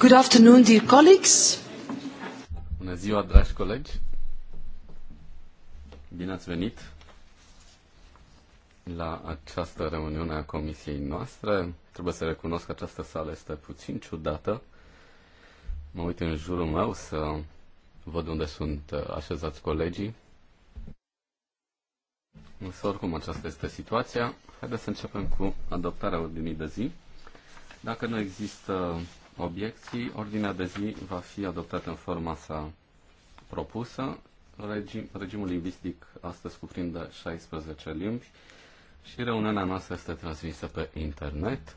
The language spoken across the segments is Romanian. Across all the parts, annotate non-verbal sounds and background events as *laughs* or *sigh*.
Good afternoon, dear colleagues. Bună ziua, dragi colegi. Bine ați venit la această reuniune a comisiei noastre. Trebuie să recunosc că această sală este puțin ciudată. Mă uit în jurul meu să văd unde sunt uh, așezați colegii. Însă oricum aceasta este situația. Haideți să începem cu adoptarea ordinii de zi. Dacă nu există obiecții, ordinea de zi va fi adoptată în forma sa propusă. Regim, regimul lingvistic astăzi cuprinde 16 limbi și reuniunea noastră este transmisă pe internet.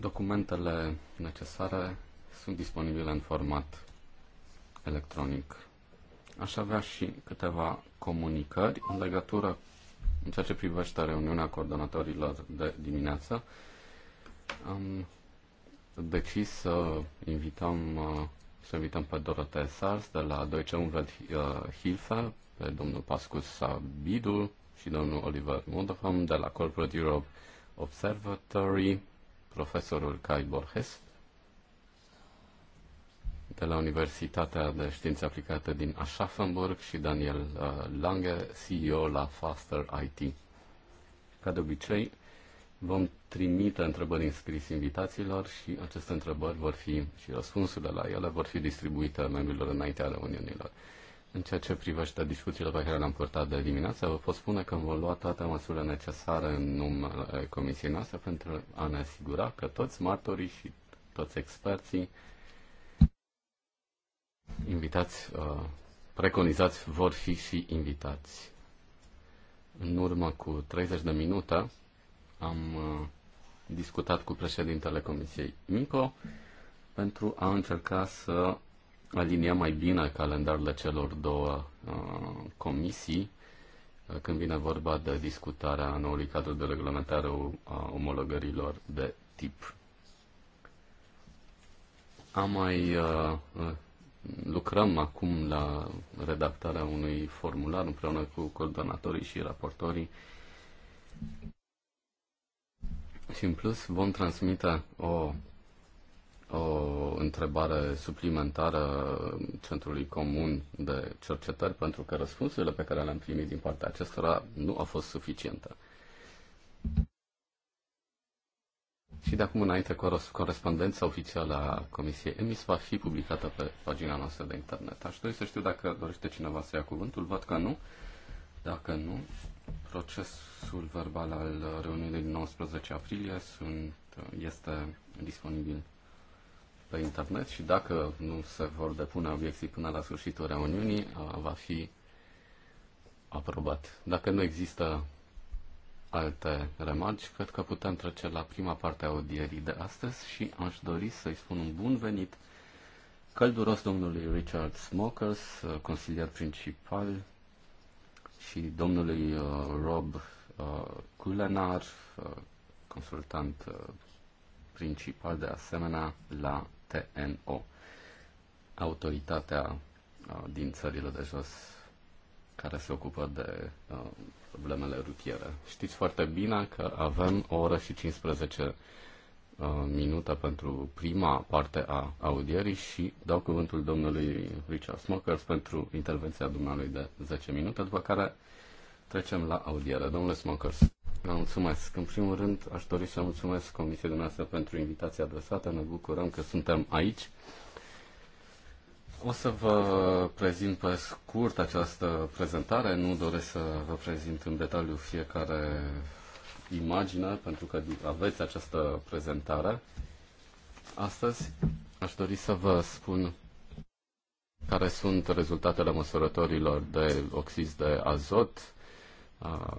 Documentele necesare sunt disponibile în format electronic. Aș avea și câteva comunicări în legătură în ceea ce privește reuniunea coordonatorilor de dimineață. Am decis să invităm, să invităm pe Dorotea Sars de la Deutsche Umwelt uh, Hilfe, pe domnul Pascus Sabidu și domnul Oliver Modofam de la Corporate Europe Observatory, profesorul Kai Borges de la Universitatea de Științe Aplicate din Aschaffenburg și Daniel uh, Lange, CEO la Faster IT. Ca de obicei, vom trimite întrebări scris invitațiilor și aceste întrebări vor fi și răspunsurile la ele vor fi distribuite membrilor înaintea ale Uniunilor. În ceea ce privește discuțiile pe care le-am purtat de dimineață, vă pot spune că vom lua toate măsurile necesare în numele comisiei noastre pentru a ne asigura că toți martorii și toți experții invitați, uh, preconizați vor fi și invitați. În urmă cu 30 de minute am uh, discutat cu președintele Comisiei MICO pentru a încerca să aliniem mai bine calendarele celor două uh, comisii uh, când vine vorba de discutarea noului cadru de reglementare a omologărilor de tip. Am mai uh, uh lucrăm acum la redactarea unui formular împreună cu coordonatorii și raportorii și în plus vom transmite o, o întrebare suplimentară Centrului Comun de Cercetări pentru că răspunsurile pe care le-am primit din partea acestora nu au fost suficiente. Și de acum înainte, corespondența oficială a Comisiei EMIS va fi publicată pe pagina noastră de internet. Aș dori să știu dacă dorește cineva să ia cuvântul. Văd că nu. Dacă nu, Procesul verbal al reuniunii din 19 aprilie sunt, este disponibil pe internet și dacă nu se vor depune obiecții până la sfârșitul reuniunii, va fi aprobat. Dacă nu există alte remarci, cred că putem trece la prima parte a audierii de astăzi și aș dori să-i spun un bun venit călduros domnului Richard Smokers, consilier principal și domnului uh, Rob uh, Culenar, uh, consultant principal de asemenea la TNO, autoritatea din țările de jos care se ocupă de problemele rutiere. Știți foarte bine că avem o oră și 15 Uh, minute pentru prima parte a audierii și dau cuvântul domnului Richard Smokers pentru intervenția dumnealui de 10 minute, după care trecem la audiere. Domnule Smokers, vă mulțumesc. În primul rând, aș dori să mulțumesc Comisiei dumneavoastră pentru invitația adresată. Ne bucurăm că suntem aici. O să vă prezint pe scurt această prezentare. Nu doresc să vă prezint în detaliu fiecare imagine, pentru că aveți această prezentare. Astăzi aș dori să vă spun care sunt rezultatele măsurătorilor de oxid de azot a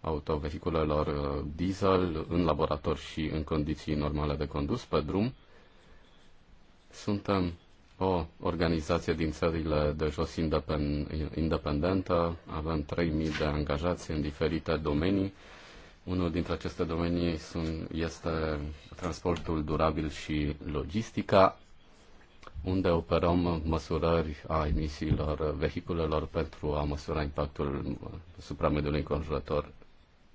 autovehiculelor diesel în laborator și în condiții normale de condus pe drum. Suntem o organizație din țările de jos independentă, avem 3.000 de angajați în diferite domenii unul dintre aceste domenii sunt, este transportul durabil și logistica, unde operăm măsurări a emisiilor vehiculelor pentru a măsura impactul asupra mediului înconjurător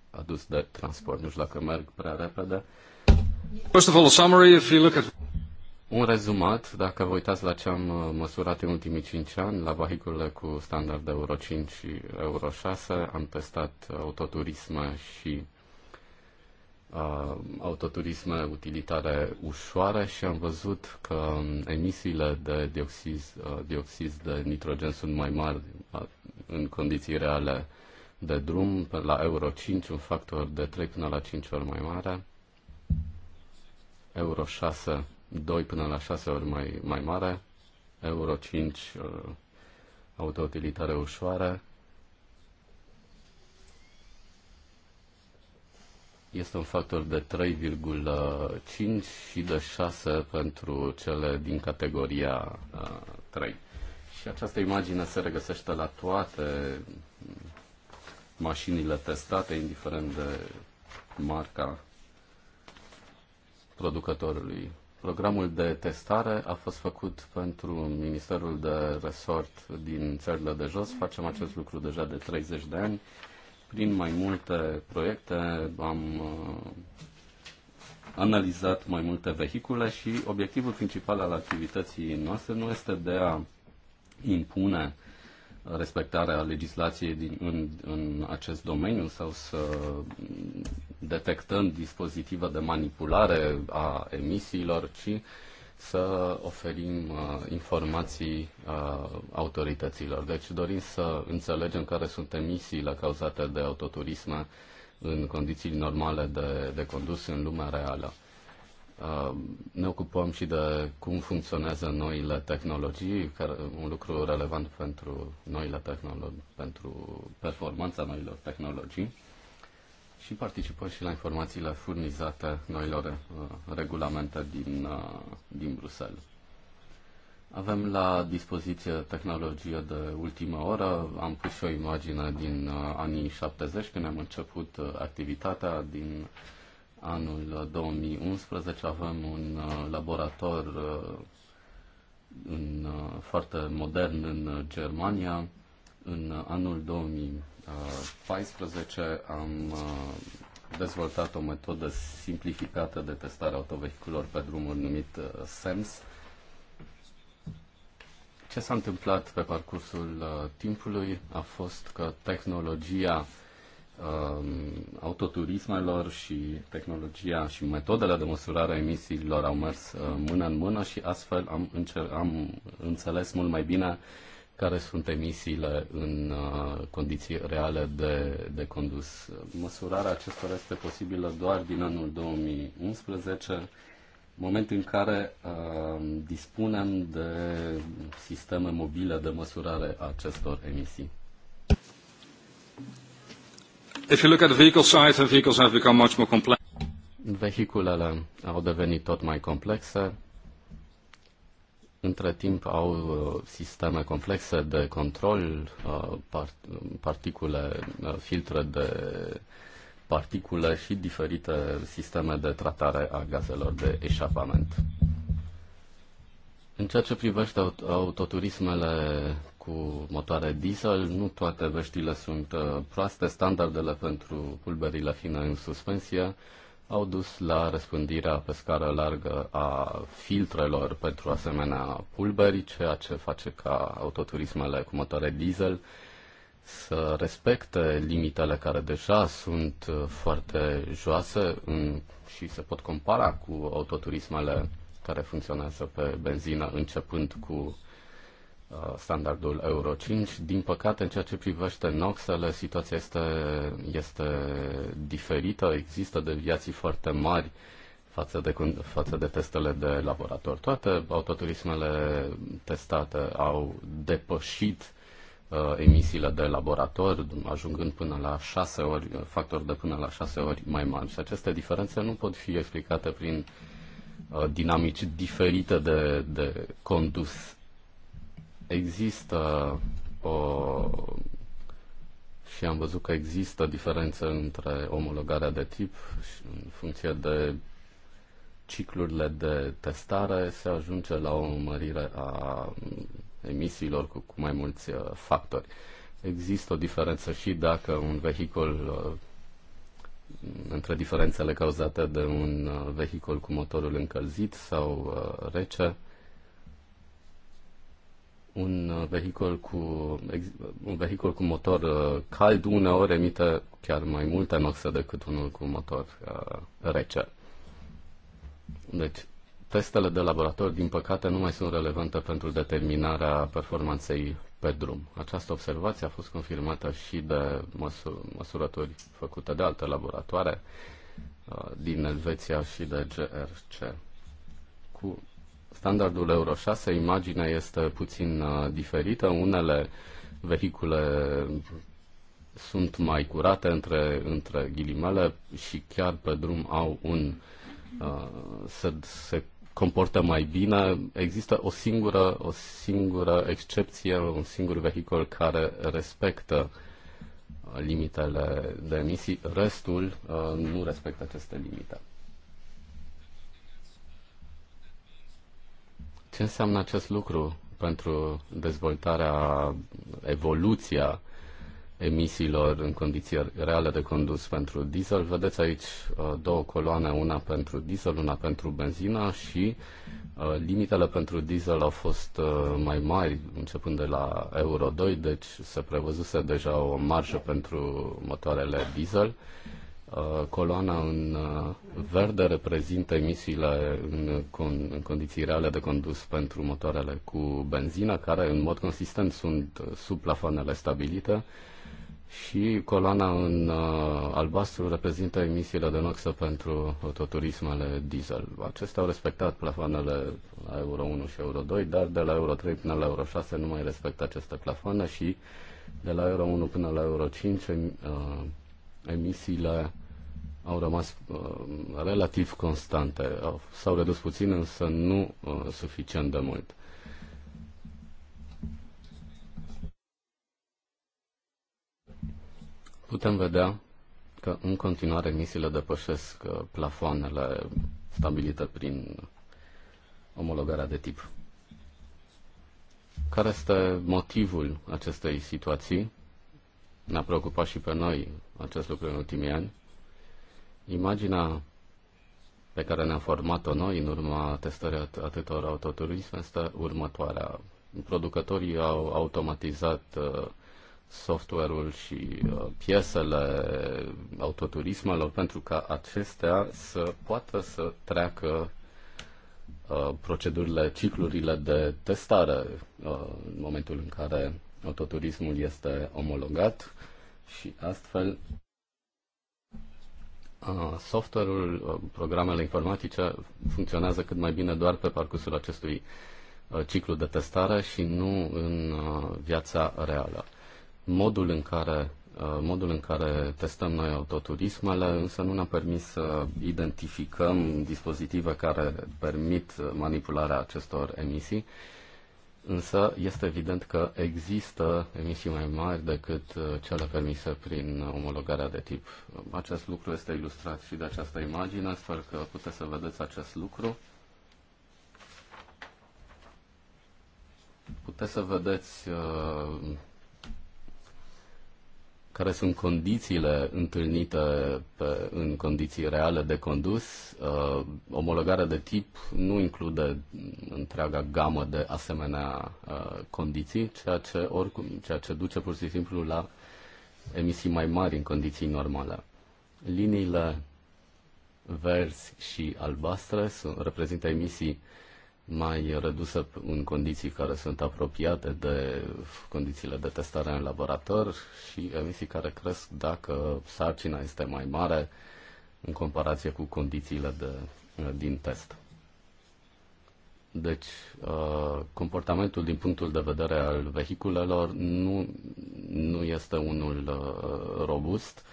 adus de transport. Nu știu dacă merg prea repede. First of all, a summary, if you look at... Un rezumat, dacă vă uitați la ce am uh, măsurat în ultimii 5 ani, la vehiculele cu standard de Euro 5 și Euro 6, am testat uh, autoturisme și uh, autoturisme utilitare ușoare și am văzut că emisiile de dioxid, uh, dioxid de nitrogen sunt mai mari în condiții reale de drum, la Euro 5 un factor de 3 până la 5 ori mai mare, Euro 6 2 până la 6 ori mai, mai mare, Euro 5 uh, autoutilitare ușoare, este un factor de 3,5 și de 6 pentru cele din categoria 3. Și această imagine se regăsește la toate mașinile testate, indiferent de marca producătorului. Programul de testare a fost făcut pentru Ministerul de Resort din țările de jos. Facem acest lucru deja de 30 de ani prin mai multe proiecte am uh, analizat mai multe vehicule și obiectivul principal al activității noastre nu este de a impune respectarea legislației din, în, în acest domeniu sau să detectăm dispozitiva de manipulare a emisiilor, ci să oferim uh, informații uh, autorităților. Deci dorim să înțelegem care sunt emisiile cauzate de autoturisme în condiții normale de, de condus în lumea reală. Uh, ne ocupăm și de cum funcționează noile tehnologii, care, un lucru relevant pentru noile tehnologii, pentru performanța noilor tehnologii și participă și la informațiile furnizate noilor uh, regulamente din, uh, din Bruxelles. Avem la dispoziție tehnologie de ultimă oră. Am pus și o imagine din uh, anii 70 când am început uh, activitatea din anul 2011. Avem un uh, laborator uh, în, uh, foarte modern în Germania. În anul 2000 2014 am uh, dezvoltat o metodă simplificată de testare autovehiculor pe drumuri numit SEMS. Uh, Ce s-a întâmplat pe parcursul uh, timpului a fost că tehnologia um, autoturismelor și tehnologia și metodele de măsurare a emisiilor au mers mână în mână și astfel am, am înțeles mult mai bine uh, care sunt emisiile în uh, condiții reale de, de condus. Măsurarea acestora este posibilă doar din anul 2011, moment în care uh, dispunem de sisteme mobile de măsurare a acestor emisii. If you look at the vehicle size, the vehicles have become much more complex. Vehiculele au devenit tot mai complexe, între timp au uh, sisteme complexe de control, uh, particule, uh, filtre de particule și diferite sisteme de tratare a gazelor de eșapament. În ceea ce privește autoturismele cu motoare diesel, nu toate veștile sunt proaste. Standardele pentru pulberile fine în suspensie au dus la răspândirea pe scară largă a filtrelor pentru asemenea pulberi, ceea ce face ca autoturismele cu motoare diesel să respecte limitele care deja sunt uh, foarte joase în, și se pot compara cu autoturismele care funcționează pe benzină începând cu Uh, standardul Euro 5. Din păcate, în ceea ce privește noxele, situația este, este diferită. Există deviații foarte mari față de, față de testele de laborator. Toate autoturismele testate au depășit uh, emisiile de laborator, ajungând până la 6 ori, uh, factori de până la 6 ori mai mari. Și aceste diferențe nu pot fi explicate prin uh, dinamici diferite de, de condus există o... și am văzut că există diferențe între omologarea de tip și în funcție de ciclurile de testare se ajunge la o mărire a emisiilor cu, cu mai mulți uh, factori. Există o diferență și dacă un vehicul uh, între diferențele cauzate de un uh, vehicul cu motorul încălzit sau rece un uh, vehicul cu, un vehicul cu motor uh, cald uneori emite chiar mai multe noxe decât unul cu motor uh, rece. Deci, testele de laborator, din păcate, nu mai sunt relevante pentru determinarea performanței pe drum. Această observație a fost confirmată și de măsur- măsurători făcute de alte laboratoare uh, din Elveția și de GRC. Cu standardul Euro 6 imaginea este puțin uh, diferită. Unele vehicule sunt mai curate între, între ghilimele și chiar pe drum au un uh, se, se comportă mai bine. Există o singură, o singură excepție, un singur vehicul care respectă uh, limitele de emisii, restul uh, nu respectă aceste limite. Ce înseamnă acest lucru pentru dezvoltarea, evoluția emisiilor în condiții reale de condus pentru diesel. Vedeți aici uh, două coloane, una pentru diesel, una pentru benzina și uh, limitele pentru diesel au fost uh, mai mari începând de la Euro 2, deci se prevăzuse deja o marjă pentru motoarele diesel Uh, coloana în uh, verde reprezintă emisiile în, con- în condiții reale de condus pentru motoarele cu benzină, care în mod consistent sunt uh, sub plafoanele stabilite, și coloana în albastru reprezintă emisiile de noxă pentru autoturismele diesel. Acestea au respectat plafoanele la Euro 1 și Euro 2, dar de la Euro 3 până la Euro 6 nu mai respectă aceste plafoane și de la Euro 1 până la Euro 5 uh, emisiile au rămas uh, relativ constante. S-au redus puțin, însă nu uh, suficient de mult. Putem vedea că în continuare emisiile depășesc uh, plafoanele stabilite prin omologarea de tip. Care este motivul acestei situații? ne-a preocupat și pe noi acest lucru în ultimii ani. Imaginea pe care ne-am format-o noi în urma testării atâtor autoturism este următoarea. Producătorii au automatizat uh, software-ul și uh, piesele autoturismelor pentru ca acestea să poată să treacă uh, procedurile, ciclurile de testare uh, în momentul în care autoturismul este omologat și astfel software-ul, programele informatice funcționează cât mai bine doar pe parcursul acestui ciclu de testare și nu în viața reală. Modul în care modul în care testăm noi autoturismele, însă nu ne-a permis să identificăm dispozitive care permit manipularea acestor emisii Însă este evident că există emisii mai mari decât uh, cele permise prin omologarea de tip. Acest lucru este ilustrat și de această imagine, astfel că puteți să vedeți acest lucru. Puteți să vedeți uh, care sunt condițiile întâlnite pe, în condiții reale de condus. Uh, omologarea de tip nu include întreaga gamă de asemenea uh, condiții, ceea ce, oricum, ceea ce duce pur și simplu la emisii mai mari în condiții normale. Liniile verzi și albastre sunt, reprezintă emisii uh, mai redusă în condiții care sunt apropiate de condițiile de testare în laborator și emisii care cresc dacă sarcina este mai mare în comparație cu condițiile de, eh, din test. Deci, eh, comportamentul din punctul de vedere al vehiculelor nu, nu este unul eh, robust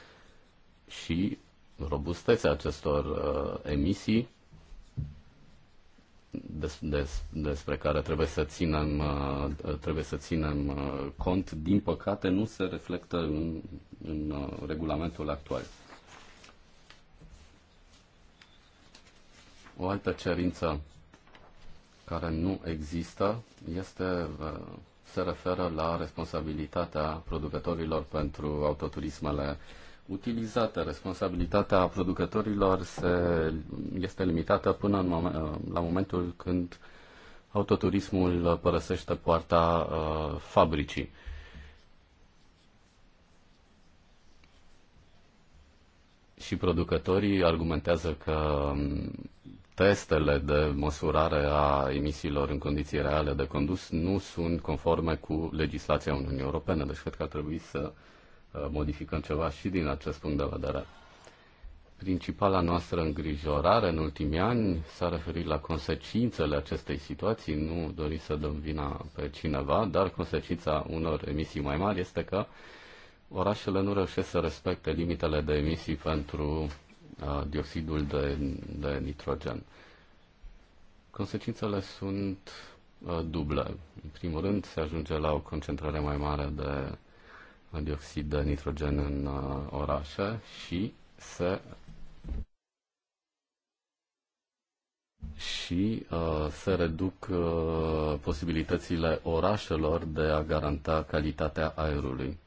și robustețea acestor emisii des, des, despre care trebuie să ținem, uh, trebuie să ținem uh, cont, din păcate nu se reflectă în, în uh, regulamentul actual. O altă cerință care nu există este, se referă la responsabilitatea producătorilor pentru autoturismele uh, utilizată Responsabilitatea producătorilor se, este limitată până în mom- la momentul când autoturismul părăsește poarta uh, fabricii. Și producătorii argumentează că um, testele de măsurare a emisiilor în condiții reale de condus nu sunt conforme cu legislația Uniunii Europene, deci cred că ar trebui să uh, Uh, modificăm ceva și din acest punct de vedere. Principala noastră îngrijorare în ultimii ani s-a referit la consecințele acestei situații. Nu dori să dăm vina pe cineva, dar consecința unor emisii mai mari este că orașele nu reușesc să respecte limitele de emisii pentru uh, dioxidul de, de nitrogen. Consecințele sunt uh, duble. În primul rând, se ajunge la o concentrare mai mare de dioxid de nitrogen în uh, orașe și se și uh, se reduc uh, posibilitățile orașelor de a garanta calitatea aerului.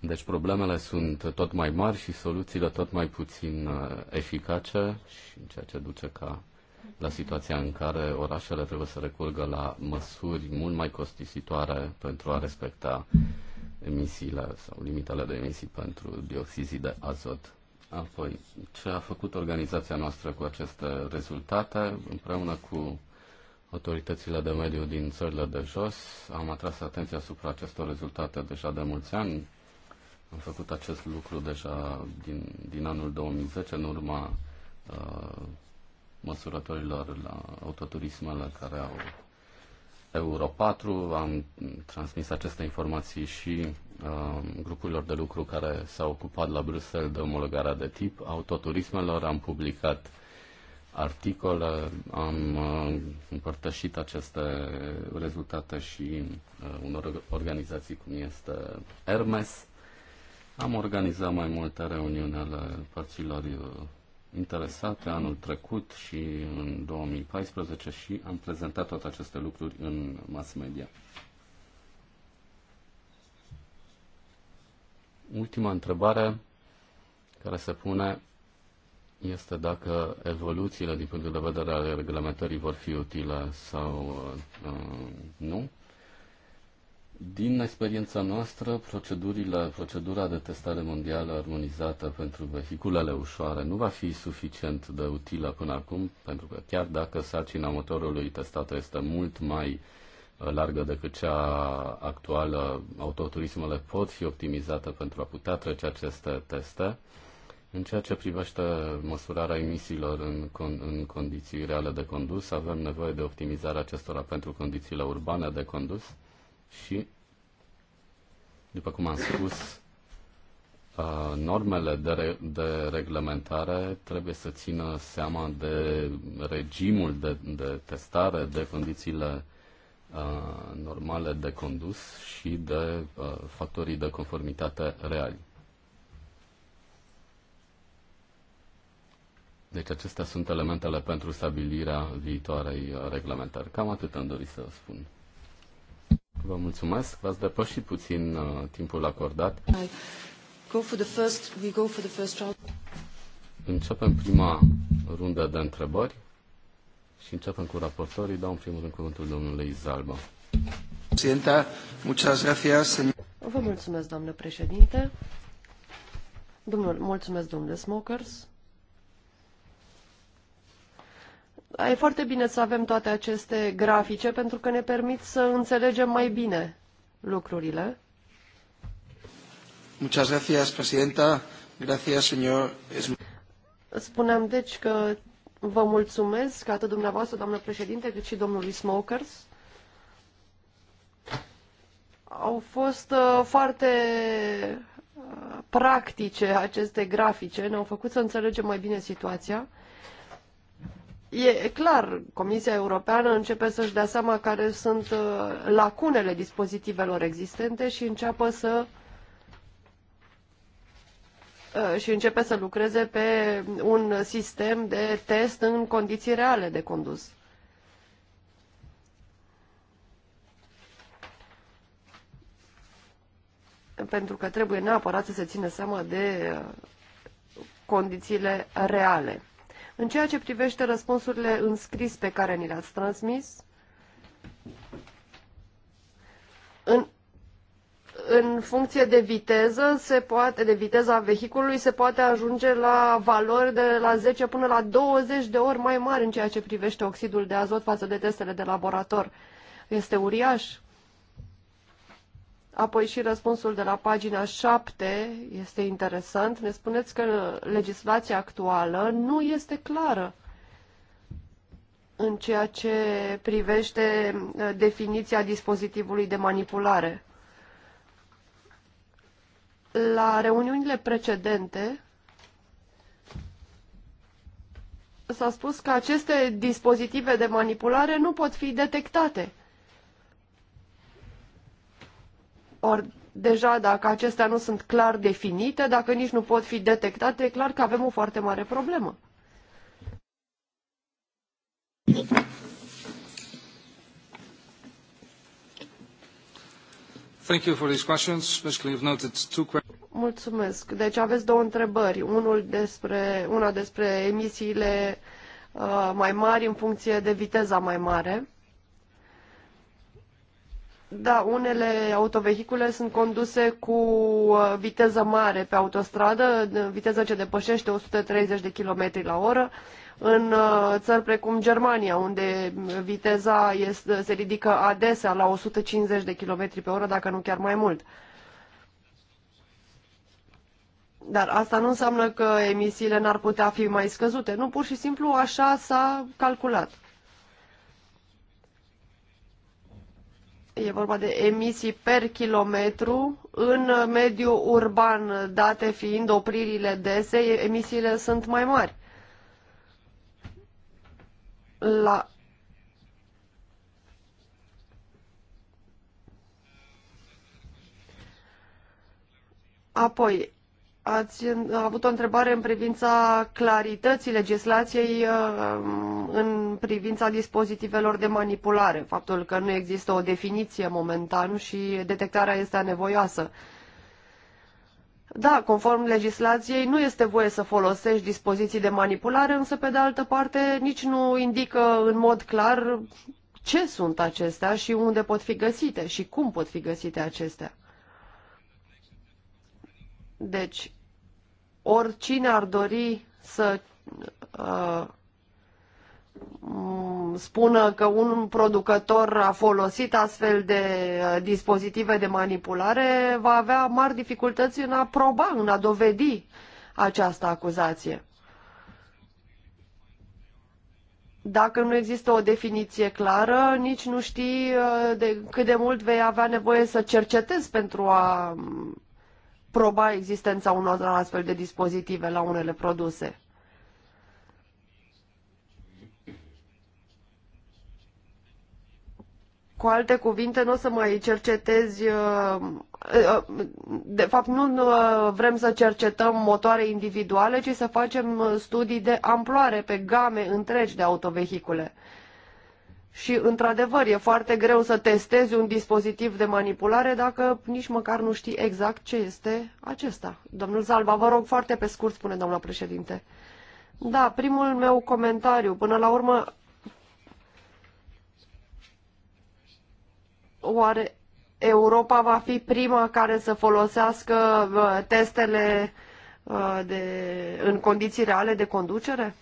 Deci problemele sunt tot mai mari și soluțiile tot mai puțin uh, eficace și ceea ce duce ca la situația în care orașele trebuie să recurgă la măsuri mult mai costisitoare pentru a respecta emisiile sau limitele de emisii pentru dioxizii de azot. Apoi, ce a făcut organizația noastră cu aceste rezultate? Împreună cu autoritățile de mediu din țările de jos, am atras atenția asupra acestor rezultate deja de mulți ani. Am făcut acest lucru deja din, din anul 2010, în urma uh, măsurătorilor la autoturismele care au Euro 4. Am transmis aceste informații și uh, grupurilor de lucru care s-au ocupat la Bruxelles de omologarea de tip autoturismelor. Am publicat articole, am uh, împărtășit aceste rezultate și uh, unor organizații cum este Hermes. Am organizat mai multe reuniuni ale părților uh, interesate anul trecut și în 2014 și am prezentat toate aceste lucruri în mass media. Ultima întrebare care se pune este dacă evoluțiile din punct de vedere al reglementării vor fi utile sau uh, nu. Din experiența noastră, procedurile, procedura de testare mondială armonizată pentru vehiculele ușoare nu va fi suficient de utilă până acum, pentru că chiar dacă sarcina motorului testată este mult mai uh, largă decât cea actuală, autoturismele pot fi optimizate pentru a putea trece aceste teste. În ceea ce privește măsurarea emisiilor în, con- în condiții reale de condus, avem nevoie de optimizarea acestora pentru condițiile urbane de condus și, după cum am spus, normele de, re- de reglementare trebuie să țină seama de regimul de, de testare, de condițiile uh, normale de condus și de uh, factorii de conformitate reali. Deci acestea sunt elementele pentru stabilirea viitoarei reglementări. Cam atât am dorit să spun. Vă mulțumesc. V-ați depășit puțin uh, timpul acordat. I go for the first, we go for the first round. Începem prima rundă de întrebări și începem cu raportorii. Dau în primul rând cuvântul domnului Zalba. Vă mulțumesc, doamnă președinte. Domnul, mulțumesc, domnule Smokers. E foarte bine să avem toate aceste grafice pentru că ne permit să înțelegem mai bine lucrurile. Muchas gracias, presidenta. Gracias, señor. Spuneam deci că vă mulțumesc atât dumneavoastră, doamnă președinte, cât și domnului Smokers. Au fost uh, foarte uh, practice aceste grafice, ne-au făcut să înțelegem mai bine situația. E clar, Comisia Europeană începe să-și dea seama care sunt uh, lacunele dispozitivelor existente și înceapă să uh, și începe să lucreze pe un sistem de test în condiții reale de condus. Pentru că trebuie neapărat să se țină seama de uh, condițiile reale. În ceea ce privește răspunsurile înscris pe care ni le-ați transmis, în, în funcție de viteză, se poate, de viteza vehiculului, se poate ajunge la valori de la 10 până la 20 de ori mai mari în ceea ce privește oxidul de azot față de testele de laborator. Este uriaș. Apoi și răspunsul de la pagina 7 este interesant. Ne spuneți că legislația actuală nu este clară în ceea ce privește uh, definiția dispozitivului de manipulare. La reuniunile precedente s-a spus că aceste dispozitive de manipulare nu pot fi detectate – Ori deja dacă acestea nu sunt clar definite, dacă nici nu pot fi detectate, e clar că avem o foarte mare problemă. Thank you for these questions. Basically, you've noted two questions. Mulțumesc. Deci aveți două întrebări. Unul despre, una despre emisiile uh, mai mari în funcție de viteza mai mare. Da, unele autovehicule sunt conduse cu uh, viteză mare pe autostradă, viteză ce depășește 130 de km la oră. În uh, țări precum Germania, unde viteza este, se ridică adesea la 150 de km pe oră, dacă nu chiar mai mult. Dar asta nu înseamnă că emisiile n-ar putea fi mai scăzute. Nu, pur și simplu așa s-a calculat. E vorba de emisii per kilometru în mediul urban, date fiind opririle dese, emisiile sunt mai mari. La Apoi, Ați avut o întrebare în privința clarității legislației uh, în privința dispozitivelor de manipulare, faptul că nu există o definiție momentan și detectarea este anevoioasă. Da, conform legislației nu este voie să folosești dispoziții de manipulare, însă pe de altă parte nici nu indică în mod clar ce sunt acestea și unde pot fi găsite și cum pot fi găsite acestea. Deci, oricine ar dori să uh, spună că un producător a folosit astfel de uh, dispozitive de manipulare, va avea mari dificultăți în a proba, în a dovedi această acuzație. Dacă nu există o definiție clară, nici nu știi uh, de cât de mult vei avea nevoie să cercetezi pentru a proba existența unor astfel de dispozitive la unele produse. Cu alte cuvinte, nu o să mai cercetezi, uh, uh, de fapt nu uh, vrem să cercetăm motoare individuale, ci să facem studii de amploare pe game întregi de autovehicule. Și, într-adevăr, e foarte greu să testezi un dispozitiv de manipulare dacă nici măcar nu știi exact ce este acesta. Domnul Zalba, vă rog foarte pe scurt, spune doamna președinte. Da, primul meu comentariu. Până la urmă, oare Europa va fi prima care să folosească uh, testele uh, de, în condiții reale de conducere?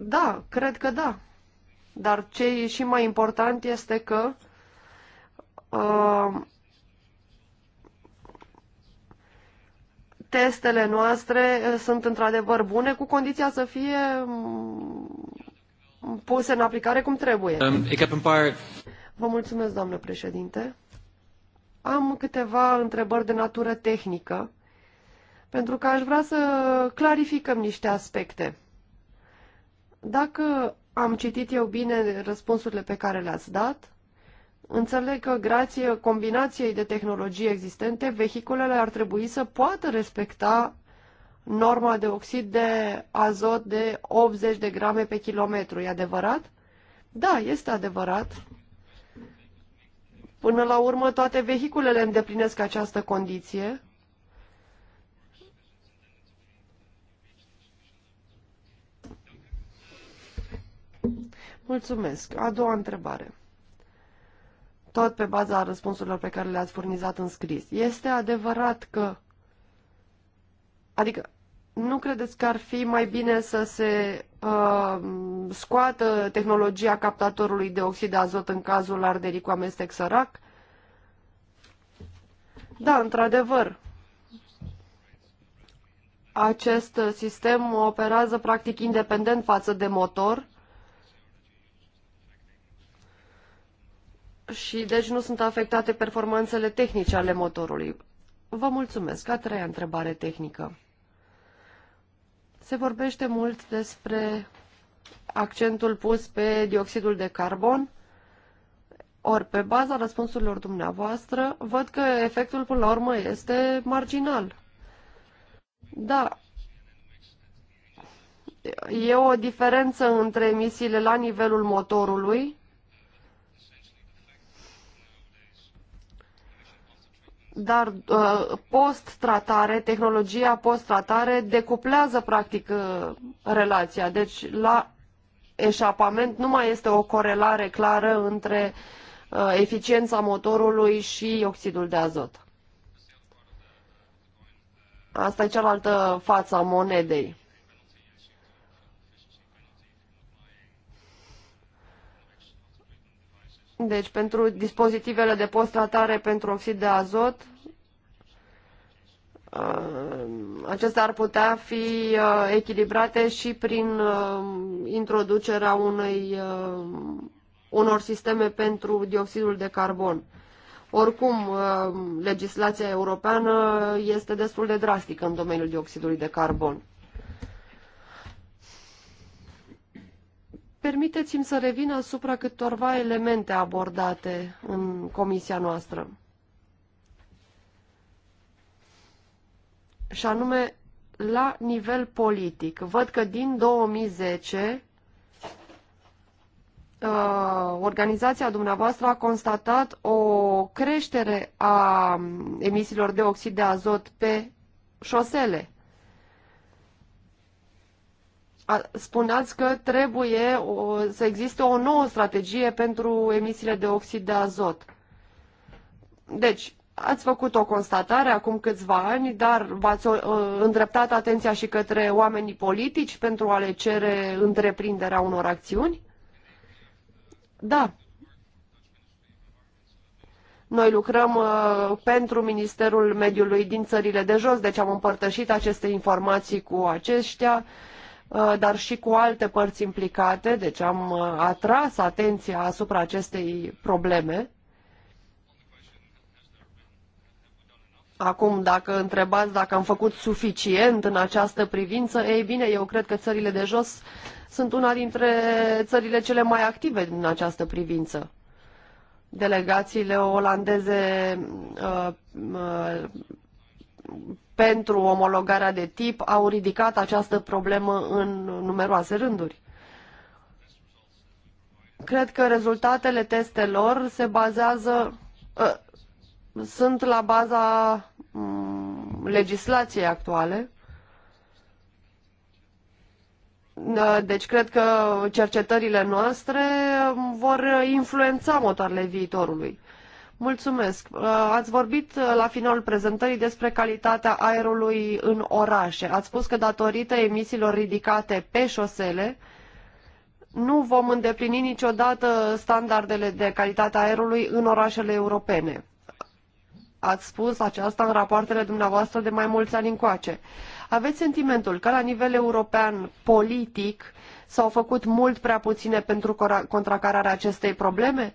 Da, cred că da. Dar ce e și mai important este că uh, testele noastre uh, sunt într-adevăr bune, cu condiția să fie mm, puse în aplicare cum trebuie. Um, Vă mulțumesc, doamnă președinte. Am câteva întrebări de natură tehnică, pentru că aș vrea să clarificăm niște aspecte. Dacă am citit eu bine răspunsurile pe care le-ați dat, înțeleg că grație combinației de tehnologii existente, vehiculele ar trebui să poată respecta norma de oxid de azot de 80 de grame pe kilometru. E adevărat? Da, este adevărat. Până la urmă, toate vehiculele îndeplinesc această condiție. Mulțumesc. A doua întrebare. Tot pe baza răspunsurilor pe care le-ați furnizat în scris. Este adevărat că... Adică, nu credeți că ar fi mai bine să se uh, scoată tehnologia captatorului de oxid de azot în cazul arderii cu amestec sărac? Da, într-adevăr. Acest sistem operează practic independent față de motor și deci nu sunt afectate performanțele tehnice ale motorului. Vă mulțumesc. A treia întrebare tehnică. Se vorbește mult despre accentul pus pe dioxidul de carbon. Ori, pe baza răspunsurilor dumneavoastră, văd că efectul până la urmă este marginal. Da. E o diferență între emisiile la nivelul motorului dar uh, post-tratare, tehnologia post-tratare decuplează practic uh, relația. Deci la eșapament nu mai este o corelare clară între uh, eficiența motorului și oxidul de azot. Asta e cealaltă față a monedei. Deci pentru dispozitivele de post-tratare pentru oxid de azot, uh, acestea ar putea fi uh, echilibrate și prin uh, introducerea unei, unor sisteme pentru dioxidul de carbon. Oricum, legislația europeană este destul de drastică în domeniul dioxidului de carbon. Permiteți-mi să revin asupra câtorva elemente abordate în comisia noastră. Și anume, la nivel politic. Văd că din 2010 uh, organizația dumneavoastră a constatat o creștere a emisiilor de oxid de azot pe șosele spuneați că trebuie să existe o nouă strategie pentru emisiile de oxid de azot. Deci, ați făcut o constatare acum câțiva ani, dar v-ați uh, îndreptat atenția și către oamenii politici pentru a le cere întreprinderea unor acțiuni? Da. Noi lucrăm uh, pentru Ministerul Mediului din țările de jos, deci am împărtășit aceste informații cu aceștia. Uh, Uh, dar și cu alte părți implicate, deci am uh, atras atenția asupra acestei probleme. Acum, dacă întrebați dacă am făcut suficient în această privință, ei bine, eu cred că țările de jos sunt una dintre țările cele mai active în această privință. Delegațiile olandeze uh, uh, pentru omologarea de tip au ridicat această problemă în numeroase rânduri. Cred că rezultatele testelor se bazează, uh, sunt la baza um, legislației actuale. Ă, deci cred că cercetările noastre vor influența motoarele viitorului. Mulțumesc. Uh, ați vorbit uh, la finalul prezentării despre calitatea aerului în orașe. Ați spus că datorită emisiilor ridicate pe șosele, nu vom îndeplini niciodată standardele de calitate a aerului în orașele europene. Ați spus aceasta în rapoartele dumneavoastră de mai mulți ani încoace. Aveți sentimentul că la nivel european politic s-au făcut mult prea puține pentru contracararea acestei probleme?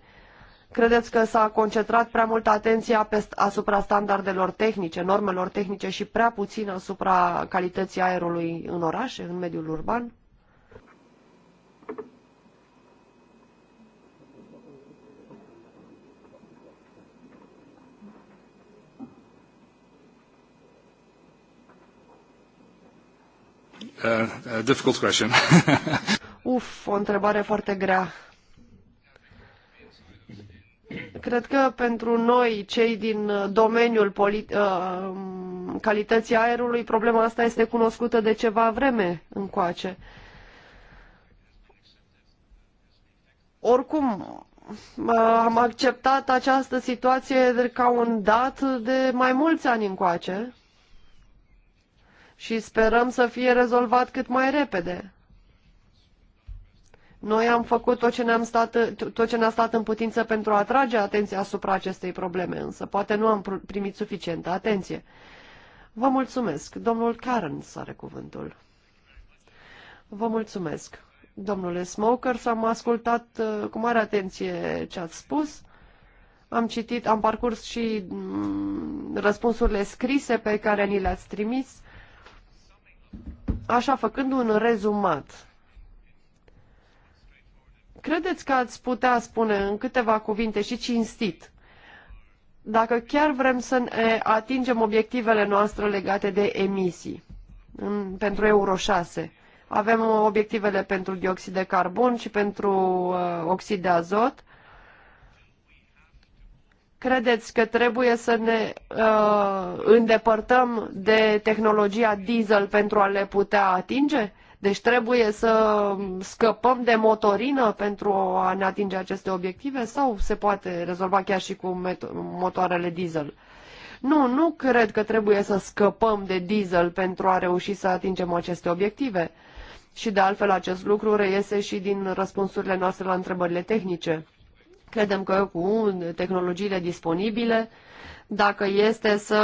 Credeți că s-a concentrat prea mult atenția asupra standardelor tehnice, normelor tehnice și prea puțin asupra calității aerului în orașe, în mediul urban? Uh, uh difficult question. *laughs* Uf, o întrebare foarte grea. Cred că pentru noi, cei din domeniul polit- uh, calității aerului, problema asta este cunoscută de ceva vreme încoace. Oricum, am acceptat această situație ca un dat de mai mulți ani încoace și sperăm să fie rezolvat cât mai repede. Noi am făcut tot ce, ne-am stat, tot ce ne-a stat în putință pentru a atrage atenția asupra acestei probleme, însă poate nu am primit suficientă atenție. Vă mulțumesc. Domnul Karen are cuvântul. Vă mulțumesc. Domnule Smoker, am ascultat uh, cu mare atenție ce ați spus. Am citit, am parcurs și mm, răspunsurile scrise pe care ni le-ați trimis. Așa, făcând un rezumat, credeți că ați putea spune în câteva cuvinte și cinstit dacă chiar vrem să ne atingem obiectivele noastre legate de emisii în, pentru Euro 6? Avem uh, obiectivele pentru dioxid de carbon și pentru uh, oxid de azot. Credeți că trebuie să ne uh, îndepărtăm de tehnologia diesel pentru a le putea atinge? Deci trebuie să scăpăm de motorină pentru a ne atinge aceste obiective sau se poate rezolva chiar și cu motoarele diesel? Nu, nu cred că trebuie să scăpăm de diesel pentru a reuși să atingem aceste obiective. Și de altfel acest lucru reiese și din răspunsurile noastre la întrebările tehnice. Credem că cu tehnologiile disponibile, dacă este să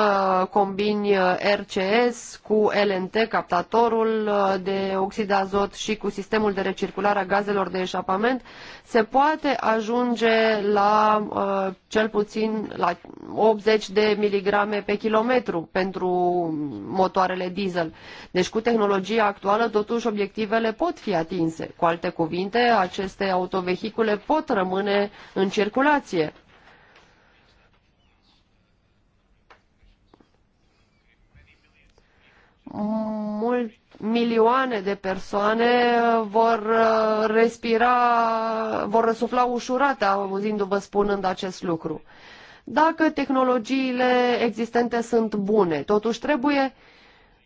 combini uh, RCS cu LNT, captatorul uh, de oxid de azot și cu sistemul de recirculare a gazelor de eșapament, se poate ajunge la uh, cel puțin la 80 de miligrame pe kilometru pentru motoarele diesel. Deci cu tehnologia actuală totuși obiectivele pot fi atinse. Cu alte cuvinte, aceste autovehicule pot rămâne în circulație mult, milioane de persoane uh, vor uh, respira, vor răsufla ușurate auzindu-vă spunând acest lucru. Dacă tehnologiile existente sunt bune, totuși trebuie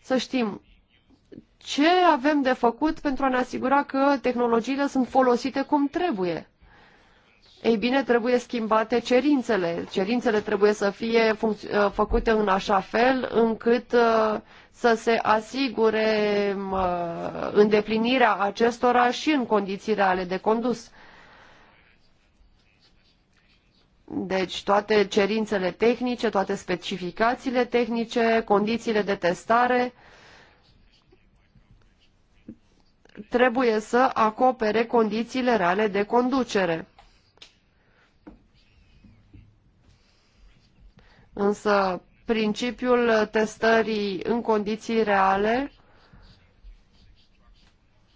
să știm ce avem de făcut pentru a ne asigura că tehnologiile sunt folosite cum trebuie ei bine, trebuie schimbate cerințele. Cerințele trebuie să fie uh, făcute în așa fel încât uh, să se asigure uh, îndeplinirea acestora și în condițiile ale de condus. Deci toate cerințele tehnice, toate specificațiile tehnice, condițiile de testare trebuie să acopere condițiile reale de conducere. Însă principiul testării în condiții reale,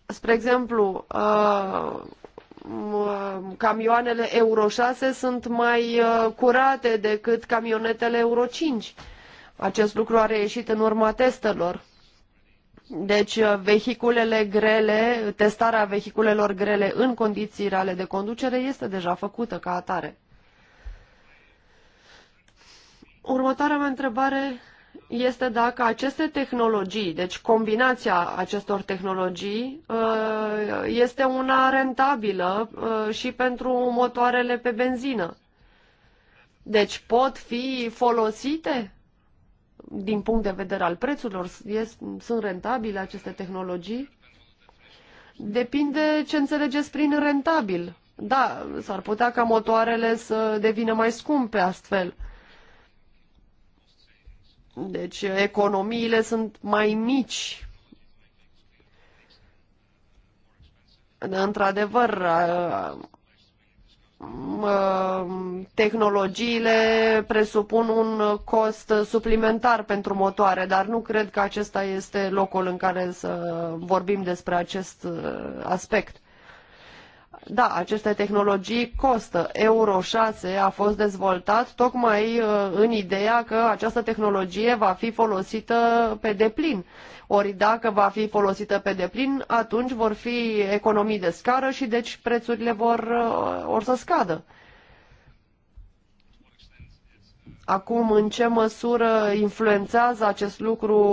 spre exemplu, uh, camioanele Euro 6 sunt mai uh, curate decât camionetele Euro 5. Acest lucru a reieșit în urma testelor. Deci, uh, vehiculele grele, testarea vehiculelor grele în condiții reale de conducere este deja făcută ca atare. Următoarea mea întrebare este dacă aceste tehnologii, deci combinația acestor tehnologii, uh, este una rentabilă uh, și pentru motoarele pe benzină. Deci pot fi folosite din punct de vedere al prețurilor? Sunt rentabile aceste tehnologii? Depinde ce înțelegeți prin rentabil. Da, s-ar putea ca motoarele să devină mai scumpe astfel – deci economiile sunt mai mici. Într-adevăr, tehnologiile presupun un cost suplimentar pentru motoare, dar nu cred că acesta este locul în care să vorbim despre acest aspect. Da, aceste tehnologii costă. Euro 6 a fost dezvoltat tocmai uh, în ideea că această tehnologie va fi folosită pe deplin. Ori dacă va fi folosită pe deplin, atunci vor fi economii de scară și deci prețurile vor uh, or să scadă. Acum, în ce măsură influențează acest lucru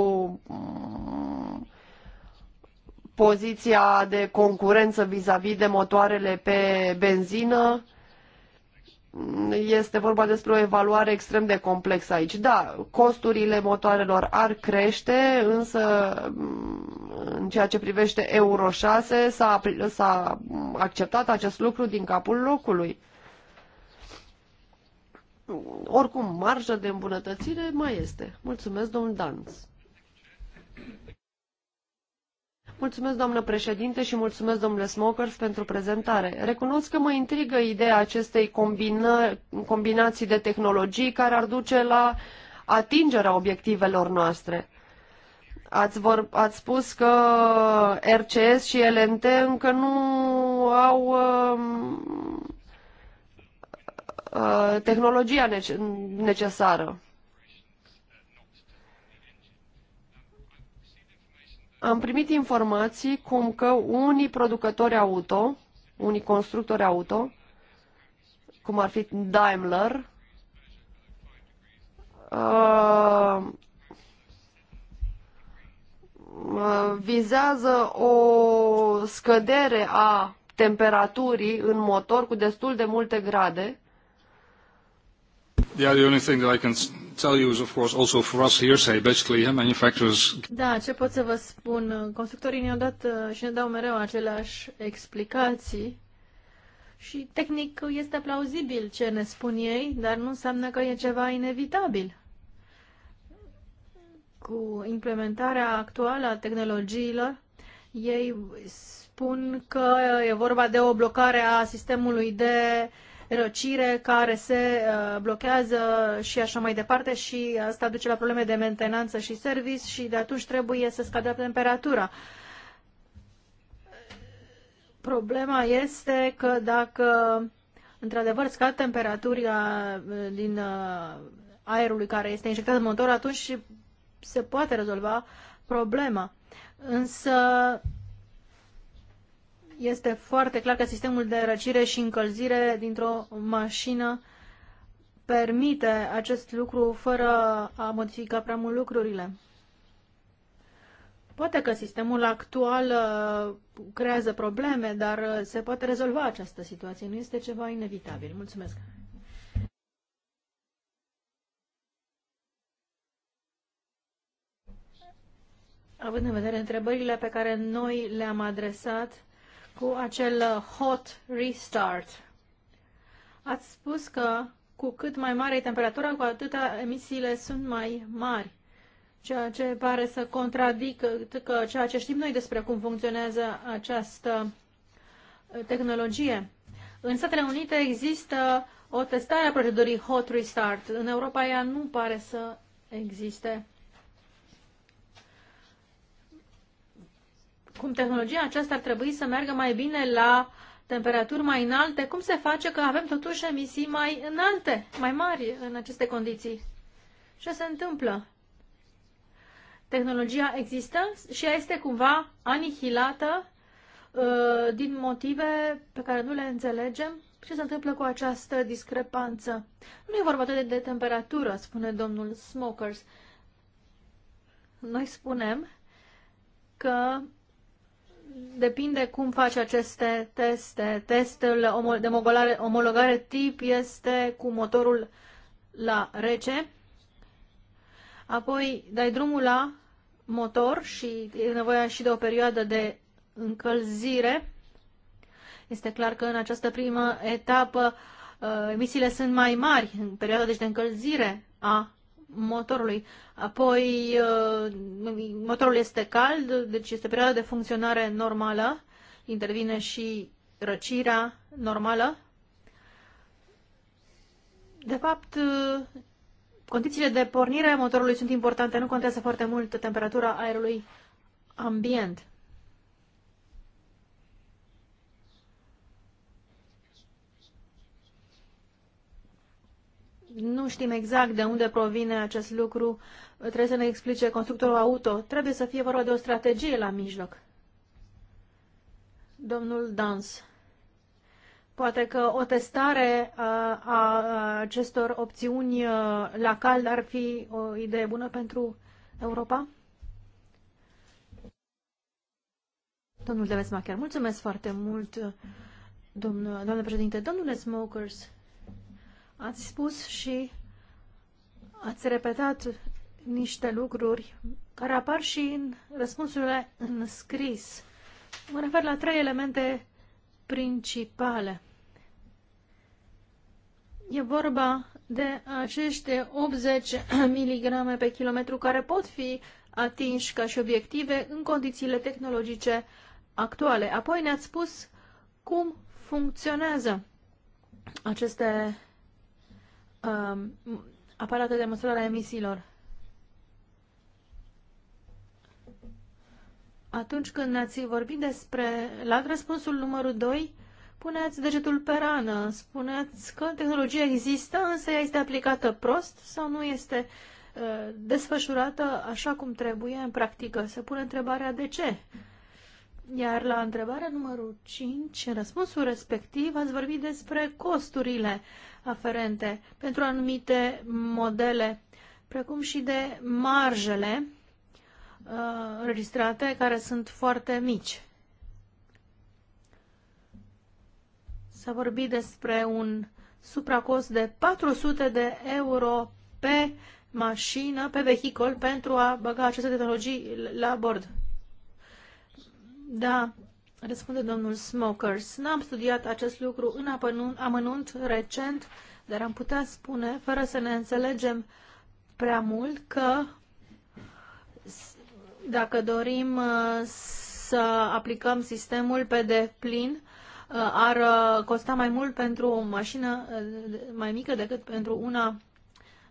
poziția de concurență vis-a-vis -vis de motoarele pe benzină. Este vorba despre o evaluare extrem de complexă aici. Da, costurile motoarelor ar crește, însă în ceea ce privește Euro 6 s-a acceptat acest lucru din capul locului. Oricum, marja de îmbunătățire mai este. Mulțumesc, domnul Danț. Mulțumesc, doamnă președinte, și mulțumesc, domnule Smokers, pentru prezentare. Recunosc că mă intrigă ideea acestei combină, combinații de tehnologii care ar duce la atingerea obiectivelor noastre. Ați, vor, ați spus că RCS și LNT încă nu au um, uh, tehnologia necesară. am primit informații cum că unii producători auto, unii constructori auto, cum ar fi Daimler, uh, vizează o scădere a temperaturii în motor cu destul de multe grade. the only thing that I can tell you is of course also for us hearsay, basically, manufacturers... Da, ce pot să vă spun? Constructorii ne-au dat uh, și ne dau mereu aceleași explicații și tehnic este plauzibil ce ne spun ei, dar nu înseamnă că e ceva inevitabil. Cu implementarea actuală a tehnologiilor, ei spun că e vorba de o blocare a sistemului de uh, răcire care se uh, blochează și așa mai departe și asta duce la probleme de mentenanță și service și de atunci trebuie să scadă temperatura. Problema este că dacă într-adevăr scad temperatura uh, din uh, aerului care este injectat în motor, atunci se poate rezolva problema. Însă este foarte clar că sistemul de răcire și încălzire dintr-o mașină permite acest lucru fără a modifica prea mult lucrurile. Poate că sistemul actual uh, creează probleme, dar uh, se poate rezolva această situație. Nu este ceva inevitabil. Mulțumesc! Având în vedere întrebările pe care noi le-am adresat, cu acel uh, hot restart. Ați spus că cu cât mai mare e temperatura, cu atâta emisiile sunt mai mari. Ceea ce pare să contradică că ceea ce știm noi despre cum funcționează această uh, tehnologie. În Statele Unite există o testare a procedurii hot restart. În Europa ea nu pare să existe. cum tehnologia aceasta ar trebui să meargă mai bine la temperaturi mai înalte, cum se face că avem totuși emisii mai înalte, mai mari în aceste condiții? Ce se întâmplă? Tehnologia există și ea este cumva anihilată uh, din motive pe care nu le înțelegem. Ce se întâmplă cu această discrepanță? Nu e vorba de, de temperatură, spune domnul Smokers. Noi spunem că depinde cum faci aceste teste. Testul de omologare tip este cu motorul la rece, apoi dai drumul la motor și e nevoie și de o perioadă de încălzire. Este clar că în această primă etapă uh, emisiile sunt mai mari în perioada deci de încălzire a motorului. Apoi uh, motorul este cald, deci este perioada de funcționare normală, intervine și răcirea normală. De fapt, uh, condițiile de pornire a motorului sunt importante, nu contează foarte mult temperatura aerului ambient. nu știm exact de unde provine acest lucru, trebuie să ne explice constructorul auto. Trebuie să fie vorba de o strategie la mijloc. Domnul Dans. Poate că o testare uh, a acestor opțiuni uh, la cald ar fi o idee bună pentru Europa? Domnul Demesmacher, mulțumesc foarte mult, domnule președinte. Domnule Smokers, Ați spus și ați repetat niște lucruri care apar și în răspunsurile în scris. Mă refer la trei elemente principale. E vorba de acești 80 mg pe kilometru care pot fi atinși ca și obiective în condițiile tehnologice actuale. Apoi ne-ați spus cum funcționează aceste uh, um, aparate de măsurare a emisiilor. Atunci când ați vorbit despre la răspunsul numărul 2, puneți degetul pe rană, spuneți că tehnologia există, însă ea este aplicată prost sau nu este uh, desfășurată așa cum trebuie în practică. Se pune întrebarea de ce iar la întrebarea numărul 5, în răspunsul respectiv, ați vorbit despre costurile aferente pentru anumite modele, precum și de marjele uh, înregistrate, uh, care sunt foarte mici. S-a vorbit despre un supracost de 400 de euro pe mașină, pe vehicol, pentru a băga aceste tehnologii la bord. Da, răspunde domnul Smokers. N-am studiat acest lucru în apănunt, amănunt recent, dar am putea spune, fără să ne înțelegem prea mult, că dacă dorim uh, să aplicăm sistemul pe deplin, uh, ar uh, costa mai mult pentru o mașină mai mică decât pentru una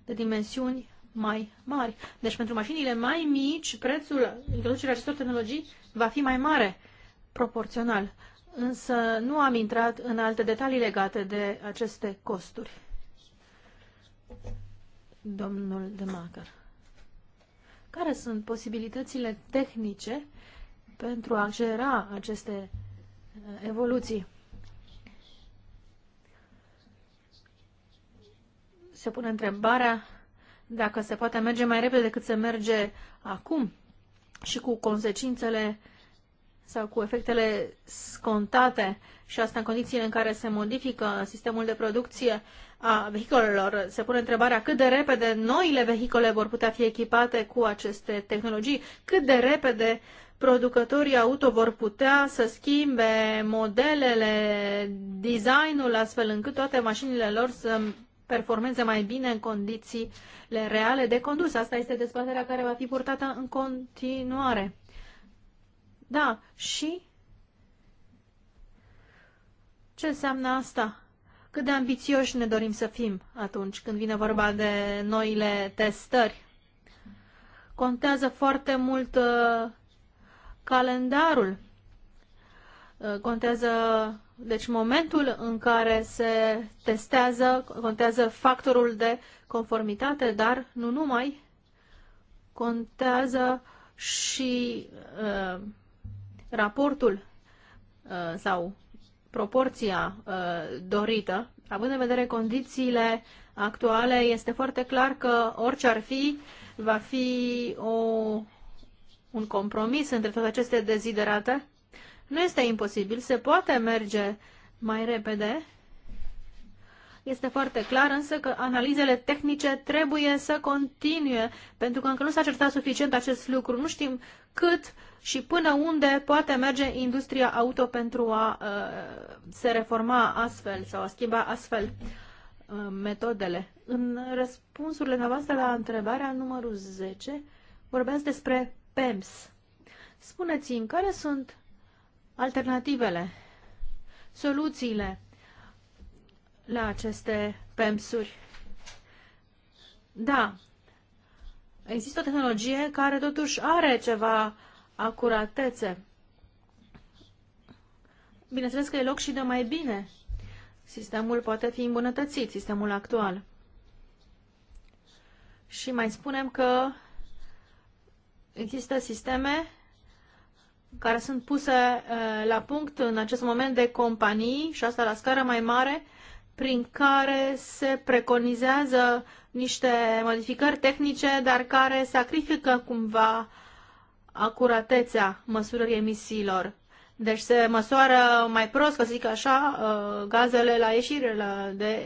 de dimensiuni mai mari. Deci pentru mașinile mai mici, prețul introducerea acestor tehnologii va fi mai mare, proporțional. Însă nu am intrat în alte detalii legate de aceste costuri. Domnul de Macar. Care sunt posibilitățile tehnice pentru a accelera aceste uh, evoluții? Se pune întrebarea dacă se poate merge mai repede decât se merge acum și cu consecințele sau cu efectele scontate și asta în condițiile în care se modifică sistemul de producție a vehiculelor. Se pune întrebarea cât de repede noile vehicole vor putea fi echipate cu aceste tehnologii, cât de repede producătorii auto vor putea să schimbe modelele, designul, astfel încât toate mașinile lor să performeze mai bine în condițiile reale de condus. Asta este dezbaterea care va fi purtată în continuare. Da, și ce înseamnă asta? Cât de ambițioși ne dorim să fim atunci când vine vorba de noile testări? Contează foarte mult uh, calendarul. Uh, contează deci momentul în care se testează, contează factorul de conformitate, dar nu numai, contează și uh, raportul uh, sau proporția uh, dorită. Având în vedere condițiile actuale, este foarte clar că orice ar fi, va fi o, un compromis între toate aceste deziderate nu este imposibil, se poate merge mai repede. Este foarte clar însă că analizele tehnice trebuie să continue, pentru că încă nu s-a certat suficient acest lucru. Nu știm cât și până unde poate merge industria auto pentru a uh, se reforma astfel sau a schimba astfel uh, metodele. În răspunsurile noastre la întrebarea numărul 10 vorbeați despre PEMS. Spuneți-mi, care sunt alternativele, soluțiile la aceste PEMS-uri. Da, există o tehnologie care totuși are ceva acuratețe. Bineînțeles că e loc și de mai bine. Sistemul poate fi îmbunătățit, sistemul actual. Și mai spunem că există sisteme care sunt puse uh, la punct în acest moment de companii, și asta la scară mai mare, prin care se preconizează niște modificări tehnice, dar care sacrifică cumva acuratețea măsurării emisiilor. Deci se măsoară mai prost, să zic așa, uh, gazele la ieșire de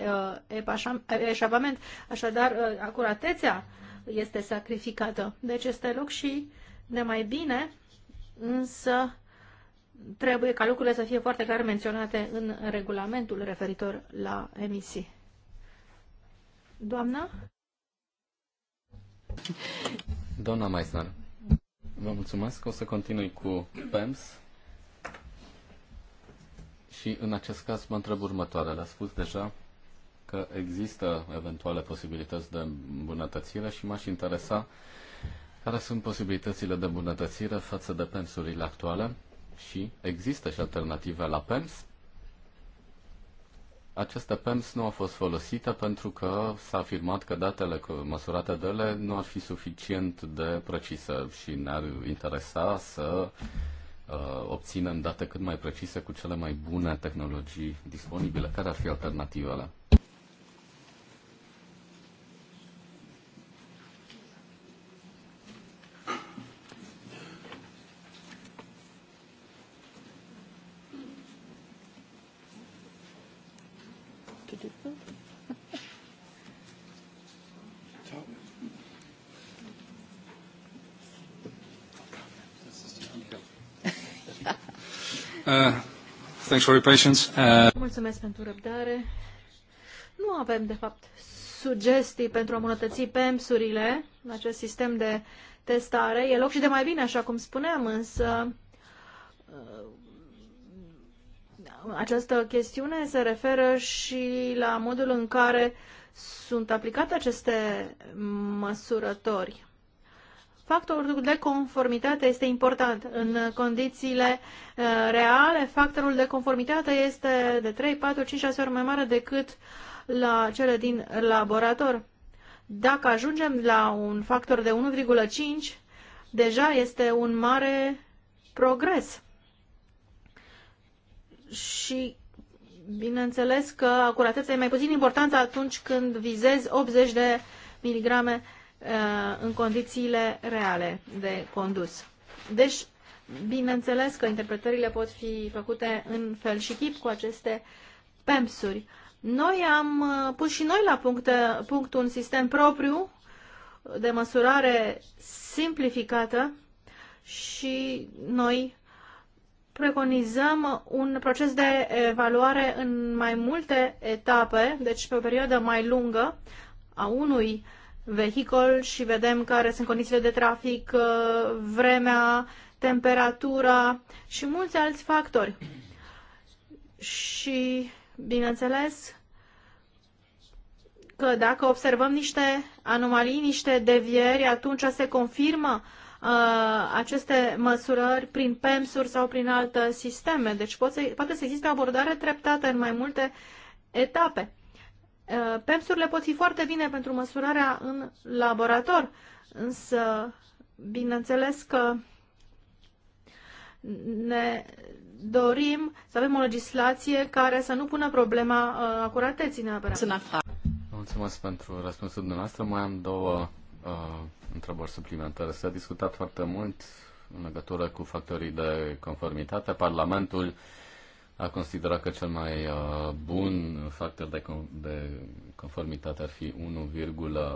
uh, eșapament. Așadar, acuratețea este sacrificată. Deci este loc și de mai bine însă trebuie ca lucrurile să fie foarte clar menționate în regulamentul referitor la emisii. Doamna? Doamna Meisner, vă mulțumesc. O să continui cu PEMS. Și în acest caz mă întreb următoarele. A spus deja că există eventuale posibilități de îmbunătățire și m-aș interesa uh, care sunt posibilitățile de îmbunătățire față de pensurile actuale și există și alternative la pens? Aceste PEMS nu au fost folosite pentru că s-a afirmat că datele măsurate de ele nu ar fi suficient de precise și ne-ar interesa să uh, obținem date cât mai precise cu cele mai bune tehnologii disponibile. Care ar fi alternativele? Thanks for your patience. Uh... Mulțumesc pentru răbdare. Nu avem, de fapt, sugestii pentru a îmbunătăți PEMS-urile în acest sistem de testare. E loc și de mai bine, așa cum spuneam, însă uh, această chestiune se referă și la modul în care sunt aplicate aceste măsurători. Factorul de conformitate este important. În condițiile uh, reale, factorul de conformitate este de 3, 4, 5, 6 ori mai mare decât la cele din laborator. Dacă ajungem la un factor de 1,5, deja este un mare progres. Și bineînțeles că acuratețea e mai puțin importantă atunci când vizezi 80 de miligrame Uh, în condițiile reale de condus. Deci, bineînțeles că interpretările pot fi făcute în fel și chip cu aceste PEMS-uri. Noi am uh, pus și noi la punct, punct un sistem propriu de măsurare simplificată și noi preconizăm un proces de evaluare în mai multe etape, deci pe o perioadă mai lungă a unui uh, vehicol și vedem care sunt condițiile de trafic, uh, vremea, temperatura și mulți alți factori. Și, bineînțeles, că dacă observăm niște anomalii, niște devieri, atunci se confirmă uh, aceste măsurări prin PEMS-uri sau prin alte sisteme. Deci poate să existe abordare treptată în mai multe etape. Eh, PEMS-urile pot fi foarte bine pentru măsurarea în laborator, însă bineînțeles că ne dorim să avem o legislație care să nu pună problema eh, acurateții neapărat. Mulțumesc pentru răspunsul dumneavoastră. Mai am două uh, întrebări suplimentare. S-a discutat foarte mult în legătură cu factorii de conformitate. Parlamentul uh, a considera că cel mai uh, bun factor de, de conformitate ar fi 1,0. Uh,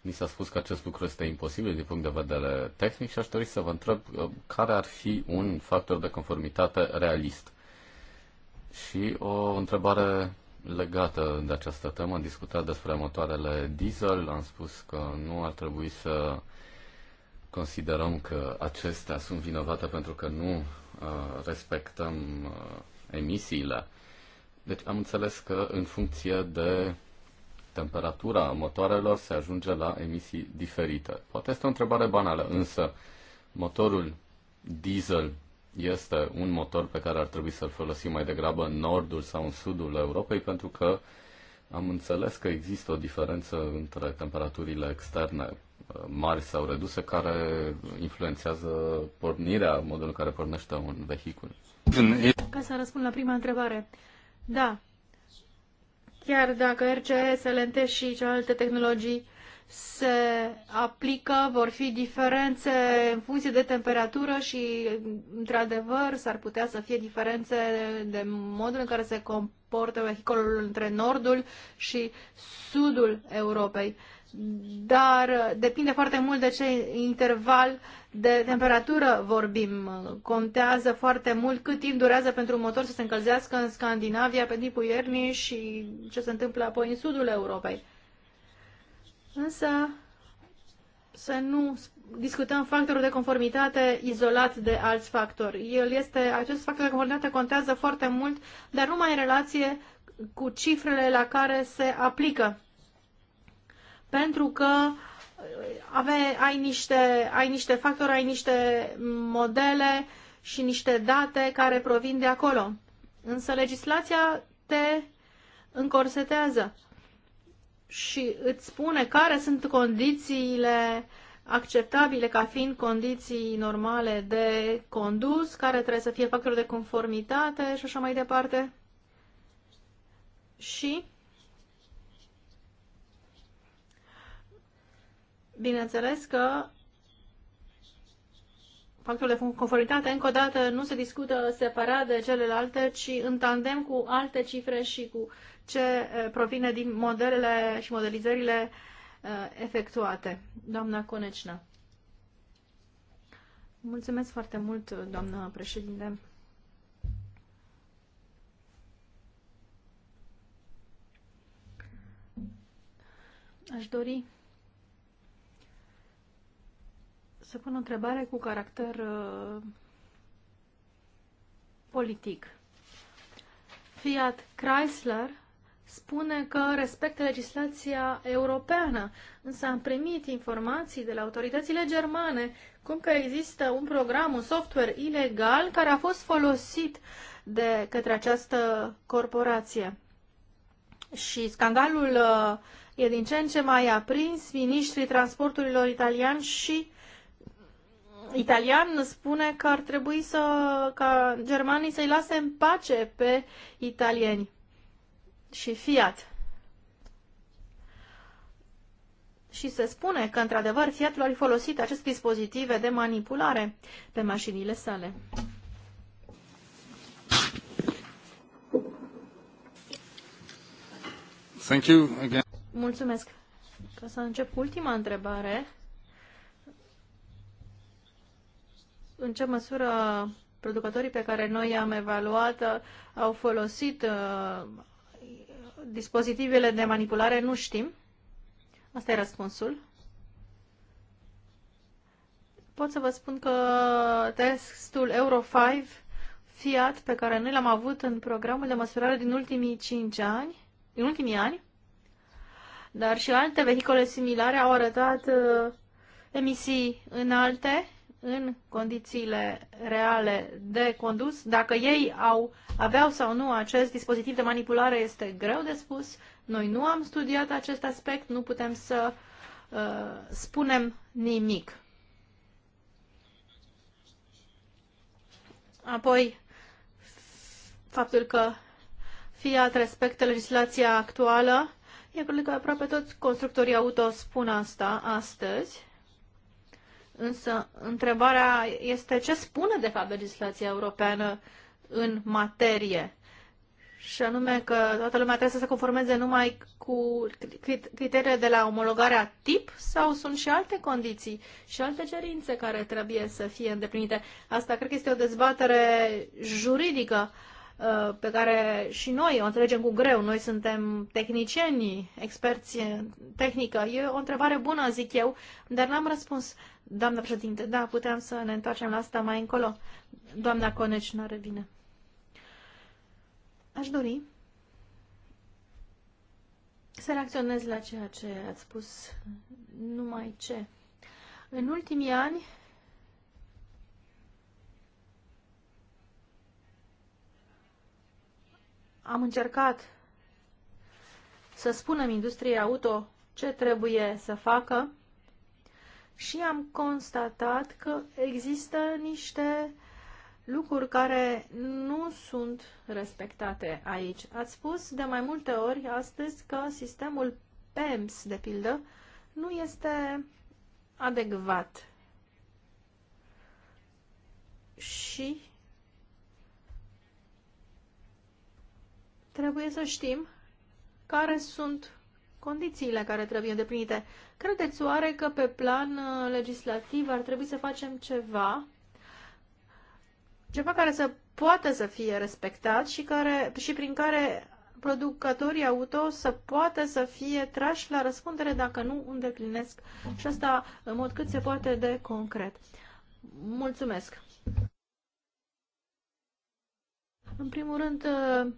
Mi s-a spus că acest lucru este imposibil din punct de vedere tehnic și aș dori să vă întreb uh, care ar fi un factor de conformitate realist. Și o întrebare legată de această temă, am discutat despre motoarele diesel, am spus că nu ar trebui să considerăm că acestea sunt vinovate pentru că nu Uh, respectăm uh, emisiile. Deci am înțeles că în funcție de temperatura motoarelor se ajunge la emisii diferite. Poate este o întrebare banală, însă motorul diesel este un motor pe care ar trebui să-l folosim mai degrabă în nordul sau în sudul Europei, pentru că am înțeles că există o diferență între temperaturile externe mari sau reduse care influențează pornirea, modul în care pornește un vehicul. Ca să răspund la prima întrebare, da, chiar dacă RCS, LNT și celelalte tehnologii se aplică, vor fi diferențe în funcție de temperatură și, într-adevăr, s-ar putea să fie diferențe de modul în care se comportă vehiculul între nordul și sudul Europei dar uh, depinde foarte mult de ce interval de temperatură vorbim. Contează foarte mult cât timp durează pentru un motor să se încălzească în Scandinavia pe timpul iernii și ce se întâmplă apoi în sudul Europei. Însă să nu discutăm factorul de conformitate izolat de alți factori. El este, acest factor de conformitate contează foarte mult, dar numai în relație cu cifrele la care se aplică pentru că uh, ave, ai, niște, ai niște factori, ai niște modele și niște date care provin de acolo. Însă legislația te încorsetează și îți spune care sunt condițiile acceptabile ca fiind condiții normale de condus, care trebuie să fie factori de conformitate și așa mai departe. Și Bineînțeles că pactul de conformitate încă o dată nu se discută separat de celelalte, ci în tandem cu alte cifre și cu ce provine din modelele și modelizările efectuate. Doamna Conecina. Mulțumesc foarte mult, doamnă președinte. Aș dori să pun o întrebare cu caracter uh, politic. Fiat Chrysler spune că respectă legislația europeană, însă am primit informații de la autoritățile germane cum că există un program, un software ilegal care a fost folosit de către această corporație. Și scandalul uh, e din ce în ce mai aprins. Ministrii transporturilor italiani și italian spune că ar trebui să, ca germanii să-i lase în pace pe italieni și Fiat. Și se spune că, într-adevăr, Fiatul ar fi folosit aceste dispozitive de manipulare pe mașinile sale. Thank you again. Mulțumesc. Ca să încep ultima întrebare, în ce măsură producătorii pe care noi i-am evaluat uh, au folosit uh, dispozitivele de manipulare, nu știm. Asta e răspunsul. Pot să vă spun că testul Euro 5 Fiat pe care noi l-am avut în programul de măsurare din ultimii 5 ani, din ultimii ani, dar și alte vehicole similare au arătat uh, emisii înalte în condițiile reale de condus. Dacă ei au, aveau sau nu acest dispozitiv de manipulare este greu de spus. Noi nu am studiat acest aspect, nu putem să uh, spunem nimic. Apoi, faptul că Fiat respectă legislația actuală, e că aproape toți constructorii auto spun asta astăzi. Însă întrebarea este ce spune de fapt legislația europeană în materie și anume că toată lumea trebuie să se conformeze numai cu criteriile de la omologarea tip sau sunt și alte condiții și alte cerințe care trebuie să fie îndeplinite. Asta cred că este o dezbatere juridică uh, pe care și noi o înțelegem cu greu. Noi suntem tehnicieni, experți în tehnică. E o întrebare bună, zic eu, dar n-am răspuns. Doamna președinte, da, puteam să ne întoarcem la asta mai încolo. Doamna Coneci nu are bine. Aș dori să reacționez la ceea ce ați spus, numai ce. În ultimii ani, am încercat să spunem industriei auto ce trebuie să facă și am constatat că există niște lucruri care nu sunt respectate aici. Ați spus de mai multe ori astăzi că sistemul PEMS, de pildă, nu este adecvat. Și trebuie să știm care sunt condițiile care trebuie îndeplinite. Credeți oare că pe plan uh, legislativ ar trebui să facem ceva, ceva care să poată să fie respectat și, care, și prin care producătorii auto să poată să fie trași la răspundere dacă nu îndeplinesc și asta în mod cât se poate de concret. Mulțumesc! În primul rând, uh,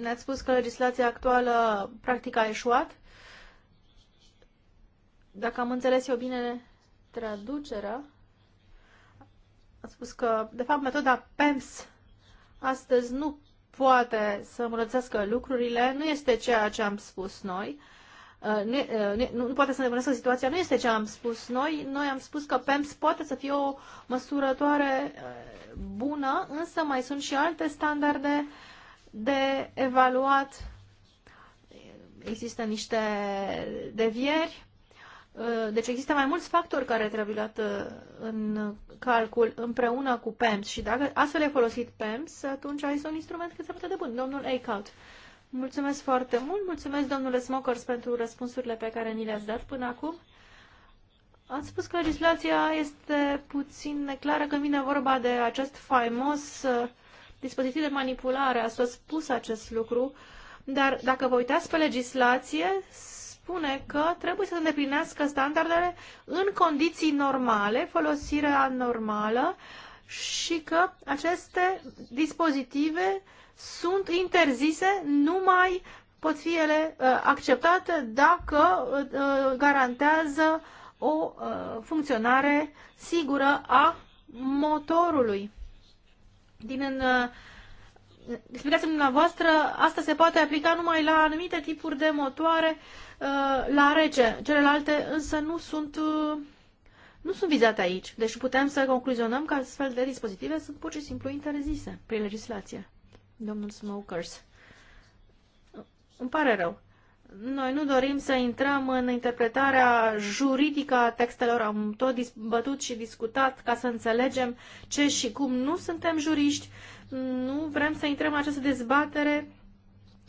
ne-ați spus că legislația actuală practic a eșuat dacă am înțeles eu bine traducerea, a spus că, de fapt, metoda PEMS astăzi nu poate să îmbunătățească lucrurile, nu este ceea ce am spus noi, uh, nu, uh, nu, nu poate să îmbunătățească situația, nu este ce am spus noi. Noi am spus că PEMS poate să fie o măsurătoare uh, bună, însă mai sunt și alte standarde de evaluat. Există niște devieri Uh, deci există mai mulți factori care trebuie luat uh, în calcul împreună cu PEMS și dacă astfel e folosit PEMS, atunci ai un instrument cât se poate de bun. Domnul Eichhout, mulțumesc foarte mult, mulțumesc domnule Smokers pentru răspunsurile pe care ni le-ați dat până acum. Ați spus că legislația este puțin neclară când vine vorba de acest faimos uh, dispozitiv de manipulare. Ați spus acest lucru, dar dacă vă uitați pe legislație, spune că trebuie să îndeplinească standardele în condiții normale, folosirea normală și că aceste dispozitive sunt interzise numai pot fi ele uh, acceptate dacă uh, uh, garantează o funcționare sigură a motorului. Din explicația dumneavoastră, asta se poate aplica numai la anumite tipuri de motoare uh, la rece. Celelalte însă nu sunt, uh, nu sunt vizate aici. Deci putem să concluzionăm că astfel de dispozitive sunt pur și simplu interzise prin legislație. Domnul Smokers. Îmi pare rău. Noi nu dorim să intrăm în interpretarea juridică a textelor. Am tot bătut și discutat ca să înțelegem ce și cum nu suntem juriști nu vrem să intrăm în această dezbatere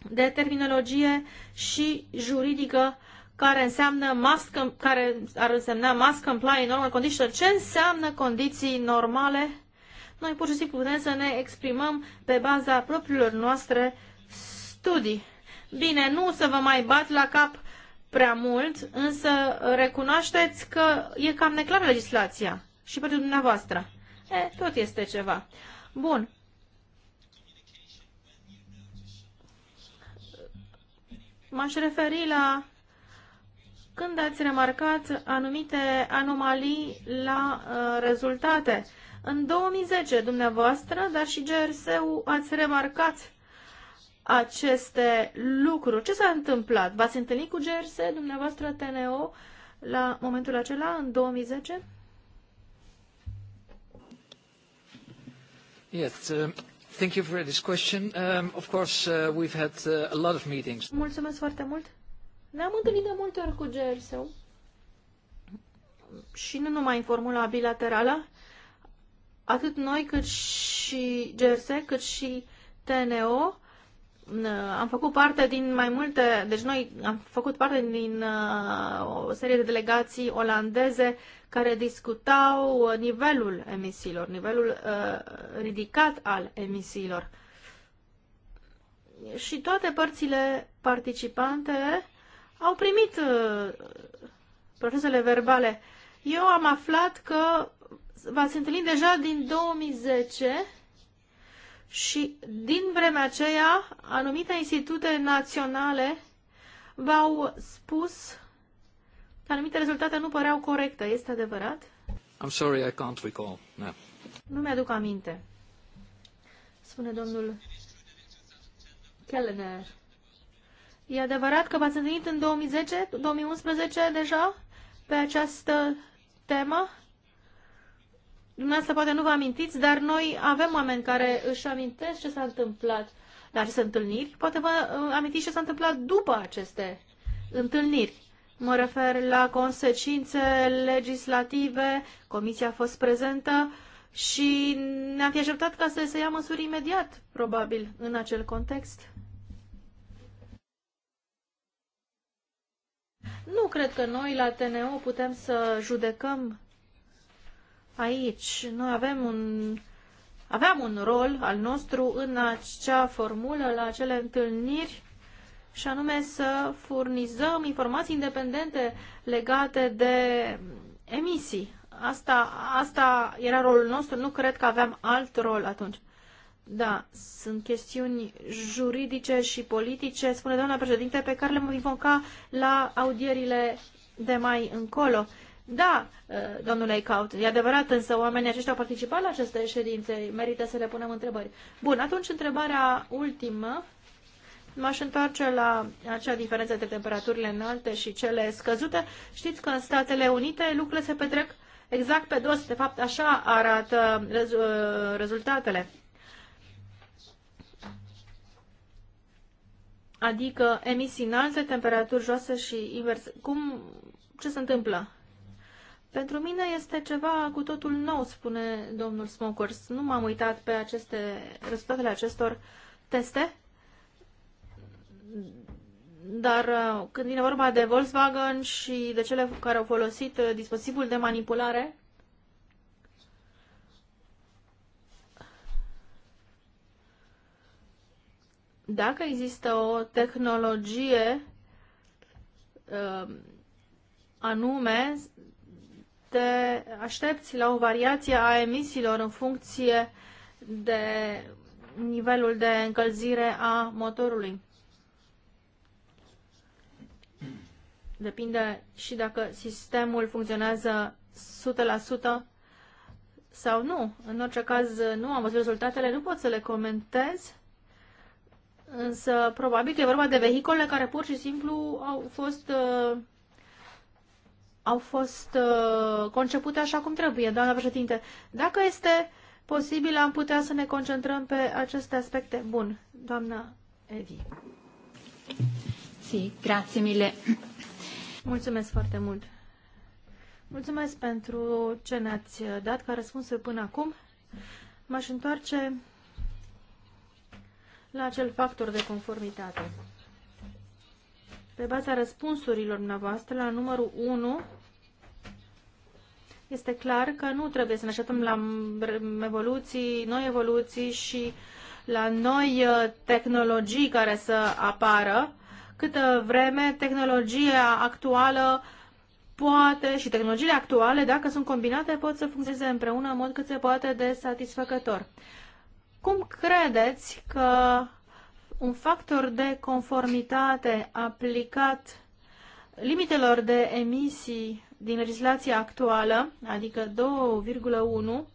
de terminologie și juridică care înseamnă mass, care ar însemna mass comply normal condition. Ce înseamnă condiții normale? Noi pur și simplu putem să ne exprimăm pe baza propriilor noastre studii. Bine, nu să vă mai bat la cap prea mult, însă recunoașteți că e cam neclară legislația și pentru dumneavoastră. E, tot este ceva. Bun, M-aș referi la când ați remarcat anumite anomalii la uh, rezultate. În 2010, dumneavoastră, dar și GRSU, ați remarcat aceste lucruri. Ce s-a întâmplat? V-ați întâlnit cu GRS, dumneavoastră, TNO, la momentul acela, în 2010? Yes, uh, Thank you for this question. Um, of course, uh, we've had uh, a lot of meetings. Mulțumesc foarte mult. Ne-am întâlnit de multe ori cu GRSU și nu numai în formula bilaterală, atât noi cât și GRS, cât și TNO am făcut parte din mai multe, deci noi am făcut parte din uh, o serie de delegații olandeze care discutau uh, nivelul emisiilor, nivelul uh, ridicat al emisiilor. Și toate părțile participante au primit procesele verbale. Eu am aflat că v-ați întâlnit deja din 2010 și din vremea aceea, anumite institute naționale v-au spus că anumite rezultate nu păreau corecte. Este adevărat? I'm sorry, I can't recall. No. Nu mi-aduc aminte. Spune domnul Kellner. E adevărat că v-ați întâlnit în 2010, 2011 deja pe această temă? Dumneavoastră poate nu vă amintiți, dar noi avem oameni care își amintesc ce s-a întâmplat la aceste întâlniri. Poate vă uh, amintiți ce s-a întâmplat după aceste întâlniri. Mă refer la consecințe legislative, comisia a fost prezentă și ne-am fi așteptat ca să se ia măsuri imediat, probabil, în acel context. Nu cred că noi la TNO putem să judecăm aici. Noi avem un, aveam un rol al nostru în acea formulă, la acele întâlniri, și anume să furnizăm informații independente legate de emisii. Asta, asta era rolul nostru, nu cred că aveam alt rol atunci. Da, sunt chestiuni juridice și politice, spune doamna președinte, pe care le vom invoca la audierile de mai încolo. Da, eh, domnule Caut, e adevărat, însă oamenii aceștia au participat la aceste ședințe, merită să le punem întrebări. Bun, atunci întrebarea ultimă, m-aș întoarce la acea diferență de temperaturile înalte și cele scăzute. Știți că în Statele Unite lucrurile se petrec exact pe dos, de fapt așa arată eh, rezultatele. Adică emisii înalte, temperaturi joase și invers. Cum, ce se întâmplă? Pentru mine este ceva cu totul nou, spune domnul Smokers. Nu m-am uitat pe aceste, rezultatele acestor teste, dar uh, când vine vorba de Volkswagen și de cele care au folosit uh, dispozitivul de manipulare, dacă există o tehnologie uh, anume te aștepți la o variație a emisiilor în funcție de nivelul de încălzire a motorului. Depinde și dacă sistemul funcționează 100% sau nu. În orice caz, nu am văzut rezultatele, nu pot să le comentez, însă probabil că e vorba de vehicole care pur și simplu au fost uh, au fost uh, concepute așa cum trebuie, doamna președinte. Dacă este posibil, am putea să ne concentrăm pe aceste aspecte. Bun, doamna Evi. Si, grație mille. Mulțumesc foarte mult. Mulțumesc pentru ce ne-ați dat ca răspunsuri până acum. M-aș întoarce la acel factor de conformitate pe baza răspunsurilor dumneavoastră la numărul 1, este clar că nu trebuie să ne așteptăm la evoluții, noi evoluții și la noi uh, tehnologii care să apară, câtă vreme tehnologia actuală poate și tehnologiile actuale, dacă sunt combinate, pot să funcționeze împreună în mod cât se poate de satisfăcător. Cum credeți că un factor de conformitate aplicat limitelor de emisii din legislația actuală, adică 2,1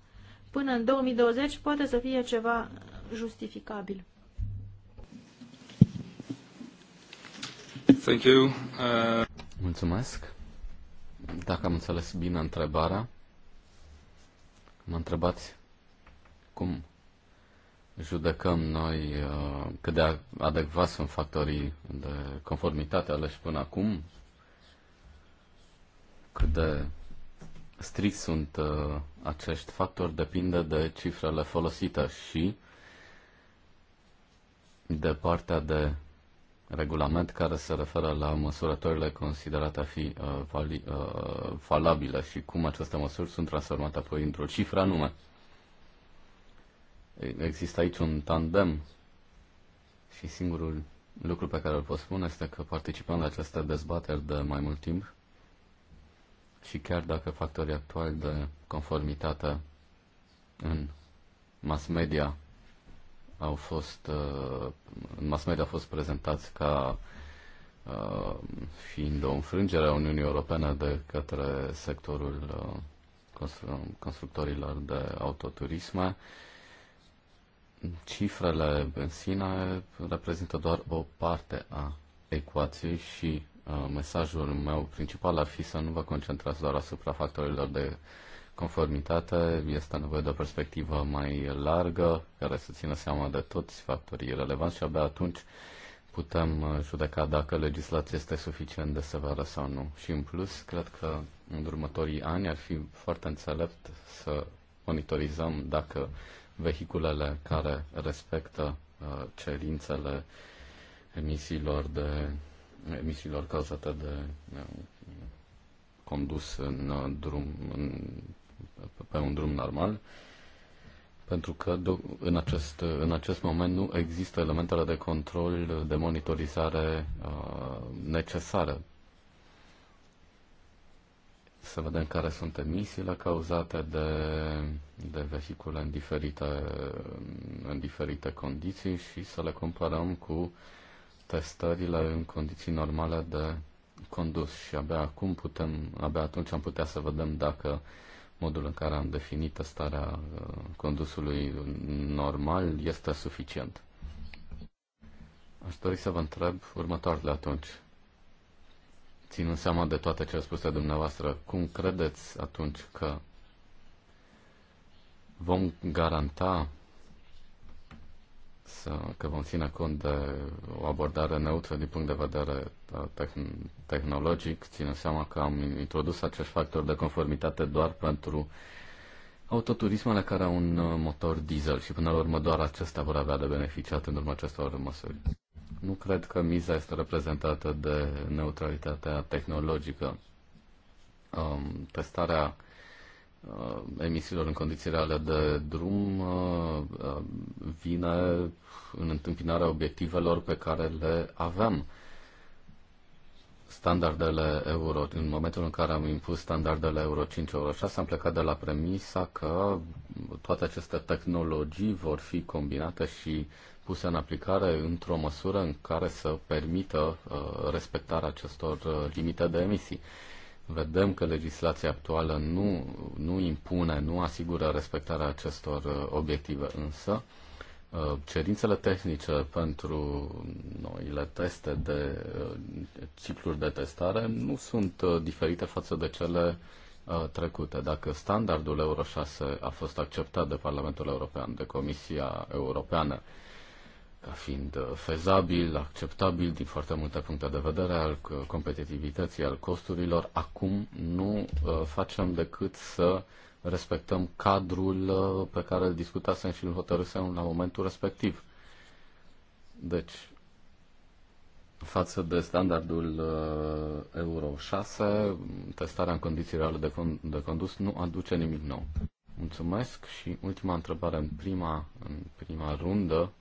până în 2020, poate să fie ceva justificabil. Thank you. Uh... Mulțumesc. Dacă am înțeles bine întrebarea, mă întrebați cum judecăm noi uh, cât de adecvați sunt factorii de conformitate aleși până acum, cât de strict sunt uh, acești factori depinde de cifrele folosite și de partea de regulament care se referă la măsurătorile considerate a fi uh, vali, uh, valabile și cum aceste măsuri sunt transformate apoi într-o cifră anume. Există aici un tandem și singurul lucru pe care îl pot spune este că participăm la aceste dezbateri de mai mult timp și chiar dacă factorii actuali de conformitate în mass media au fost uh, în mass media au fost prezentați ca uh, fiind o înfrângere a Uniunii Europene de către sectorul uh, constructorilor de autoturisme cifrele în sine reprezintă doar o parte a ecuației și uh, mesajul meu principal ar fi să nu vă concentrați doar asupra factorilor de conformitate, este nevoie de o perspectivă mai largă care să țină seama de toți factorii relevanți și abia atunci putem uh, judeca dacă legislația este suficient de severă sau nu. Și în plus, cred că în următorii ani ar fi foarte înțelept să monitorizăm dacă vehiculele care respectă uh, cerințele emisiilor, de, emisiilor cauzate de uh, condus în uh, drum, în, pe un drum normal, pentru că în acest, în acest moment nu există elementele de control, de monitorizare uh, necesare să vedem care sunt emisiile cauzate de, de vehicule în diferite, în diferite condiții și să le comparăm cu testările în condiții normale de condus și abia acum putem, abia atunci am putea să vedem dacă modul în care am definit testarea uh, condusului normal este suficient. Aș dori să vă întreb următoarele atunci ținând seama de toate ce a spus de dumneavoastră, cum credeți atunci că vom garanta să, că vom ține cont de o abordare neutră din punct de vedere tehn- tehnologic, ținând seama că am introdus acești factori de conformitate doar pentru autoturismele care au un uh, motor diesel și până la urmă doar acestea vor avea de beneficiat în urma acestor măsuri. Nu cred că miza este reprezentată de neutralitatea tehnologică. Um, testarea uh, emisiilor în condiții reale de drum uh, uh vine în întâmpinarea obiectivelor pe care le avem. Standardele euro, în momentul în care am impus standardele euro 5, euro 6, am plecat de la premisa că toate aceste tehnologii vor fi combinate și puse în aplicare într-o măsură în care să permită uh, respectarea acestor uh, limite de emisii. Vedem că legislația actuală nu, nu impune, nu asigură respectarea acestor uh, obiective, însă cerințele tehnice pentru noile teste de cicluri de testare nu sunt diferite față de cele trecute. Dacă standardul Euro 6 a fost acceptat de Parlamentul European, de Comisia Europeană, ca fiind uh, fezabil, acceptabil din foarte multe puncte de vedere al uh, competitivității, al costurilor. Acum nu uh, facem decât să respectăm cadrul pe care îl discutasem și îl hotărâsem la momentul respectiv. Deci, față de standardul Euro 6, testarea în condiții reale de, con- de condus nu aduce nimic nou. Mulțumesc și ultima întrebare în prima, în prima rundă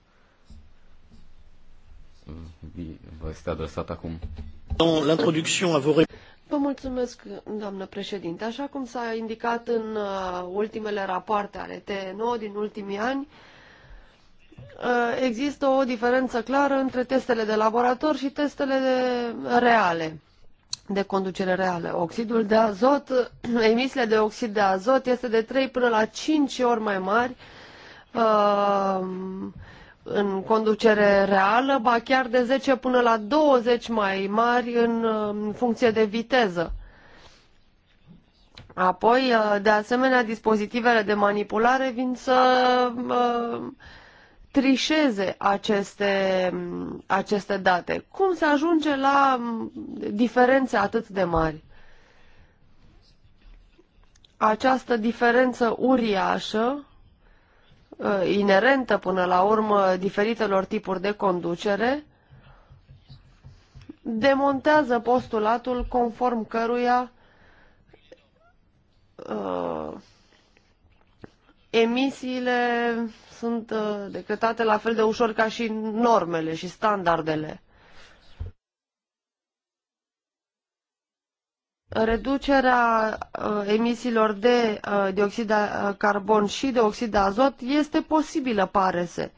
vă este adresat acum. Vă mulțumesc, doamnă președinte. Așa cum s-a indicat în uh, ultimele rapoarte ale t 9 din ultimii ani, uh, există o diferență clară între testele de laborator și testele reale de conducere reală. Oxidul de azot, uh, emisiile de oxid de azot este de 3 până la 5 ori mai mari uh, în conducere reală, ba chiar de 10 până la 20 mai mari în, funcție de viteză. Apoi, uh, de asemenea, dispozitivele de manipulare vin să uh, trișeze aceste, aceste date. Cum se ajunge la um, diferențe atât de mari? Această diferență uriașă Uh, inerentă până la urmă diferitelor tipuri de conducere, demontează postulatul conform căruia uh, emisiile sunt uh, decretate la fel de ușor ca și normele și standardele. reducerea uh, emisiilor de uh, dioxid de uh, carbon și de oxid de azot este posibilă, pare se.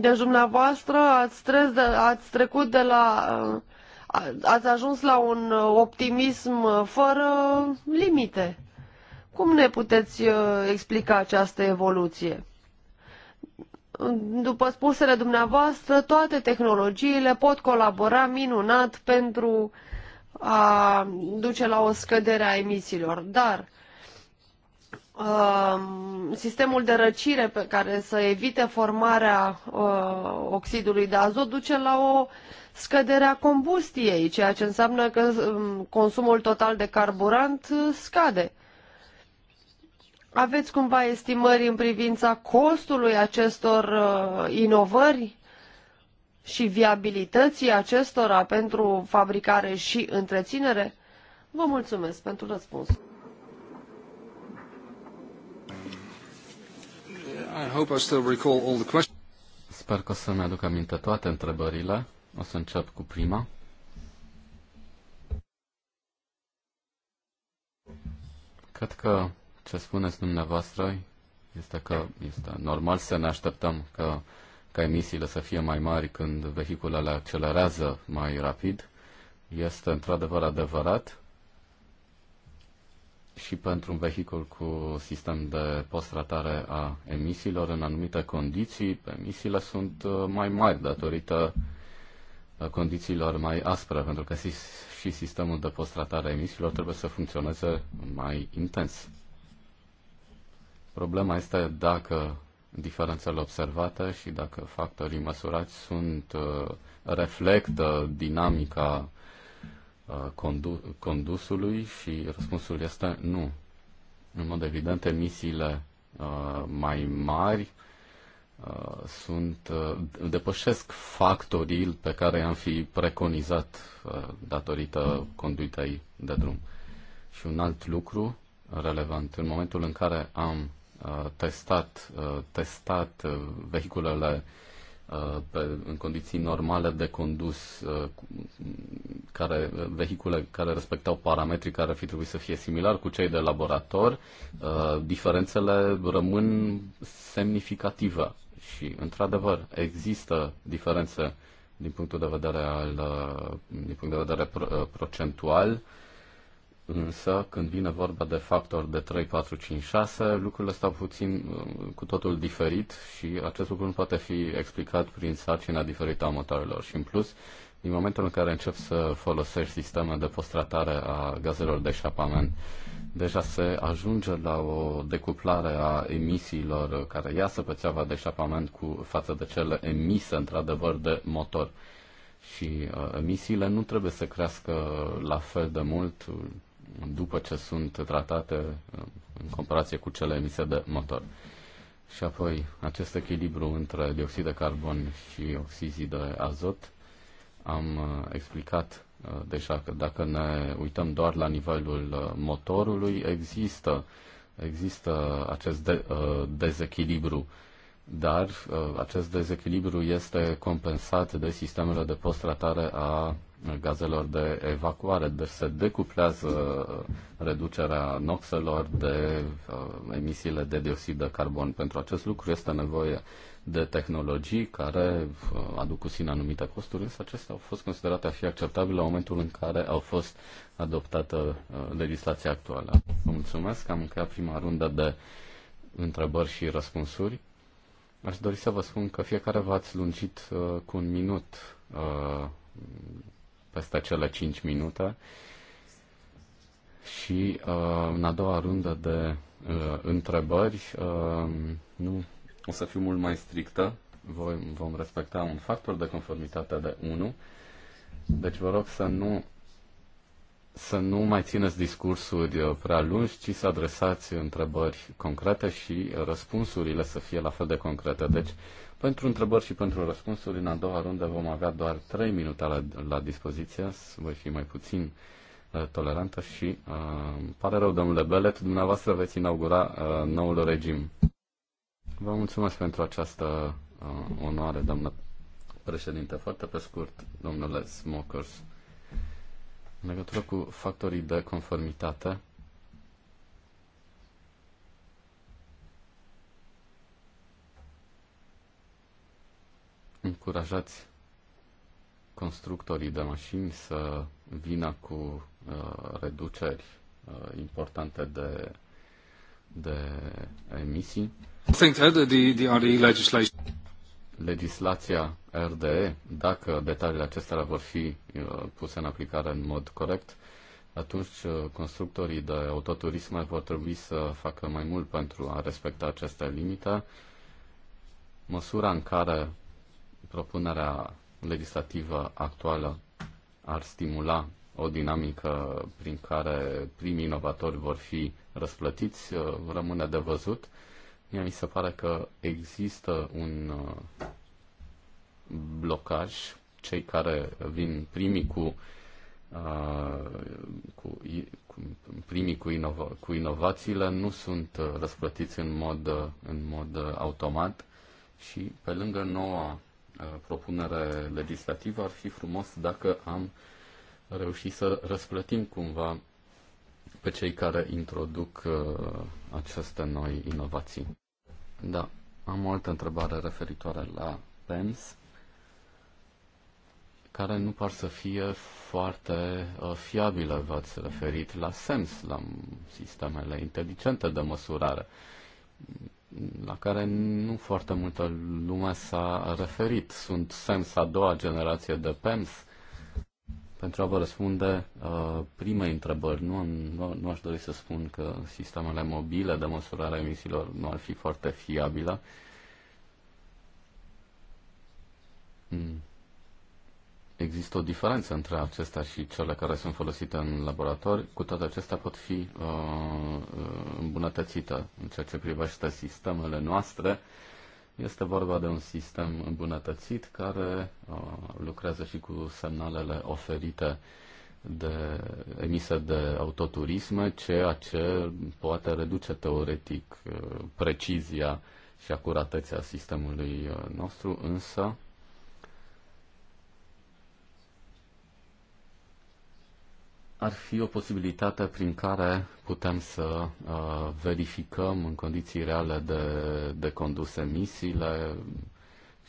Deci dumneavoastră ați, trez de, ați trecut de la... ați ajuns la un optimism fără limite. Cum ne puteți explica această evoluție? După spusele dumneavoastră, toate tehnologiile pot colabora minunat pentru uh, a duce la o scădere a emisiilor, dar um, sistemul de răcire pe care să evite formarea uh, oxidului de azot duce la o scădere a combustiei, ceea ce înseamnă că um, consumul total de carburant uh, scade. Aveți cumva estimări în privința costului acestor uh, inovări? și viabilității acestora pentru fabricare și întreținere? Vă mulțumesc pentru răspuns. Sper că o să-mi aduc aminte toate întrebările. O să încep cu prima. Cred că ce spuneți dumneavoastră este că este normal să ne așteptăm că ca emisiile să fie mai mari când vehiculele accelerează mai rapid, este într-adevăr adevărat și pentru un vehicul cu sistem de postratare a emisiilor în anumite condiții, emisiile sunt uh, mai mari datorită uh, condițiilor mai aspre, pentru că și sistemul de postratare a emisiilor trebuie să funcționeze mai intens. Problema este dacă diferențele observate și dacă factorii măsurați sunt uh, reflectă dinamica uh, condu- condusului și răspunsul este nu. În mod evident, emisiile uh, mai mari sunt, depășesc factorii pe care i-am fi preconizat datorită conduitei de drum. Și un alt lucru relevant, în momentul în care am Uh, testat, uh, testat uh, vehiculele pe, în condiții normale de condus, care, vehicule care respectau parametrii care ar fi trebuit să fie similar cu cei de laborator, diferențele rămân semnificative și, într-adevăr, există diferențe din punctul de vedere al din punct de vedere procentual însă când vine vorba de factor de 3, 4, 5, 6, lucrurile stau puțin uh, cu totul diferit și acest lucru nu poate fi explicat prin sarcina diferită a motoarelor. Și în plus, din momentul în care încep să folosești sisteme de postratare a gazelor de eșapament, deja se ajunge la o decuplare a emisiilor care iasă pe țeava de eșapament cu față de cele emise într-adevăr de motor. Și uh, emisiile nu trebuie să crească la fel de mult, după ce sunt tratate în comparație cu cele emise de motor. Și apoi acest echilibru între dioxid de carbon și oxizii de azot am uh, explicat uh, deja că dacă ne uităm doar la nivelul uh, motorului, există, există acest de, dezechilibru, dar acest dezechilibru este compensat de sistemele de post-tratare a gazelor de evacuare. Deci se decuplează reducerea noxelor de uh, emisiile de dioxid de carbon. Pentru acest lucru este nevoie de tehnologii care uh, aduc cu sine anumite costuri, însă acestea au fost considerate a fi acceptabile la momentul în care au fost adoptată uh, legislația actuală. Vă mulțumesc, am încheiat prima rundă de întrebări și răspunsuri. Aș dori să vă spun că fiecare v-ați lungit uh, cu un minut uh, peste cele 5 minute. Și uh, în a doua rundă de uh, întrebări, uh, nu, o să fiu mult mai strictă, Voi, vom respecta un factor de conformitate de 1, deci vă rog să nu să nu mai țineți discursuri uh, prea lungi, ci să adresați întrebări concrete și uh, răspunsurile să fie la fel de concrete. Deci, pentru întrebări și pentru răspunsuri, în a doua rundă vom avea doar 3 minute la, la dispoziție, voi fi mai puțin uh, tolerantă și uh, pare rău, domnule Belet, dumneavoastră veți inaugura uh, noul regim. Vă mulțumesc pentru această uh, onoare, doamnă președinte. Foarte pe scurt, domnule Smokers. În legătură cu factorii de conformitate, încurajați constructorii de mașini să vină cu uh, reduceri uh, importante de, de emisii. I think that the, the RE legislation legislația RDE, dacă detaliile acestea vor fi uh, puse în aplicare în mod corect, atunci uh, constructorii de autoturisme vor trebui să facă mai mult pentru a respecta aceste limite. Măsura în care propunerea legislativă actuală ar stimula o dinamică prin care primii inovatori vor fi răsplătiți uh, rămâne de văzut. Mie mi se pare că există un uh, blocaj. Cei care vin primii cu, uh, cu, cu primii cu, inova, cu inovațiile nu sunt uh, răsplătiți în mod, în mod automat și pe lângă noua propunere legislativă ar fi frumos dacă am reușit să răsplătim cumva pe cei care introduc uh, aceste noi inovații. Da, am o altă întrebare referitoare la pens, care nu par să fie foarte uh, fiabilă. V-ați referit la SEMS, la sistemele inteligente de măsurare, la care nu foarte multă lume s-a referit. Sunt SEMS a doua generație de uh, pentru a vă răspunde uh, primei întrebări, nu, nu, nu aș dori să spun că sistemele mobile de măsurare a emisiilor nu ar fi foarte fiabile. Hmm. Există o diferență între acestea și cele care sunt folosite în laborator. Cu toate acestea pot fi uh, uh, îmbunătățite în ceea ce privește sistemele noastre. Uh, este vorba de un sistem îmbunătățit care uh, lucrează și cu semnalele oferite de, emise de autoturisme, ceea ce poate reduce teoretic uh, precizia și acuratețea sistemului uh, nostru, însă ar fi o posibilitate prin care putem să uh, verificăm în condiții reale de, de condus emisiile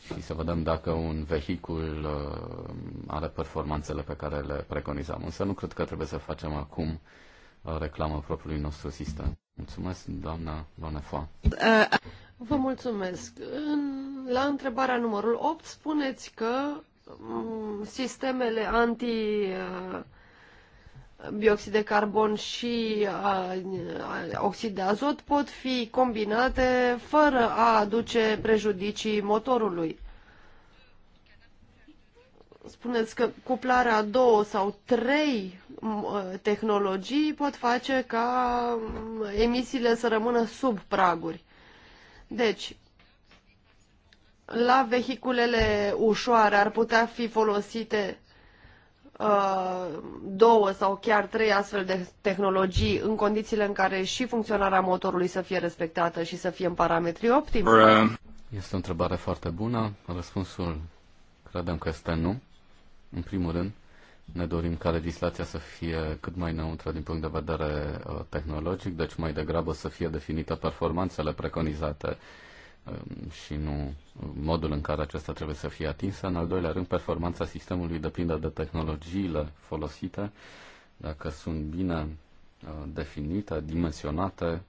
și să vedem dacă un vehicul uh, are performanțele pe care le preconizam. Însă nu cred că trebuie să facem acum uh, reclamă propriului nostru sistem. Mulțumesc, doamna Lonefa. Uh, vă mulțumesc. În, la întrebarea numărul 8 spuneți că um, sistemele anti uh, bioxid de carbon și oxid de azot pot fi combinate fără a aduce prejudicii motorului. Spuneți că cuplarea două sau trei tehnologii pot face ca emisiile să rămână sub praguri. Deci, la vehiculele ușoare ar putea fi folosite Uh, două sau chiar trei astfel de tehnologii în condițiile în care și funcționarea motorului să fie respectată și să fie în parametri optimi? Este o întrebare foarte bună. Răspunsul credem că este nu. În primul rând, ne dorim ca legislația să fie cât mai neutră din punct de vedere uh, tehnologic, deci mai degrabă să fie definită performanțele preconizate Um, și nu um, modul în care acesta trebuie să fie atinsă. În al doilea rând, performanța sistemului depinde de tehnologiile folosite, dacă sunt bine uh, definite, dimensionate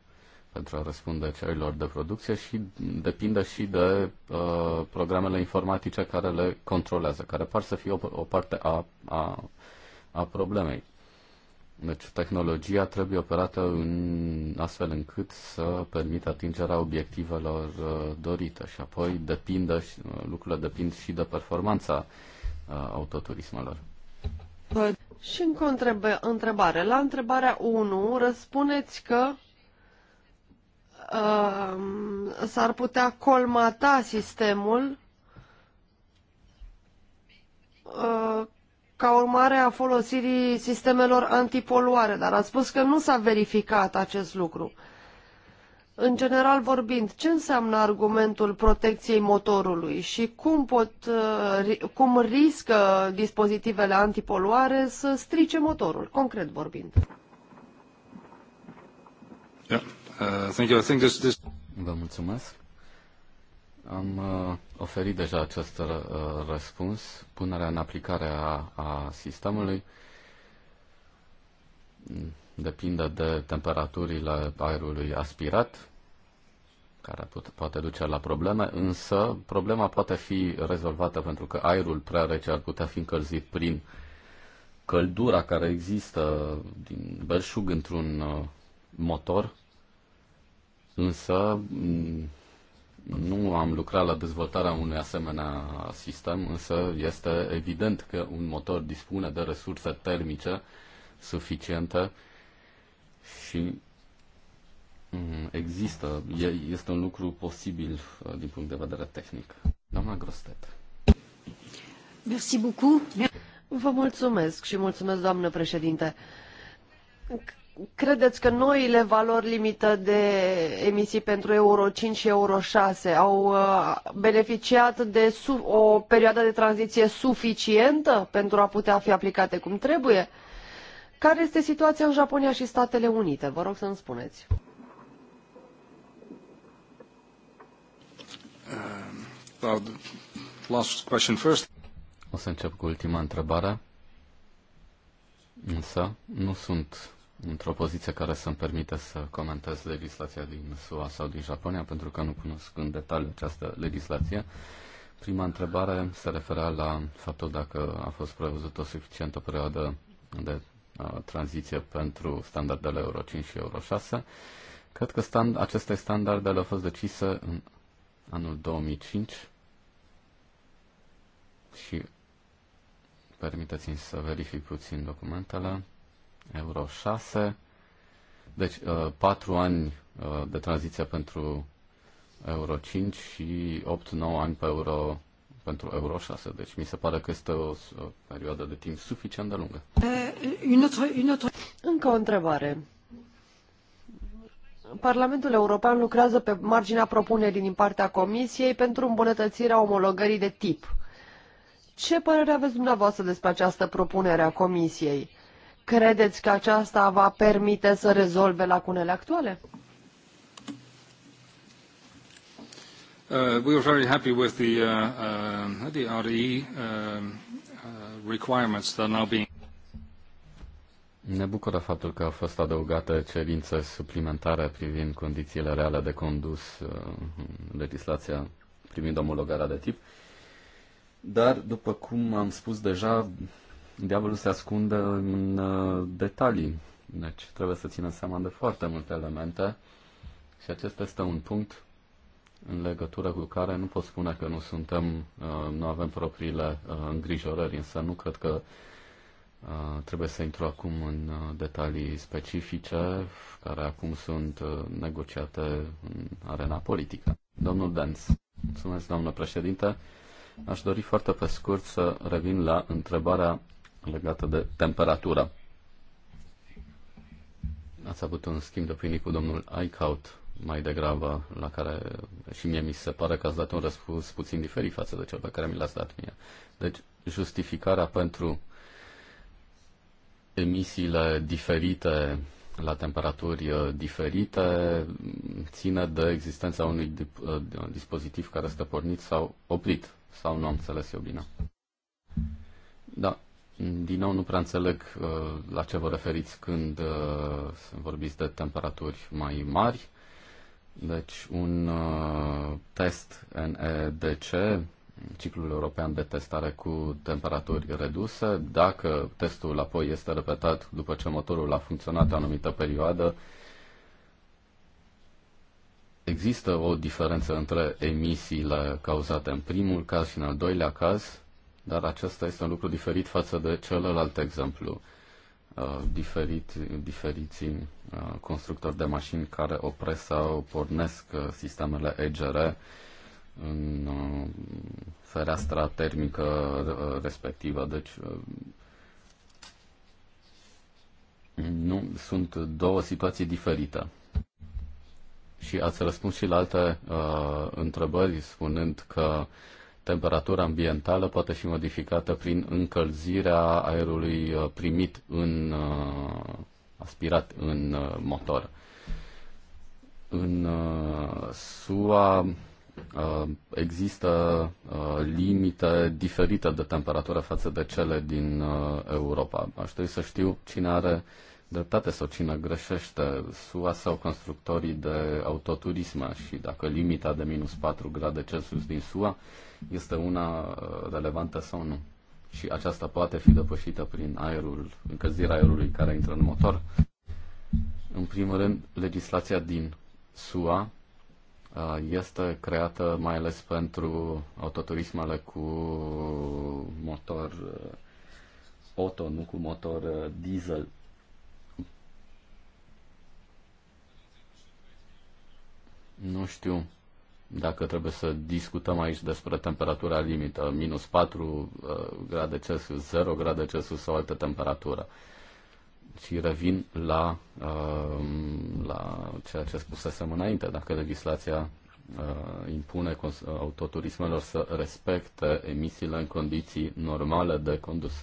pentru a răspunde cerilor de producție și depinde și de uh, programele informatice care le controlează, care par să fie o, o parte a, a, a problemei. Deci tehnologia trebuie operată în astfel încât să permită atingerea obiectivelor uh, dorite și apoi depinde, uh, lucrurile depind și de performanța uh, autoturismelor. Și încă o întrebare. La întrebarea 1 răspuneți că uh, s-ar putea colmata sistemul uh, ca urmare a folosirii sistemelor antipoluare, dar ați spus că nu s-a verificat acest lucru. În general vorbind, ce înseamnă argumentul protecției motorului și cum, pot, uh, cum riscă dispozitivele antipoluare să strice motorul, concret vorbind? Yeah. Uh, thank you. I think this, this... Vă mulțumesc. Am uh, oferit deja acest uh, răspuns, punerea în aplicare a, a sistemului depinde de temperaturile aerului aspirat, care put, poate duce la probleme, însă problema poate fi rezolvată pentru că aerul prea rece ar putea fi încălzit prin căldura care există din belșug într-un uh, motor, însă nu am lucrat la dezvoltarea unui asemenea sistem, însă este evident că un motor dispune de resurse termice suficiente și mm, există, este un lucru posibil uh, din punct de vedere tehnic. Doamna Grostet. Merci beaucoup. Vă mulțumesc și mulțumesc, doamnă președinte credeți că noile valori limită de emisii pentru Euro 5 și Euro 6 au uh, beneficiat de o perioadă de tranziție suficientă pentru a putea fi aplicate cum trebuie? Care este situația în Japonia și Statele Unite? Vă rog să-mi spuneți. Uh, last question first. O să încep cu ultima întrebare. Însă, nu sunt într-o poziție care să-mi permite să comentez legislația din SUA sau din Japonia, pentru că nu cunosc în detaliu această legislație. Prima întrebare se referea la faptul dacă a fost prevăzută o suficientă perioadă de uh, tranziție pentru standardele Euro 5 și Euro 6. Cred că stand- aceste standardele au fost decise în anul 2005 și permiteți-mi să verific puțin documentele. Euro 6. Deci, uh, patru ani uh, de tranziție pentru Euro 5 și 8-9 ani pe Euro, pentru Euro 6. Deci mi se pare că este o, o perioadă de timp suficient de lungă. Eh, Încă o întrebare. Parlamentul European lucrează pe marginea propunerii din partea Comisiei pentru îmbunătățirea omologării de tip. Ce părere aveți dumneavoastră despre această propunere a Comisiei? Credeți că aceasta va permite să rezolve lacunele actuale? Uh, we are very happy with the, uh, uh, the RE uh, uh, requirements that are now being ne bucură faptul că au fost adăugate cerințe suplimentare privind condițiile reale de condus uh, în legislația privind omologarea de tip. Dar, după cum am spus deja, diavolul se ascunde în uh, detalii. Deci trebuie să țină seama de foarte multe elemente și acesta este un punct în legătură cu care nu pot spune că nu suntem, uh, nu avem propriile uh, îngrijorări, însă nu cred că trebuie să intru acum în detalii specifice care acum sunt negociate în arena politică. Domnul Dens, mulțumesc, doamnă președinte. Aș dori foarte pe scurt să revin la întrebarea legată de temperatură. Ați avut un schimb de opinii cu domnul Eichhout mai degrabă, la care și mie mi se pare că ați dat un răspuns puțin diferit față de cel pe care mi l-ați dat mie. Deci, justificarea pentru emisiile diferite la temperaturi uh, diferite ține de existența unui uh, dispozitiv care este pornit sau oprit, sau nu am înțeles eu bine. Da, din nou, nu prea înțeleg uh, la ce vă referiți când uh, vorbiți de temperaturi mai mari. Deci, un uh, test NEDC, ciclul european de testare cu temperaturi reduse, dacă testul apoi este repetat după ce motorul a funcționat o anumită perioadă, Există o diferență între emisiile cauzate în primul caz și în al doilea caz, dar acesta este un lucru diferit față de celălalt exemplu. Uh, diferit, diferiții uh, constructori de mașini care opresc sau pornesc uh, sistemele EGR în fereastra termică respectivă. Deci nu, sunt două situații diferite. Și ați răspuns și la alte uh, întrebări spunând că uh, temperatura ambientală poate fi modificată prin încălzirea aerului uh, primit în uh, aspirat în uh, motor. În SUA există limite diferite de temperatură față de cele din Europa. Aș trebui să știu cine are dreptate sau cine greșește, SUA sau constructorii de autoturisme și dacă limita de minus 4 grade Celsius din SUA este una uh, relevantă sau nu. Și aceasta poate fi depășită prin aerul, încălzirea aerului care intră în motor. În primul rând, legislația din SUA uh, este creată mai ales pentru autoturismele cu motor uh, auto, nu cu motor diesel. Nu știu dacă trebuie să discutăm aici despre temperatura limită, minus 4 uh, grade Celsius, 0 grade Celsius sau altă temperatură. Și revin la, uh, la ceea ce spusesem înainte, dacă legislația uh, impune autoturismelor să respecte emisiile în condiții normale de condus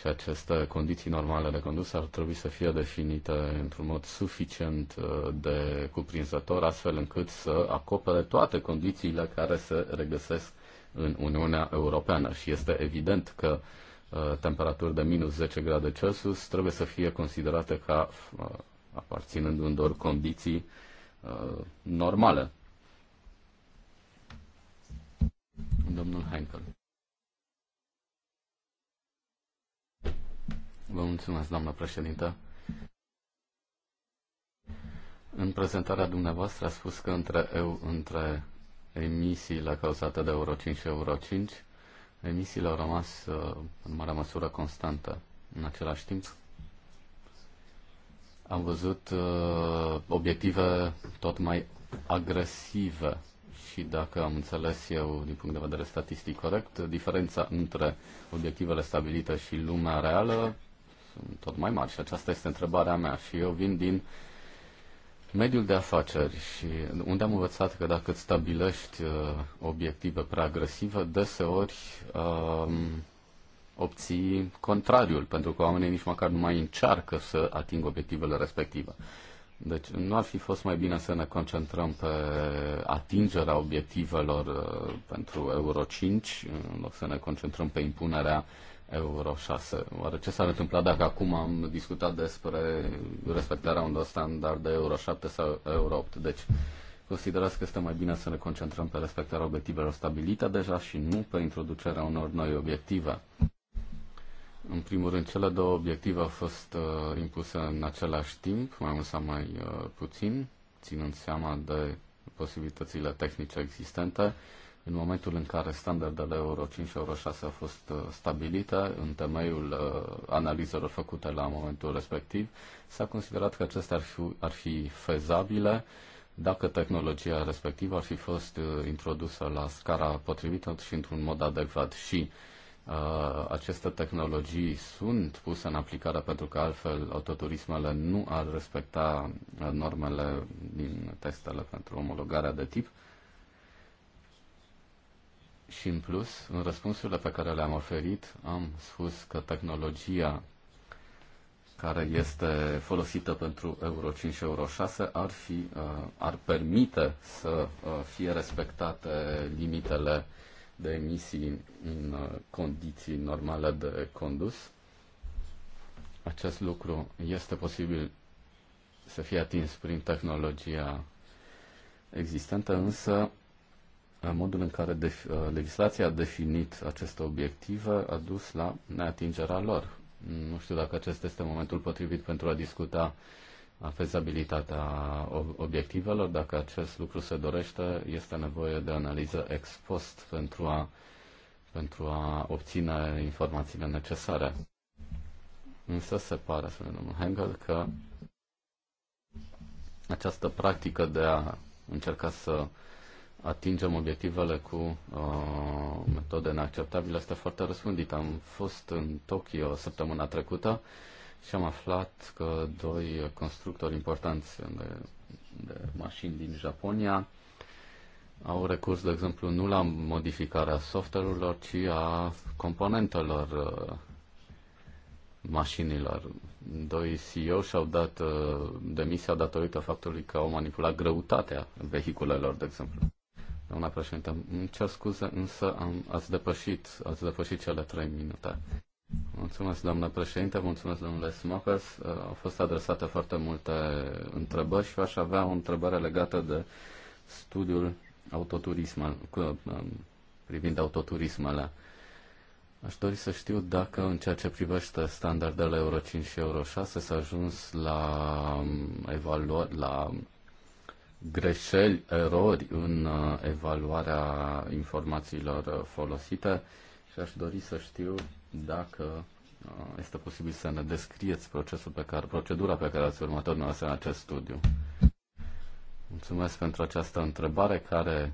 și aceste condiții normale de condus ar trebui să fie definite într-un mod suficient uh, de cuprinzător, astfel încât să acopere toate condițiile care se regăsesc în Uniunea Europeană. Și este evident că uh, temperaturi de minus 10 grade Celsius trebuie să fie considerate ca uh, aparținând unor condiții normale. Domnul Henkel. Vă mulțumesc, doamnă președintă. În prezentarea dumneavoastră a spus că între, eu, între emisiile cauzate de Euro 5 și Euro 5, emisiile au rămas uh, în mare măsură constantă. În același timp, am văzut uh, obiective tot mai agresive și dacă am înțeles eu din punct de vedere statistic corect, diferența între obiectivele stabilite și lumea reală sunt tot mai mari și aceasta este întrebarea mea. Și eu vin din mediul de afaceri și unde am învățat că dacă îți stabilești uh, obiective prea agresive, deseori uh, obții contrariul, pentru că oamenii nici măcar nu mai încearcă să atingă obiectivele respective. Deci nu ar fi fost mai bine să ne concentrăm pe atingerea obiectivelor uh, pentru Euro 5, în loc să ne concentrăm pe impunerea Euro 6. Oare ce s-ar întâmpla dacă acum am discutat despre respectarea unor standarde Euro 7 sau Euro 8? Deci, considerați că este mai bine să ne concentrăm pe respectarea obiectivelor stabilite deja și nu pe introducerea unor noi obiective. În primul rând, cele două obiective au fost uh, impuse în același timp, mai mult sau mai uh, puțin, ținând seama de posibilitățile tehnice existente. Uh, în momentul în care standardele Euro 5 și Euro 6 au fost uh, stabilite în temeiul uh, analizelor făcute la momentul respectiv, s-a considerat că acestea ar fi, ar fi fezabile dacă tehnologia respectivă ar fi fost uh, introdusă la scara potrivită și într-un mod adecvat și uh, aceste tehnologii sunt puse în aplicare pentru că altfel autoturismele nu ar respecta normele din testele pentru omologarea de tip și în plus, în răspunsurile pe care le-am oferit, am spus că tehnologia care este folosită pentru Euro 5 și Euro 6 ar, fi, uh, ar permite să uh, fie respectate limitele de emisii în uh, condiții normale de condus. Acest lucru este posibil să fie atins prin tehnologia existentă, însă modul în care def- uh, legislația a definit aceste obiective a dus la neatingerea lor. Nu știu dacă acest este momentul potrivit pentru a discuta fezabilitatea obiectivelor. Dacă acest lucru se dorește, este nevoie de analiză ex post pentru a, pentru a obține informațiile necesare. Însă se pare, spune domnul Hengel, că această practică de a încerca să atingem obiectivele cu uh, metode neacceptabile este foarte răspândit. Am fost în Tokyo săptămâna trecută și am aflat că doi constructori importanți de, de mașini din Japonia au recurs, de exemplu, nu la modificarea software-urilor, ci a componentelor uh, mașinilor. Doi CEO și-au dat uh, demisia datorită faptului că au manipulat greutatea vehiculelor, de exemplu. Doamna președinte, îmi cer scuze, însă am, ați, depășit, ați depășit cele trei minute. Mulțumesc, doamnă președinte, mulțumesc, domnule Smokers. Uh, au fost adresate foarte multe întrebări și aș avea o întrebare legată de studiul autoturismel, um, privind autoturismele. Aș dori să știu dacă în ceea ce privește standardele Euro 5 și Euro 6 s-a ajuns la, um, evaluat, la greșeli, erori în uh, evaluarea informațiilor uh, folosite și aș dori să știu dacă uh, este posibil să ne descrieți procesul pe care, procedura pe care ați urmat-o în acest studiu. Mulțumesc pentru această întrebare care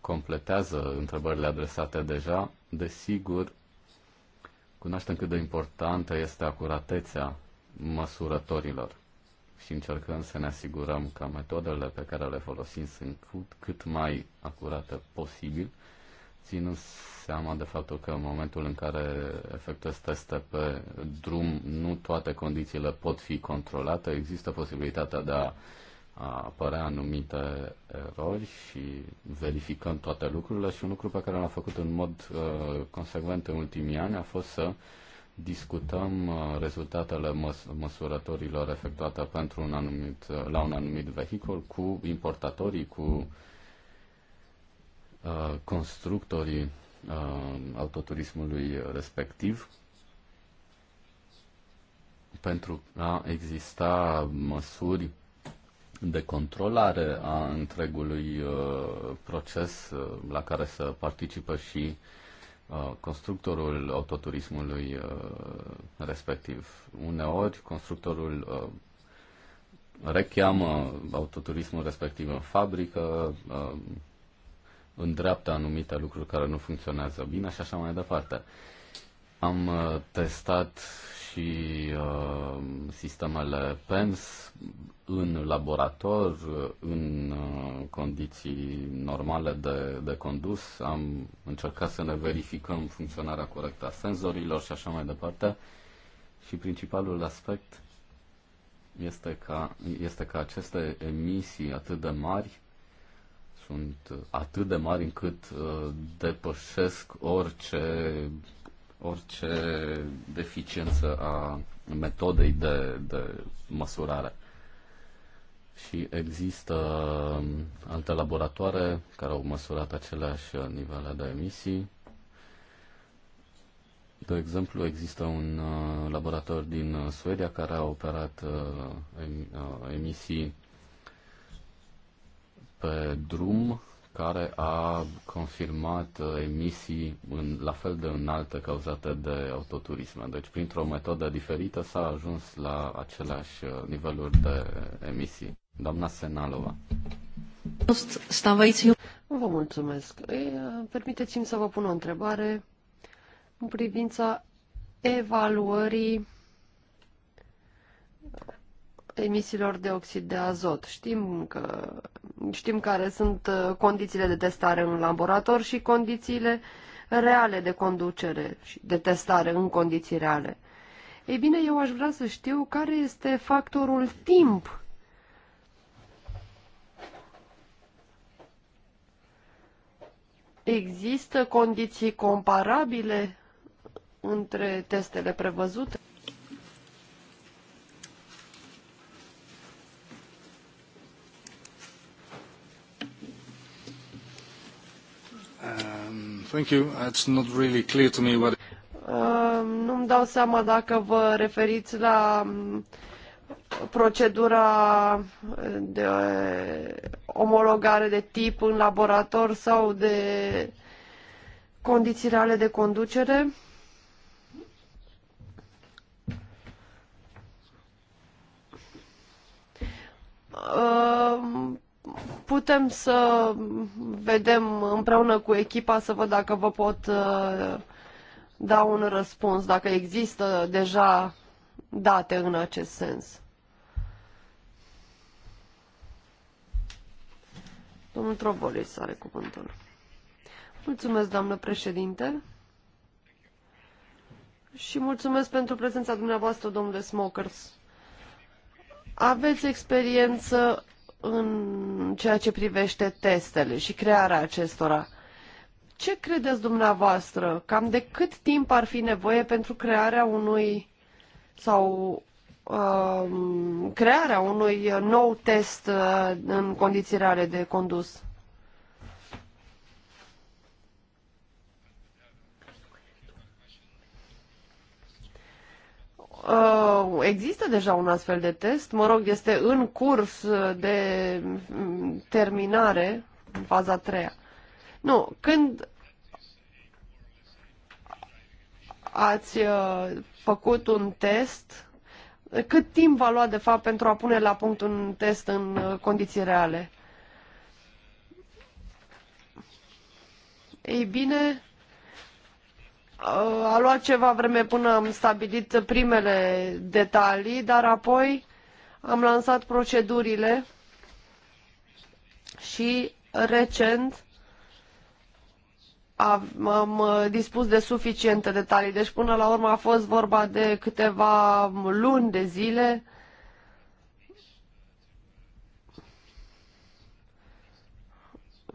completează întrebările adresate deja. Desigur, cunoaștem cât de importantă este acuratețea măsurătorilor și încercăm să ne asigurăm că metodele pe care le folosim sunt cât, cât mai acurate posibil, ținând seama de faptul că în momentul în care efectuez teste pe drum, nu toate condițiile pot fi controlate, există posibilitatea de a a apărea anumite erori și verificăm toate lucrurile și un lucru pe care l-am făcut în mod uh, consecvent în ultimii ani a fost să discutăm uh, rezultatele măs- măsurătorilor efectuate pentru un anumit, uh, la un anumit vehicul cu importatorii, cu uh, constructorii uh, autoturismului respectiv pentru a exista măsuri de controlare a întregului uh, proces uh, la care să participă și uh, Uh, constructorul autoturismului uh, respectiv. Uneori, constructorul uh, recheamă autoturismul respectiv în fabrică, îndreaptă anumite lucruri care nu funcționează bine și așa mai departe. Am uh, testat și uh, sistemele PEMS în laborator, în uh, condiții normale de, de condus. Am încercat să ne verificăm funcționarea corectă a senzorilor și așa mai departe. Și principalul aspect este că, este că aceste emisii atât de mari sunt atât de mari încât uh, depășesc orice orice deficiență a metodei de, de măsurare. Și există um, alte laboratoare care au măsurat aceleași nivele de emisii. De exemplu, există un uh, laborator din uh, Suedia care a operat uh, emisii pe drum care a confirmat emisii în, la fel de înaltă cauzate de autoturisme. Deci, printr-o metodă diferită s-a ajuns la aceleași uh, niveluri de emisii. Doamna Senalova. Vă mulțumesc. Permiteți-mi să vă pun o întrebare în privința evaluării emisiilor de oxid de azot. Știm, că, știm care sunt uh, condițiile de testare în laborator și condițiile reale de conducere și de testare în condiții reale. Ei bine, eu aș vrea să știu care este factorul timp Există condiții comparabile între testele prevăzute? Thank you. It's not really clear to me what... Uh, nu-mi dau seama dacă vă referiți la procedura de omologare de tip în laborator sau de condiții reale de conducere. Uh, putem să vedem împreună cu echipa să văd dacă vă pot uh, da un răspuns, dacă există deja date în acest sens. Domnul să are cuvântul. Mulțumesc, doamnă președinte. Și mulțumesc pentru prezența dumneavoastră, domnule Smokers. Aveți experiență în ceea ce privește testele și crearea acestora. Ce credeți dumneavoastră? Cam de cât timp ar fi nevoie pentru crearea unui sau um, crearea unui nou test uh, în condiții reale de condus? Uh, există deja un astfel de test, mă rog, este în curs de mm, terminare, în faza 3 Nu, când ați uh, făcut un test, cât timp va lua, de fapt, pentru a pune la punct un test în uh, condiții reale? Ei bine, a luat ceva vreme până am stabilit primele detalii, dar apoi am lansat procedurile și recent am dispus de suficiente detalii. Deci până la urmă a fost vorba de câteva luni de zile.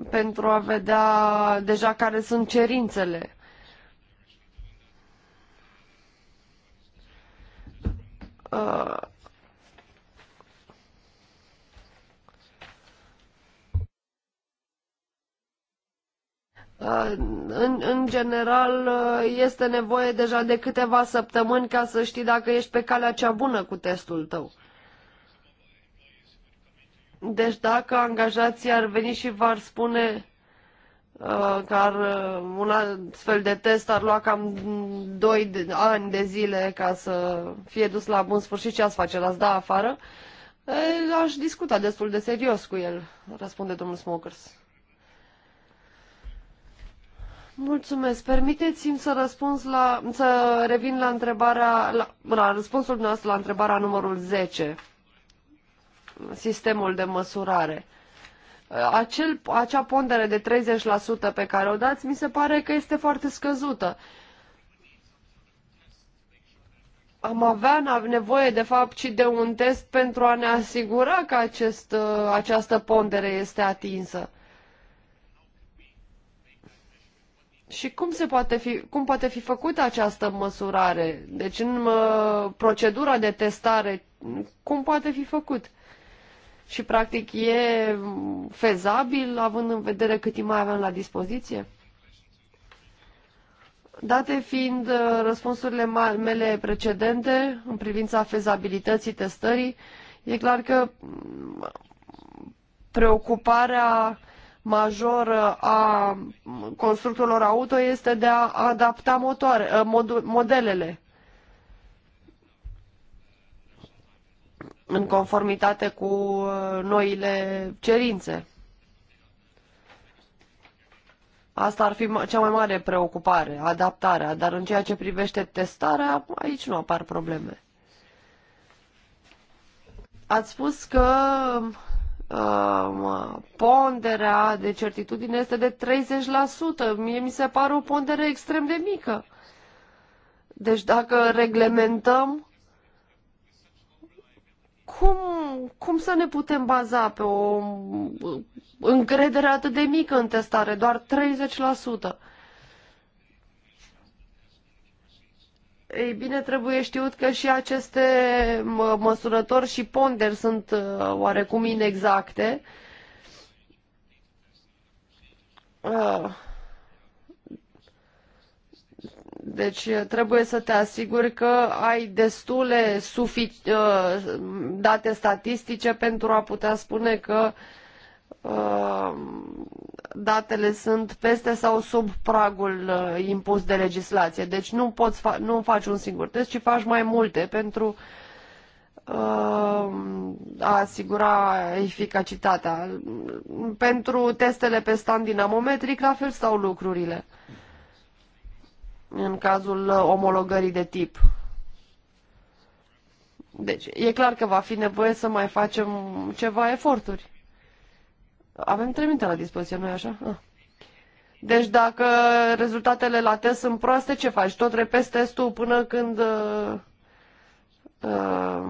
pentru a vedea deja care sunt cerințele Uh, în, în general, uh, este nevoie deja de câteva săptămâni ca să știi dacă ești pe calea cea bună cu testul tău. Deci dacă angajații ar veni și v-ar spune car uh, uh, un astfel de test ar lua cam 2 de, ani de zile ca să fie dus la bun sfârșit, ce ați face? L-ați da afară? E, aș discuta destul de serios cu el, răspunde domnul Smokers. Mulțumesc. Permiteți-mi să răspuns la, să revin la întrebarea, la, la răspunsul nostru la întrebarea numărul 10, sistemul de măsurare. Uh, Uh, acel, acea pondere de 30% pe care o dați, mi se pare că este foarte scăzută. Am avea nevoie, de fapt, și de un test pentru a ne asigura că acest, uh, această pondere este atinsă. Și cum, se poate fi, cum poate fi făcută această măsurare? Deci, în uh, procedura de testare, cum poate fi făcut? și practic e fezabil având în vedere cât timp mai avem la dispoziție? Date fiind uh, răspunsurile mele precedente în privința fezabilității testării, e clar că mm, preocuparea majoră a constructorilor auto este de a adapta motoare, uh, modelele în conformitate cu uh, noile cerințe. Asta ar fi cea mai mare preocupare, adaptarea, dar în ceea ce privește testarea, aici nu apar probleme. Ați spus că uh, ponderea de certitudine este de 30%. Mie mi se pare o pondere extrem de mică. Deci dacă reglementăm cum, cum să ne putem baza pe o încredere atât de mică în testare, doar 30%? Ei bine, trebuie știut că și aceste măsurători și ponderi sunt uh, oarecum inexacte. Uh deci trebuie să te asiguri că ai destule date statistice pentru a putea spune că datele sunt peste sau sub pragul impus de legislație. Deci nu, poți fa- nu faci un singur test, ci faci mai multe pentru a asigura eficacitatea. Pentru testele pe stand dinamometric, la fel stau lucrurile în cazul uh, omologării de tip. Deci, e clar că va fi nevoie să mai facem ceva eforturi. Avem trei minute la dispoziție, nu-i așa? Ah. Deci dacă rezultatele la test sunt proaste, ce faci? Tot repezi testul până când uh, uh,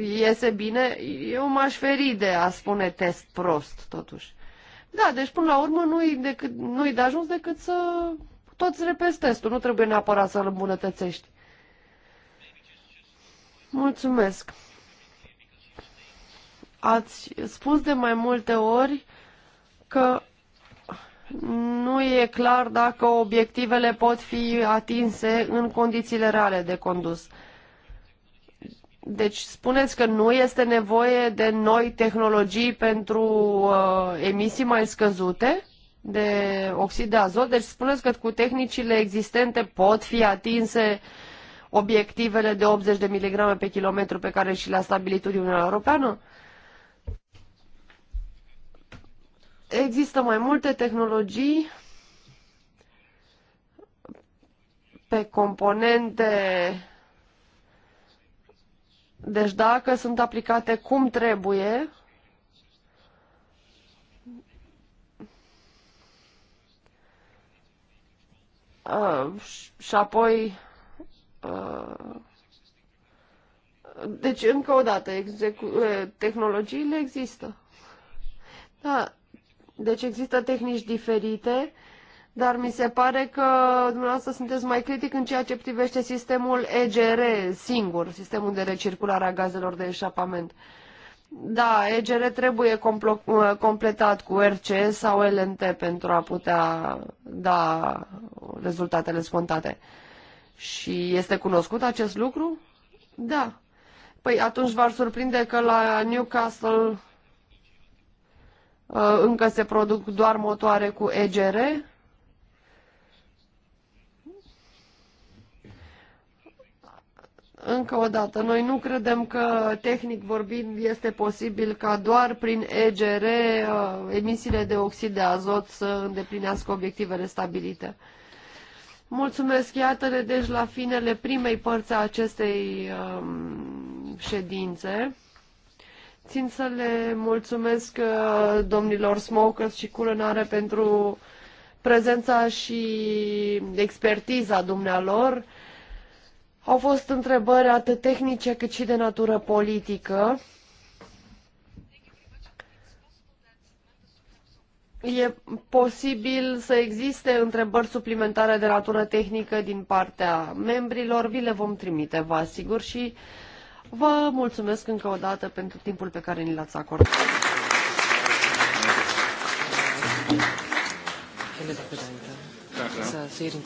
iese bine? Eu m-aș feri de a spune test prost, totuși. Da, deci până la urmă nu-i, decât, nu-i de ajuns decât să tot repezi testul, nu trebuie neapărat să-l îmbunătățești. Mulțumesc. Ați spus de mai multe ori că nu e clar dacă obiectivele pot fi atinse în condițiile reale de condus. Deci spuneți că nu este nevoie de noi tehnologii pentru uh, emisii mai scăzute? de oxid de azot. Deci spuneți că cu tehnicile existente pot fi atinse obiectivele de 80 de miligrame pe kilometru pe care și le-a stabilit Uniunea Europeană? Există mai multe tehnologii pe componente deci dacă sunt aplicate cum trebuie, și apoi. Uh, deci, încă o dată, uh, tehnologiile există. Da. Deci există tehnici diferite, dar mi se pare că dumneavoastră sunteți mai critic în ceea ce privește sistemul EGR singur, sistemul de recirculare a gazelor de eșapament. Uh, da, EGR trebuie completat cu RCS sau LNT pentru a putea da rezultatele spontate. Și este cunoscut acest lucru? Da. Păi atunci v-ar surprinde că la Newcastle uh, încă se produc doar motoare cu EGR? Încă o dată, noi nu credem că tehnic vorbind este posibil ca doar prin EGR uh, emisiile de oxid de azot să îndeplinească obiectivele stabilite. Mulțumesc, iată-ne deci la finele primei părți a acestei um, ședințe. Țin să le mulțumesc uh, domnilor Smokers și Culinare pentru prezența și expertiza dumnealor. Au fost întrebări atât tehnice cât și de natură politică. E posibil să existe întrebări suplimentare de natură tehnică din partea membrilor, vi le vom trimite, vă asigur, și vă mulțumesc încă o dată pentru timpul pe care ni l-ați acordat. Excelente presidente.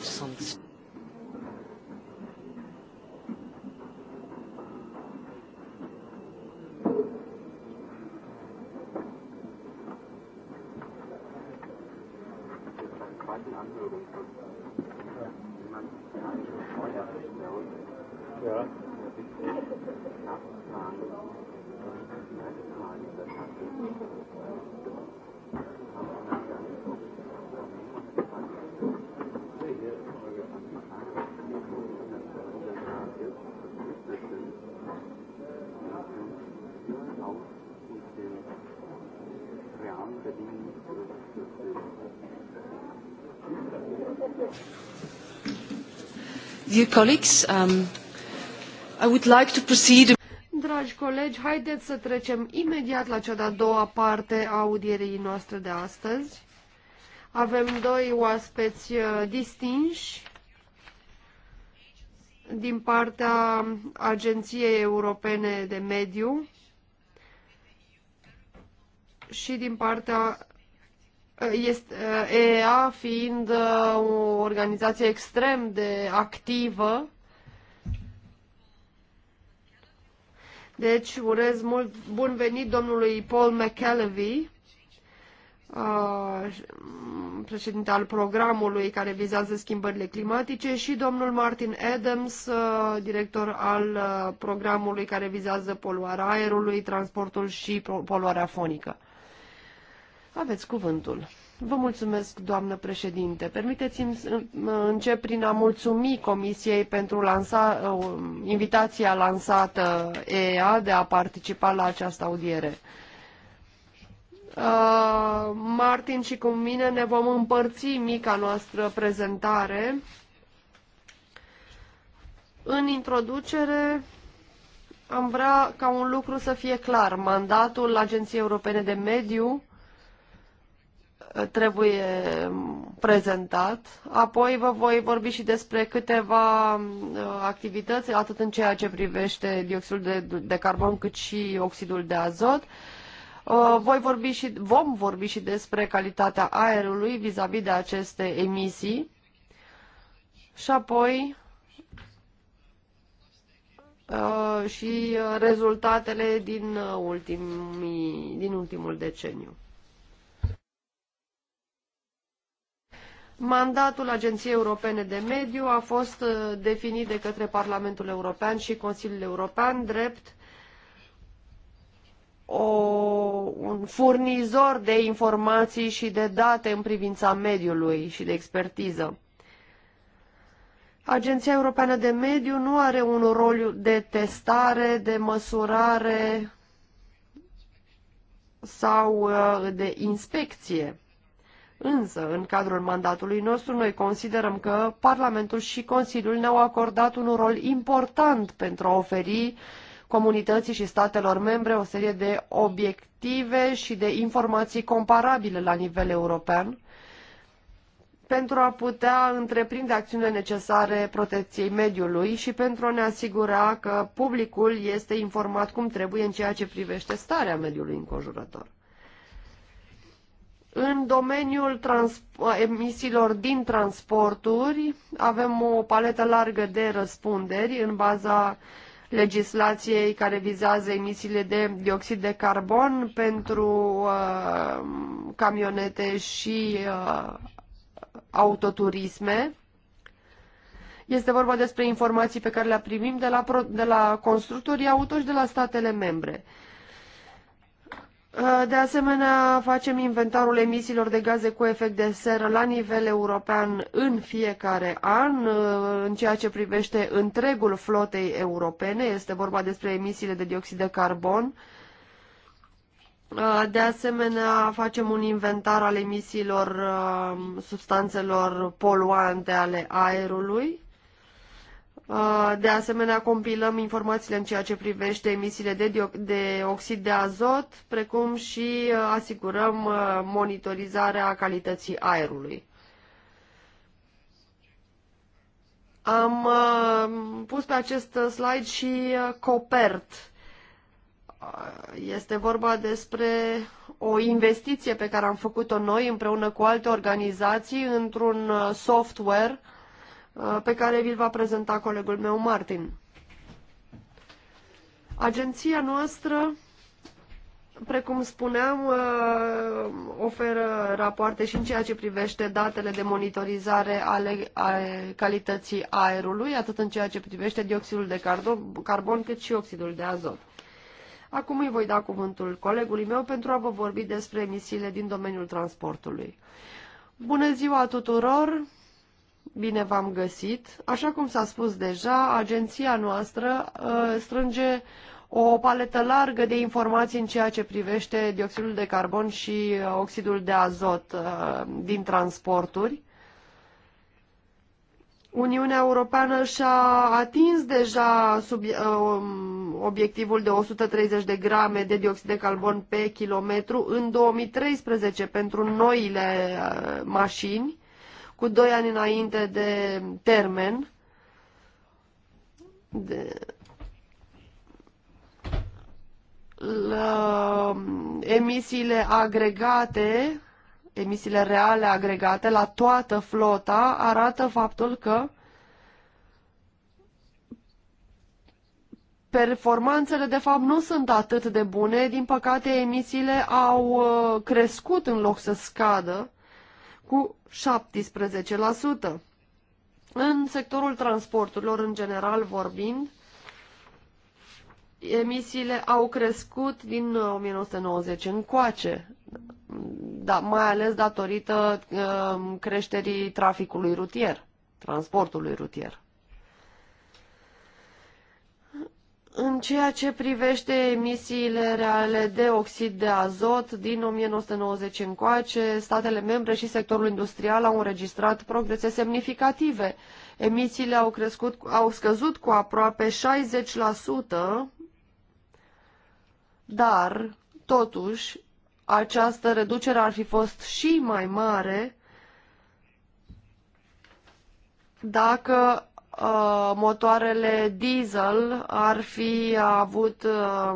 Ja. Um, Dragi colegi, haideți să trecem imediat la cea de-a doua parte a audierii noastre de astăzi. Avem doi oaspeți uh, distinși din partea Agenției Europene de Mediu și din partea este, uh, EA fiind uh, o organizație extrem de activă, Deci urez mult bun venit domnului Paul McKelvey, uh, președinte al programului care vizează schimbările climatice și domnul Martin Adams, director al programului care vizează poluarea aerului, transportul și poluarea fonică. Aveți cuvântul. Vă mulțumesc, doamnă președinte. Permiteți-mi să încep prin a mulțumi Comisiei pentru lansa, uh, invitația lansată EEA de a participa la această audiere. Uh, Martin și cu mine ne vom împărți mica noastră prezentare. În introducere am vrea ca un lucru să fie clar. Mandatul Agenției Europene de Mediu trebuie prezentat. Apoi vă voi vorbi și despre câteva uh, activități, atât în ceea ce privește dioxidul de, de carbon, cât și oxidul de azot. Uh, voi vorbi și, vom vorbi și despre calitatea aerului vis-a-vis -vis de aceste emisii. Și apoi uh, și rezultatele din, ultimii, din ultimul deceniu. Mandatul Agenției Europene de Mediu a fost uh, definit de către Parlamentul European și Consiliul European drept o, un furnizor de informații și de date în privința mediului și de expertiză. Agenția Europeană de Mediu nu are un rol de testare, de măsurare sau uh, de inspecție. Însă, în cadrul mandatului nostru, noi considerăm că Parlamentul și Consiliul ne-au acordat un rol important pentru a oferi comunității și statelor membre o serie de obiective și de informații comparabile la nivel european pentru a putea întreprinde acțiunile necesare protecției mediului și pentru a ne asigura că publicul este informat cum trebuie în ceea ce privește starea mediului înconjurător. În domeniul emisiilor din transporturi avem o paletă largă de răspunderi în baza legislației care vizează emisiile de dioxid de carbon pentru uh, camionete și uh, autoturisme. Este vorba despre informații pe care le primim de la, de la constructorii auto și de la statele membre. Uh, de asemenea, facem inventarul emisiilor de gaze cu efect de seră la nivel european în fiecare an, uh, în ceea ce privește întregul flotei europene. Este vorba despre emisiile de dioxid de carbon. Uh, de asemenea, facem un inventar al emisiilor substanțelor poluante ale aerului Uh, de asemenea, compilăm informațiile în ceea ce privește emisiile de, de oxid de azot, precum și uh, asigurăm uh, monitorizarea calității aerului. Am pus pe acest slide și COPERT. Este vorba despre o investiție pe care am făcut-o noi împreună cu alte organizații într-un software uh, Uh, pe care vi-l va prezenta colegul meu, Martin. Agenția noastră, precum spuneam, uh, oferă rapoarte și în ceea ce privește datele de monitorizare ale, calității aerului, atât în ceea ce privește dioxidul de carbon, cât și oxidul de azot. Acum îi voi da cuvântul colegului meu pentru a vă vorbi despre emisiile din domeniul transportului. Bună ziua tuturor! Bine v-am găsit. Așa cum s-a spus deja, agenția noastră uh, strânge o paletă largă de informații în ceea ce privește dioxidul de carbon și uh, oxidul de azot uh, din transporturi. Uniunea Europeană și-a atins deja sub, uh, um, obiectivul de 130 de grame de dioxid de carbon pe kilometru în 2013 pentru noile uh, mașini cu doi ani înainte de termen. De, la um, emisiile agregate, emisiile reale agregate la toată flota arată faptul că performanțele de fapt nu sunt atât de bune, din păcate emisiile au uh, crescut în loc să scadă cu 17%. În sectorul transporturilor, în general vorbind, emisiile au crescut din 1990 uh, încoace, da, mai ales datorită uh, creșterii traficului rutier, transportului rutier. În ceea ce privește emisiile reale de oxid de azot, din 1990 încoace, statele membre și sectorul industrial au înregistrat progrese semnificative. Emisiile au, crescut, au scăzut cu aproape 60%, dar, totuși, această reducere ar fi fost și mai mare dacă uh, motoarele diesel ar fi avut uh,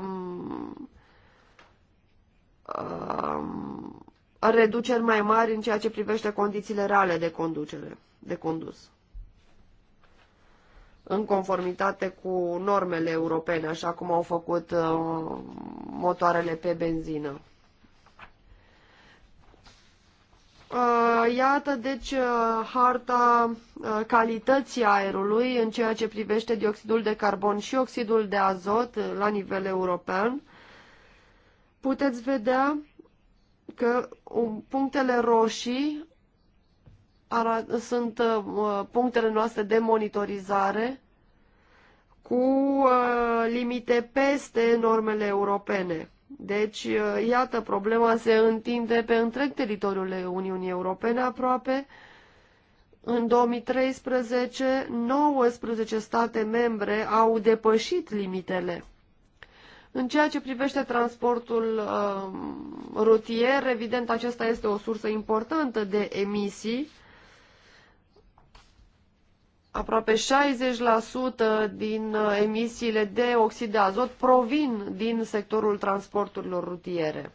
uh, reduceri mai mari în ceea ce privește condițiile reale de conducere, de condus în conformitate cu normele europene, așa cum au făcut uh, motoarele pe benzină. Uh, iată, deci, uh, harta uh, calității aerului în ceea ce privește dioxidul de carbon și oxidul de azot la nivel european. Puteți vedea că um, punctele roșii sunt punctele noastre de monitorizare cu limite peste normele europene. Deci, uh, iată, problema se întinde pe întreg teritoriul Uniunii Europene aproape. În 2013, 19 state membre au depășit limitele. În ceea ce privește transportul uh, rutier, evident, acesta este o sursă importantă de emisii aproape 60% din uh, emisiile de oxid de azot provin din sectorul transporturilor rutiere.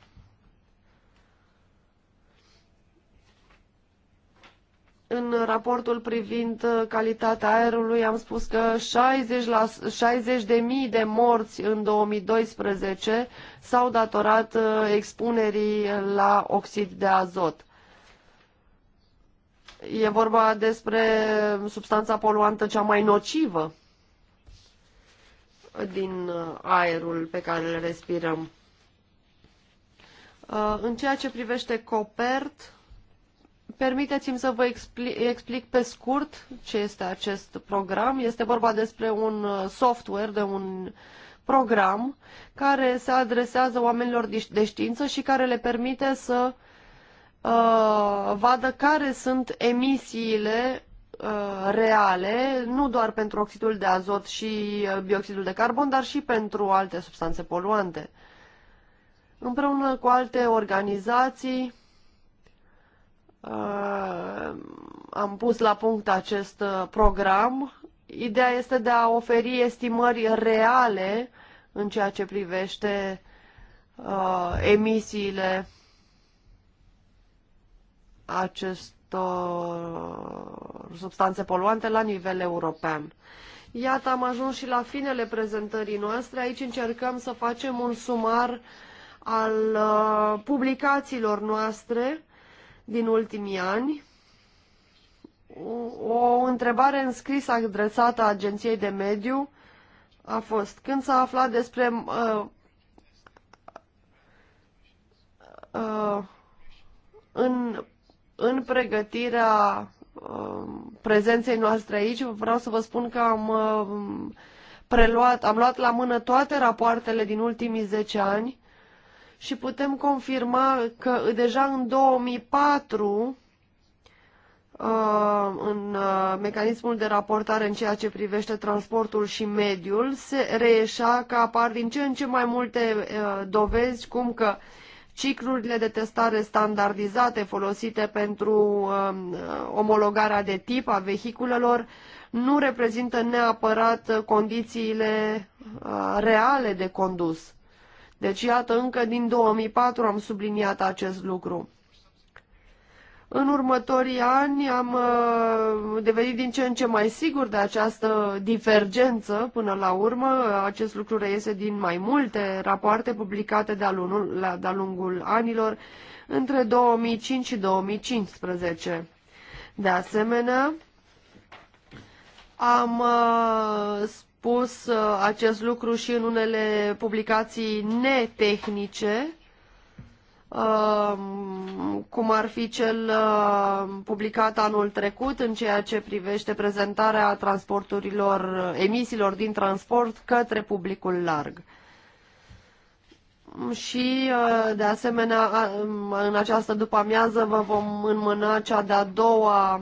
În raportul privind uh, calitatea aerului am spus că 60, de mii de morți în 2012 s-au datorat uh, expunerii la oxid de azot. E vorba despre substanța poluantă cea mai nocivă din uh, aerul pe care îl respirăm. Uh, în ceea ce privește copert, permiteți-mi să vă explic, explic pe scurt ce este acest program. Este vorba despre un uh, software, de un program care se adresează oamenilor de știință și care le permite să uh, Uh, vadă care sunt emisiile uh, reale, nu doar pentru oxidul de azot și uh, bioxidul de carbon, dar și pentru alte substanțe poluante. Împreună cu alte organizații am pus la punct acest program. Ideea este de a oferi estimări reale în ceea ce privește emisiile acestor substanțe poluante la nivel european. Iată, am ajuns și la finele prezentării noastre. Aici încercăm să facem un sumar al uh, publicațiilor noastre din ultimii ani. O întrebare înscrisă adresată Agenției de Mediu a fost când s-a aflat despre uh, uh, în în pregătirea um, prezenței noastre aici, vreau să vă spun că am um, preluat, am luat la mână toate rapoartele din ultimii 10 ani și putem confirma că deja în 2004 uh, în uh, mecanismul de raportare în ceea ce privește transportul și mediul, se reieșa că apar din ce în ce mai multe uh, dovezi cum că ciclurile de testare standardizate folosite pentru um, uh, omologarea de tip a vehiculelor nu reprezintă neapărat condițiile uh, reale de condus. Deci, iată, încă din 2004 am subliniat acest lucru. În următorii ani am uh, devenit din ce în ce mai sigur de această divergență până la urmă. Acest lucru reiese din mai multe rapoarte publicate de-a lungul, de lungul anilor între 2005 și 2015. De asemenea, am uh, spus uh, acest lucru și în unele publicații netehnice cum ar fi cel publicat anul trecut în ceea ce privește prezentarea transporturilor, emisiilor din transport către publicul larg. Și, de asemenea, în această după-amiază vă vom înmâna cea de-a doua,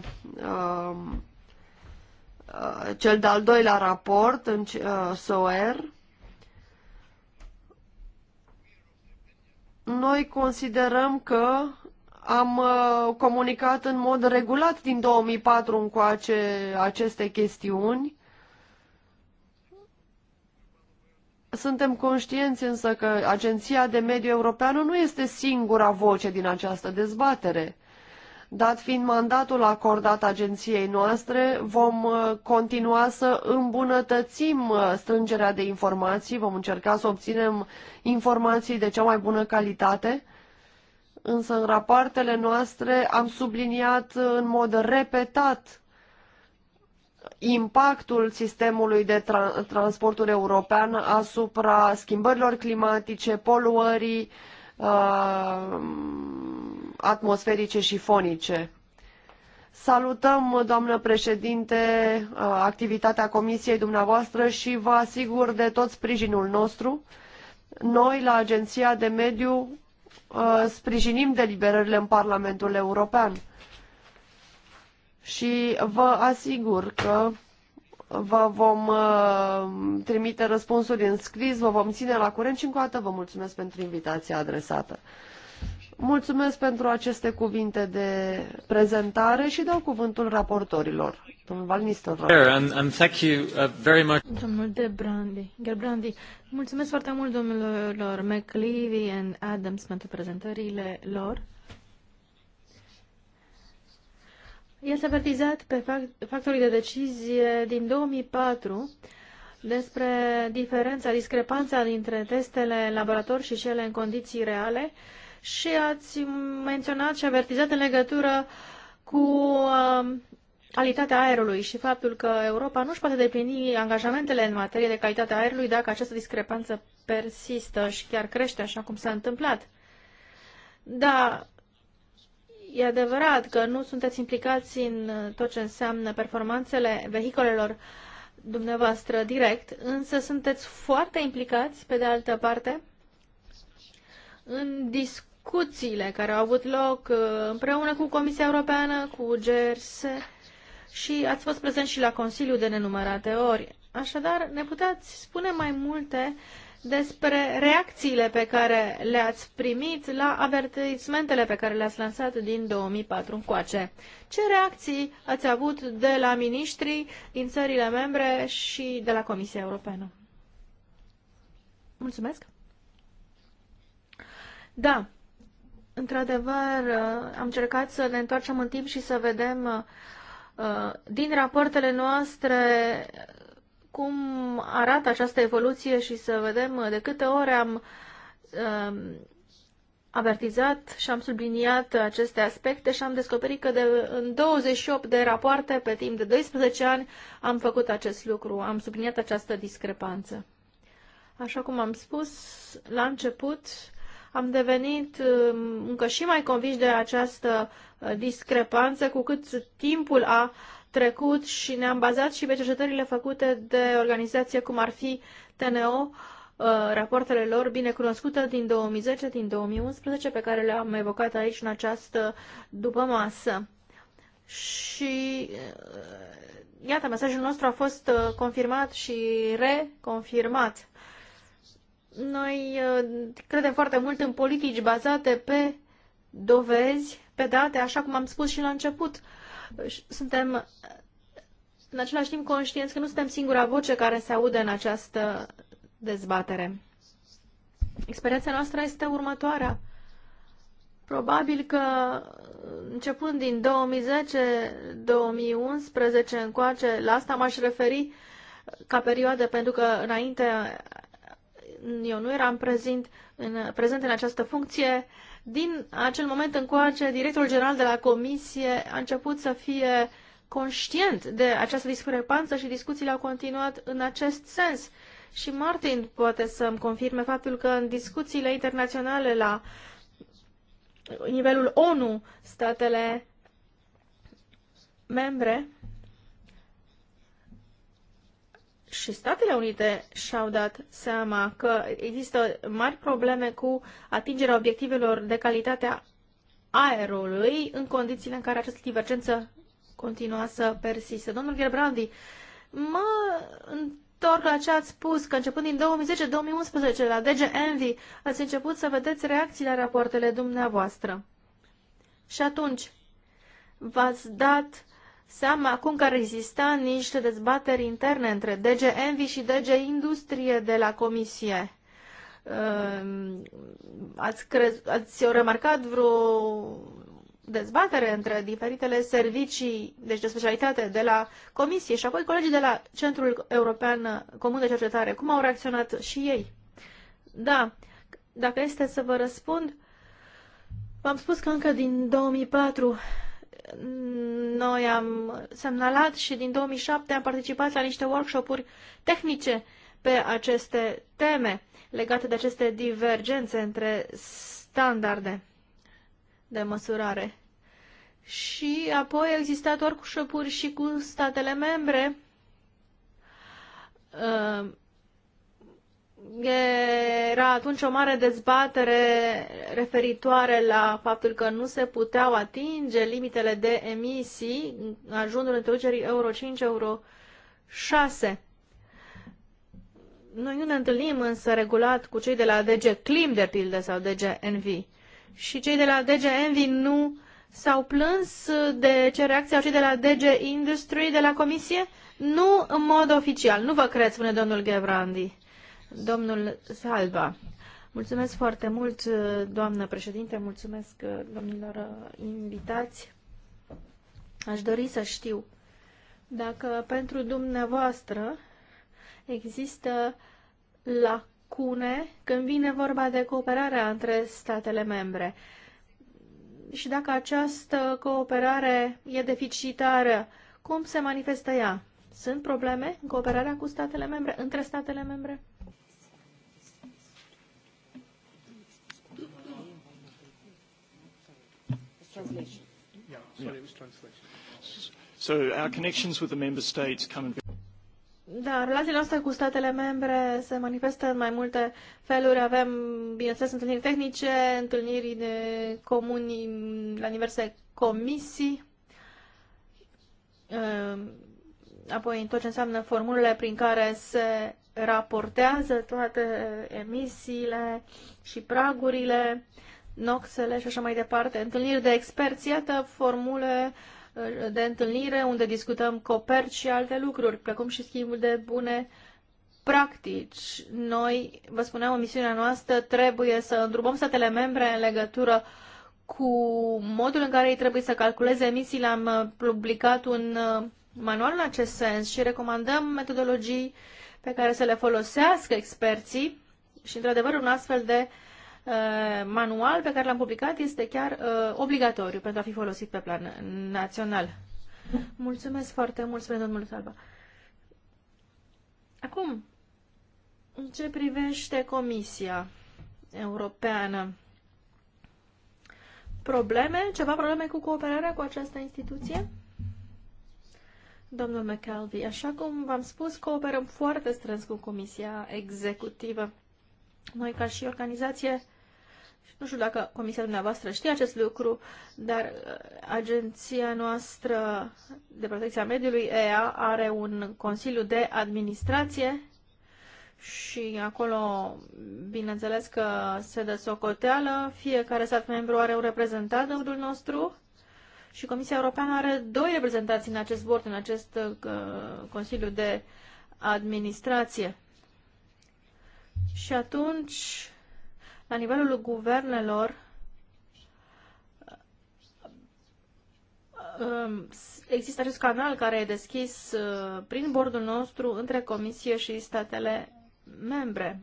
cel de-al doilea raport, în SOER, Noi considerăm că am uh, comunicat în mod regulat din 2004 încoace aceste chestiuni. Suntem conștienți însă că Agenția de Mediu Europeană nu este singura voce din această dezbatere. Dat fiind mandatul acordat agenției noastre, vom uh, continua să îmbunătățim uh, strângerea de informații, vom încerca să obținem informații de cea mai bună calitate, însă în rapoartele noastre am subliniat în mod repetat impactul sistemului de tra transportul european asupra schimbărilor climatice, poluării, uh, atmosferice și fonice. Salutăm, doamnă președinte, activitatea comisiei dumneavoastră și vă asigur de tot sprijinul nostru. Noi, la Agenția de Mediu, uh, sprijinim deliberările în Parlamentul European și vă asigur că vă vom uh, trimite răspunsuri în scris, vă vom ține la curent și încă o dată vă mulțumesc pentru invitația adresată. Mulțumesc pentru aceste cuvinte de prezentare și dau cuvântul raportorilor. Domnul Val uh, Domnul de Brandi, mulțumesc foarte mult domnilor McLeavy and Adams pentru prezentările lor. El s-a avertizat pe factorii de decizie din 2004 despre diferența, discrepanța dintre testele laborator și cele în condiții reale și ați menționat și avertizat în legătură cu um, calitatea aerului și faptul că Europa nu își poate deplini angajamentele în materie de calitate aerului dacă această discrepanță persistă și chiar crește așa cum s-a întâmplat. Da, e adevărat că nu sunteți implicați în tot ce înseamnă performanțele vehicolelor dumneavoastră direct, însă sunteți foarte implicați, pe de altă parte, în discuții discuțiile care au avut loc uh, împreună cu Comisia Europeană, cu GRS și ați fost prezent și la Consiliu de nenumărate ori. Așadar, ne puteți spune mai multe despre reacțiile pe care le-ați primit la avertismentele pe care le-ați lansat din 2004 încoace. Ce reacții ați avut de la miniștrii din țările membre și de la Comisia Europeană? Mulțumesc! Da, Într-adevăr, uh, am încercat să ne întoarcem în timp și să vedem uh, uh, din rapoartele noastre cum arată această evoluție și să vedem de câte ori am avertizat și am subliniat aceste aspecte și am descoperit că de, în 28 de rapoarte pe timp de 12 ani am făcut acest lucru, am subliniat această discrepanță. Așa cum am spus la început, uh, am devenit um, încă și mai conviși de această uh, discrepanță cu cât timpul a trecut și ne-am bazat și pe cercetările făcute de organizație cum ar fi TNO, uh, rapoartele lor binecunoscute din 2010, din 2011, pe care le-am evocat aici în această dupămasă. Și uh, iată, mesajul nostru a fost confirmat și reconfirmat noi uh, credem foarte mult în politici bazate pe dovezi, pe date, așa cum am spus și la început. Suntem în același timp conștienți că nu suntem singura voce care se aude în această dezbatere. Experiența noastră este următoarea. Probabil că începând din 2010-2011 încoace, la asta m-aș referi ca perioadă, pentru că înainte eu nu eram prezent în, prezent în această funcție, din acel moment încoace, directorul general de la comisie a început să fie conștient de această discrepanță și discuțiile au continuat în acest sens. Și Martin poate să-mi confirme faptul că în discuțiile internaționale la nivelul ONU, statele membre și Statele Unite și-au dat seama că există mari probleme cu atingerea obiectivelor de calitate a aerului în condițiile în care această divergență continua să persiste. Domnul Gerbrandi, mă întorc la ce ați spus, că începând din 2010-2011 la DG Envy ați început să vedeți reacții la rapoartele dumneavoastră. Și atunci v-ați dat seama acum că ar exista niște dezbateri interne între DG Envy și DG Industrie de la Comisie. Ehm, ați, crez, ați remarcat vreo dezbatere între diferitele servicii deci de specialitate de la Comisie și apoi colegii de la Centrul European Comun de Cercetare. Cum au reacționat și ei? Da, dacă este să vă răspund, v-am spus că încă din 2004 noi am semnalat și din 2007 am participat la niște workshop-uri tehnice pe aceste teme legate de aceste divergențe între standarde de măsurare. Și apoi au existat workshop-uri și cu statele membre uh, era atunci o mare dezbatere referitoare la faptul că nu se puteau atinge limitele de emisii ajungând introducerii Euro 5, Euro 6. Noi nu ne întâlnim însă regulat cu cei de la DG Clim, de pildă, sau DG Envy. Și cei de la DG Envy nu s-au plâns de ce reacție au cei de la DG Industry de la Comisie? Nu în mod oficial. Nu vă cred, spune domnul Gevrandi. Domnul Salva. Mulțumesc foarte mult, doamnă președinte, mulțumesc domnilor invitați. Aș dori să știu dacă pentru dumneavoastră există lacune când vine vorba de cooperarea între statele membre și dacă această cooperare e deficitară, cum se manifestă ea? Sunt probleme în cooperarea cu statele membre, între statele membre? translation. Yeah, sorry, it was translation. So our connections with the member states come and da, relațiile noastre cu statele membre se manifestă în mai multe feluri. Avem, bineînțeles, întâlniri tehnice, întâlniri de comuni la diverse comisii, ehm, apoi în tot ce înseamnă formulele prin care se raportează toate emisiile și pragurile noxele și așa mai departe, întâlniri de experți, iată formule uh, de întâlnire unde discutăm coperți și alte lucruri, precum și schimbul de bune practici. Noi, vă spuneam, în misiunea noastră trebuie să îndrumăm statele membre în legătură cu modul în care ei trebuie să calculeze emisiile. Am uh, publicat un uh, manual în acest sens și recomandăm metodologii pe care să le folosească experții și, într-adevăr, un astfel de uh, Eh, manual pe care l-am publicat este chiar eh, obligatoriu pentru a fi folosit pe plan național. Mulțumesc foarte mult, spune domnul Salva. Acum, în ce privește Comisia Europeană, probleme, ceva probleme cu cooperarea cu această instituție? Domnul McAlvey, așa cum v-am spus, cooperăm foarte strâns cu Comisia Executivă. Noi, ca și organizație nu știu dacă comisia dumneavoastră știe acest lucru, dar uh, agenția noastră de protecție a mediului, EA, are un consiliu de administrație și acolo, bineînțeles că se dă socoteală, fiecare stat membru are un reprezentant în rândul nostru și Comisia Europeană are doi reprezentanți în acest bord, în acest uh, Consiliu de Administrație. Și atunci, la nivelul guvernelor um, există acest canal care e deschis uh, prin bordul nostru între Comisie și statele membre.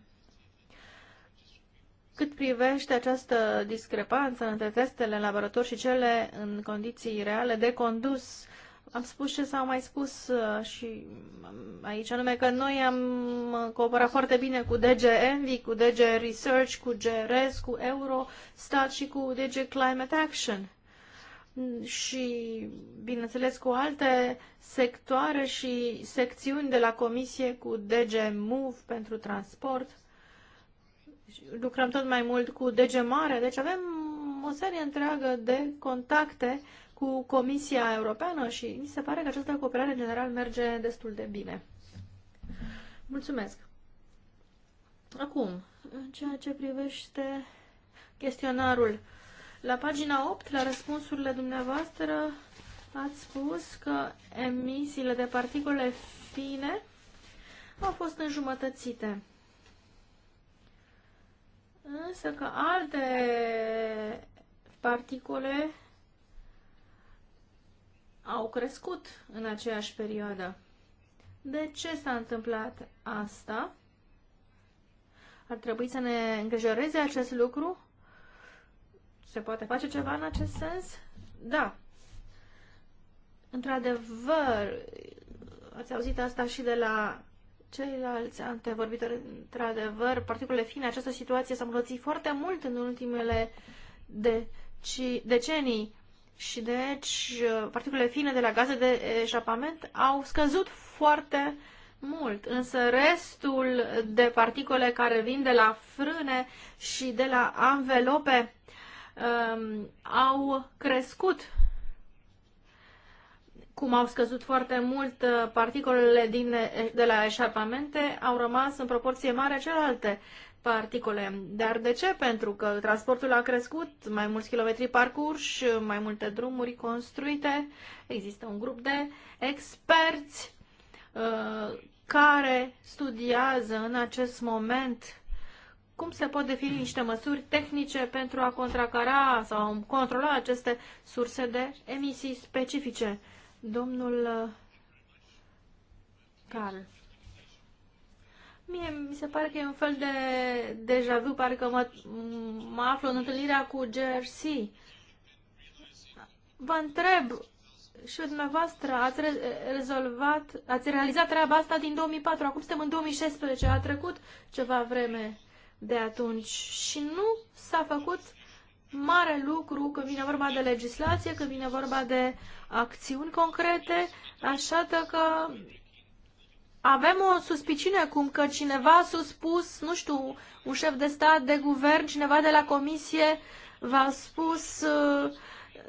Cât privește această discrepanță între testele în laborator și cele în condiții reale de condus, am spus ce s au mai spus uh, și um, aici, anume că noi am uh, cooperat foarte bine cu DG Envy, cu DG Research, cu GRS, cu Eurostat și cu DG Climate Action și, bineînțeles, cu alte sectoare și secțiuni de la Comisie cu DG Move pentru transport. Deci, lucrăm tot mai mult cu DG Mare, deci avem o serie întreagă de contacte cu Comisia Europeană și mi se pare că această cooperare în general merge destul de bine. Mulțumesc! Acum, în ceea ce privește chestionarul, la pagina 8, la răspunsurile dumneavoastră, ați spus că emisiile de particule fine au fost înjumătățite. Însă că alte particule au crescut în aceeași perioadă. De ce s-a întâmplat asta? Ar trebui să ne îngrijoreze acest lucru? Se poate face ceva în acest sens? Da. Într-adevăr, ați auzit asta și de la ceilalți antevorbitori. Într-adevăr, particulele fine, această situație s-a îmbunătățit foarte mult în ultimele de deci- decenii și deci particulele fine de la gaze de eșapament au scăzut foarte mult, însă restul de particule care vin de la frâne și de la anvelope um, au crescut. Cum au scăzut foarte mult uh, particolele din, de la eșapamente, au rămas în proporție mare celelalte particole. Dar de ce? Pentru că transportul a crescut, mai mulți kilometri parcurși, mai multe drumuri construite, există un grup de experți uh, care studiază în acest moment cum se pot defini niște măsuri tehnice pentru a contracara sau controla aceste surse de emisii specifice. Domnul uh, Carl. Mie mi se pare că e un fel de deja vu, parcă mă, mă aflu în întâlnirea cu GRC. Vă întreb, și dumneavoastră ați re- rezolvat, ați realizat treaba asta din 2004, acum suntem în 2016, a trecut ceva vreme de atunci și nu s-a făcut mare lucru când vine vorba de legislație, când vine vorba de acțiuni concrete, așa că avem o suspiciune cum că cineva a spus, nu știu, un șef de stat, de guvern, cineva de la comisie v-a spus uh,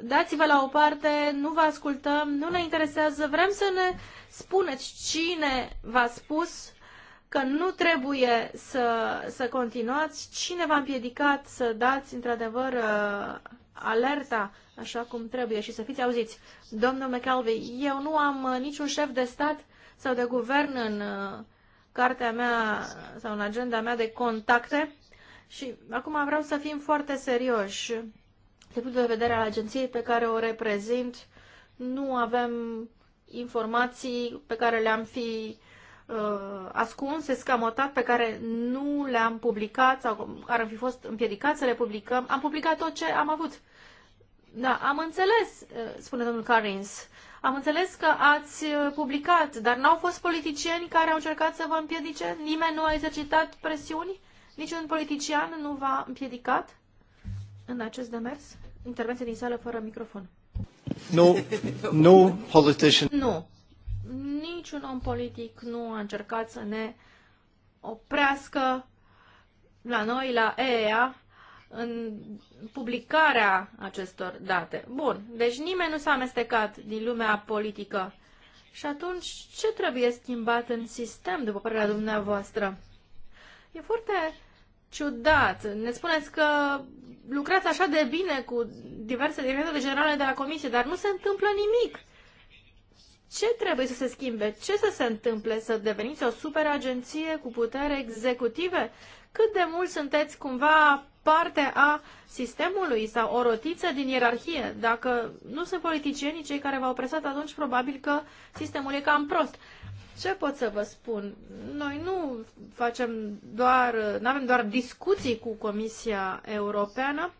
dați-vă la o parte, nu vă ascultăm, nu ne interesează, vrem să ne spuneți cine v-a spus că nu trebuie să, să continuați, cine v-a împiedicat să dați într-adevăr uh, alerta așa cum trebuie și să fiți auziți. Domnul McAlvey, eu nu am uh, niciun șef de stat sau de guvern în uh, cartea mea sau în agenda mea de contacte și acum vreau să fim foarte serioși. De punct de vedere al agenției pe care o reprezint, nu avem informații pe care le-am fi uh, ascunse, scamotat, pe care nu le-am publicat sau care am fi fost împiedicat să le publicăm. Am publicat tot ce am avut. Da, am înțeles, uh, spune domnul Carins. Am înțeles că ați uh, publicat, dar n-au fost politicieni care au încercat să vă împiedice? Nimeni nu a exercitat presiuni? Niciun politician nu v-a împiedicat în acest demers? Intervenție din sală fără microfon. Nu, no, nu, no politician. Nu. Niciun om politic nu a încercat să ne oprească la noi, la EEA, în publicarea acestor date. Bun, deci nimeni nu s-a amestecat din lumea politică. Și atunci, ce trebuie schimbat în sistem, după părerea dumneavoastră? E foarte ciudat. Ne spuneți că lucrați așa de bine cu diverse directoare generale de la Comisie, dar nu se întâmplă nimic. Ce trebuie să se schimbe? Ce să se întâmple? Să deveniți o superagenție cu putere executive? Cât de mult sunteți cumva parte a sistemului sau o rotiță din ierarhie. Dacă nu sunt politicienii cei care v-au presat, atunci probabil că sistemul e cam prost. Ce pot să vă spun? Noi nu facem doar, nu avem doar discuții cu Comisia Europeană,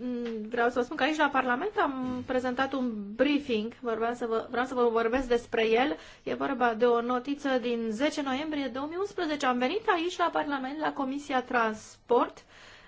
Mm, vreau să vă spun că aici la Parlament am prezentat un briefing, vorbeam să vă, vreau să vă vorbesc despre el. E vorba de o notiță din 10 noiembrie 2011. Am venit aici la Parlament, la Comisia Transport.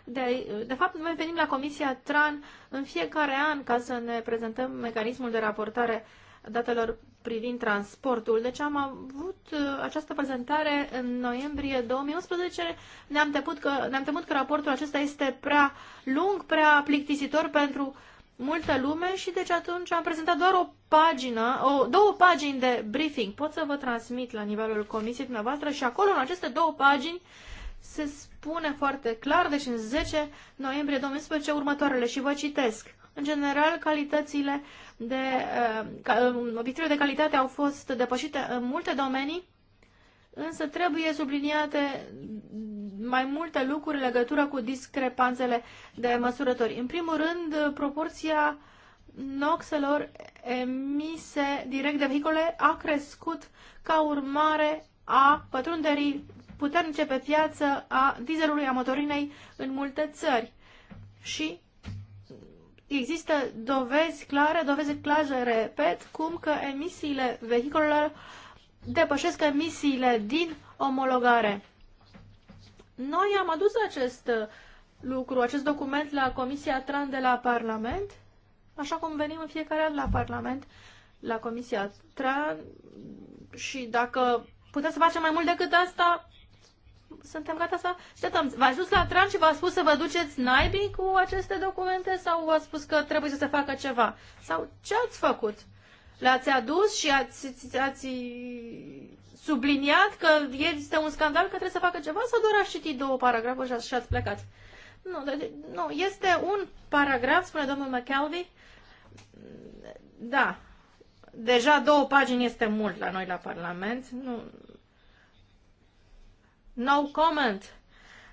De, de fapt, noi venim la Comisia TRAN în fiecare an ca să ne prezentăm mecanismul de raportare uh, datelor privind transportul. Deci am avut uh, această prezentare în noiembrie 2011. Ne-am temut că, ne-am temut că raportul acesta este prea lung, prea plictisitor pentru multă lume și deci atunci am prezentat doar o pagină, o, două pagini de briefing. Pot să vă transmit la nivelul comisiei dumneavoastră și acolo în aceste două pagini se spune foarte clar, deci în 10 noiembrie 2011, următoarele și vă citesc. În general, calitățile de, uh, um, obiectivele de calitate au fost depășite în multe domenii, însă trebuie subliniate mai multe lucruri în legătură cu discrepanțele de măsurători. În primul rând, proporția noxelor emise direct de vehicule a crescut ca urmare a pătrunderii puternice pe piață a dieselului, a motorinei în multe țări. Și există dovezi clare, dovezi clare, repet, cum că emisiile vehiculelor depășesc emisiile din omologare. Noi am adus acest lucru, acest document la Comisia TRAN de la Parlament, așa cum venim în fiecare an la Parlament, la Comisia TRAN și dacă putem să facem mai mult decât asta, suntem gata să așteptăm. V-a ajuns la tran și v-a spus să vă duceți naibii cu aceste documente sau v-a spus că trebuie să se facă ceva? Sau ce ați făcut? Le-ați adus și ați, ați subliniat că este un scandal că trebuie să facă ceva sau doar ați citit două paragrafe și, și ați plecat? Nu, de, nu, este un paragraf, spune domnul McKelvey. Da, deja două pagini este mult la noi la Parlament. Nu, no comment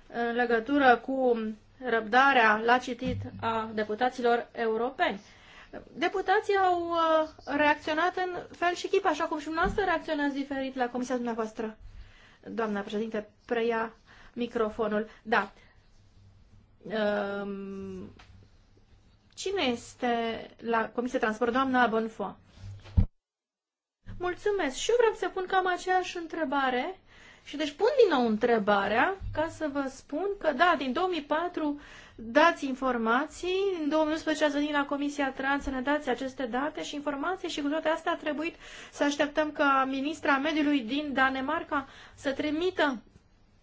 în legătură cu răbdarea la citit a deputaților europeni. Deputații au uh, reacționat în fel și chip, așa cum și dumneavoastră reacționați diferit la comisia dumneavoastră. Doamna președinte, preia microfonul. Da. Um, cine este la Comisia Transport? Doamna Bonfo? Mulțumesc. Și eu vreau să pun cam aceeași întrebare și deci pun din nou întrebarea ca să vă spun că da, din 2004 dați informații, în 2011 ați venit la Comisia Trans să ne dați aceste date și informații și cu toate astea a trebuit să așteptăm ca ministra mediului din Danemarca să trimită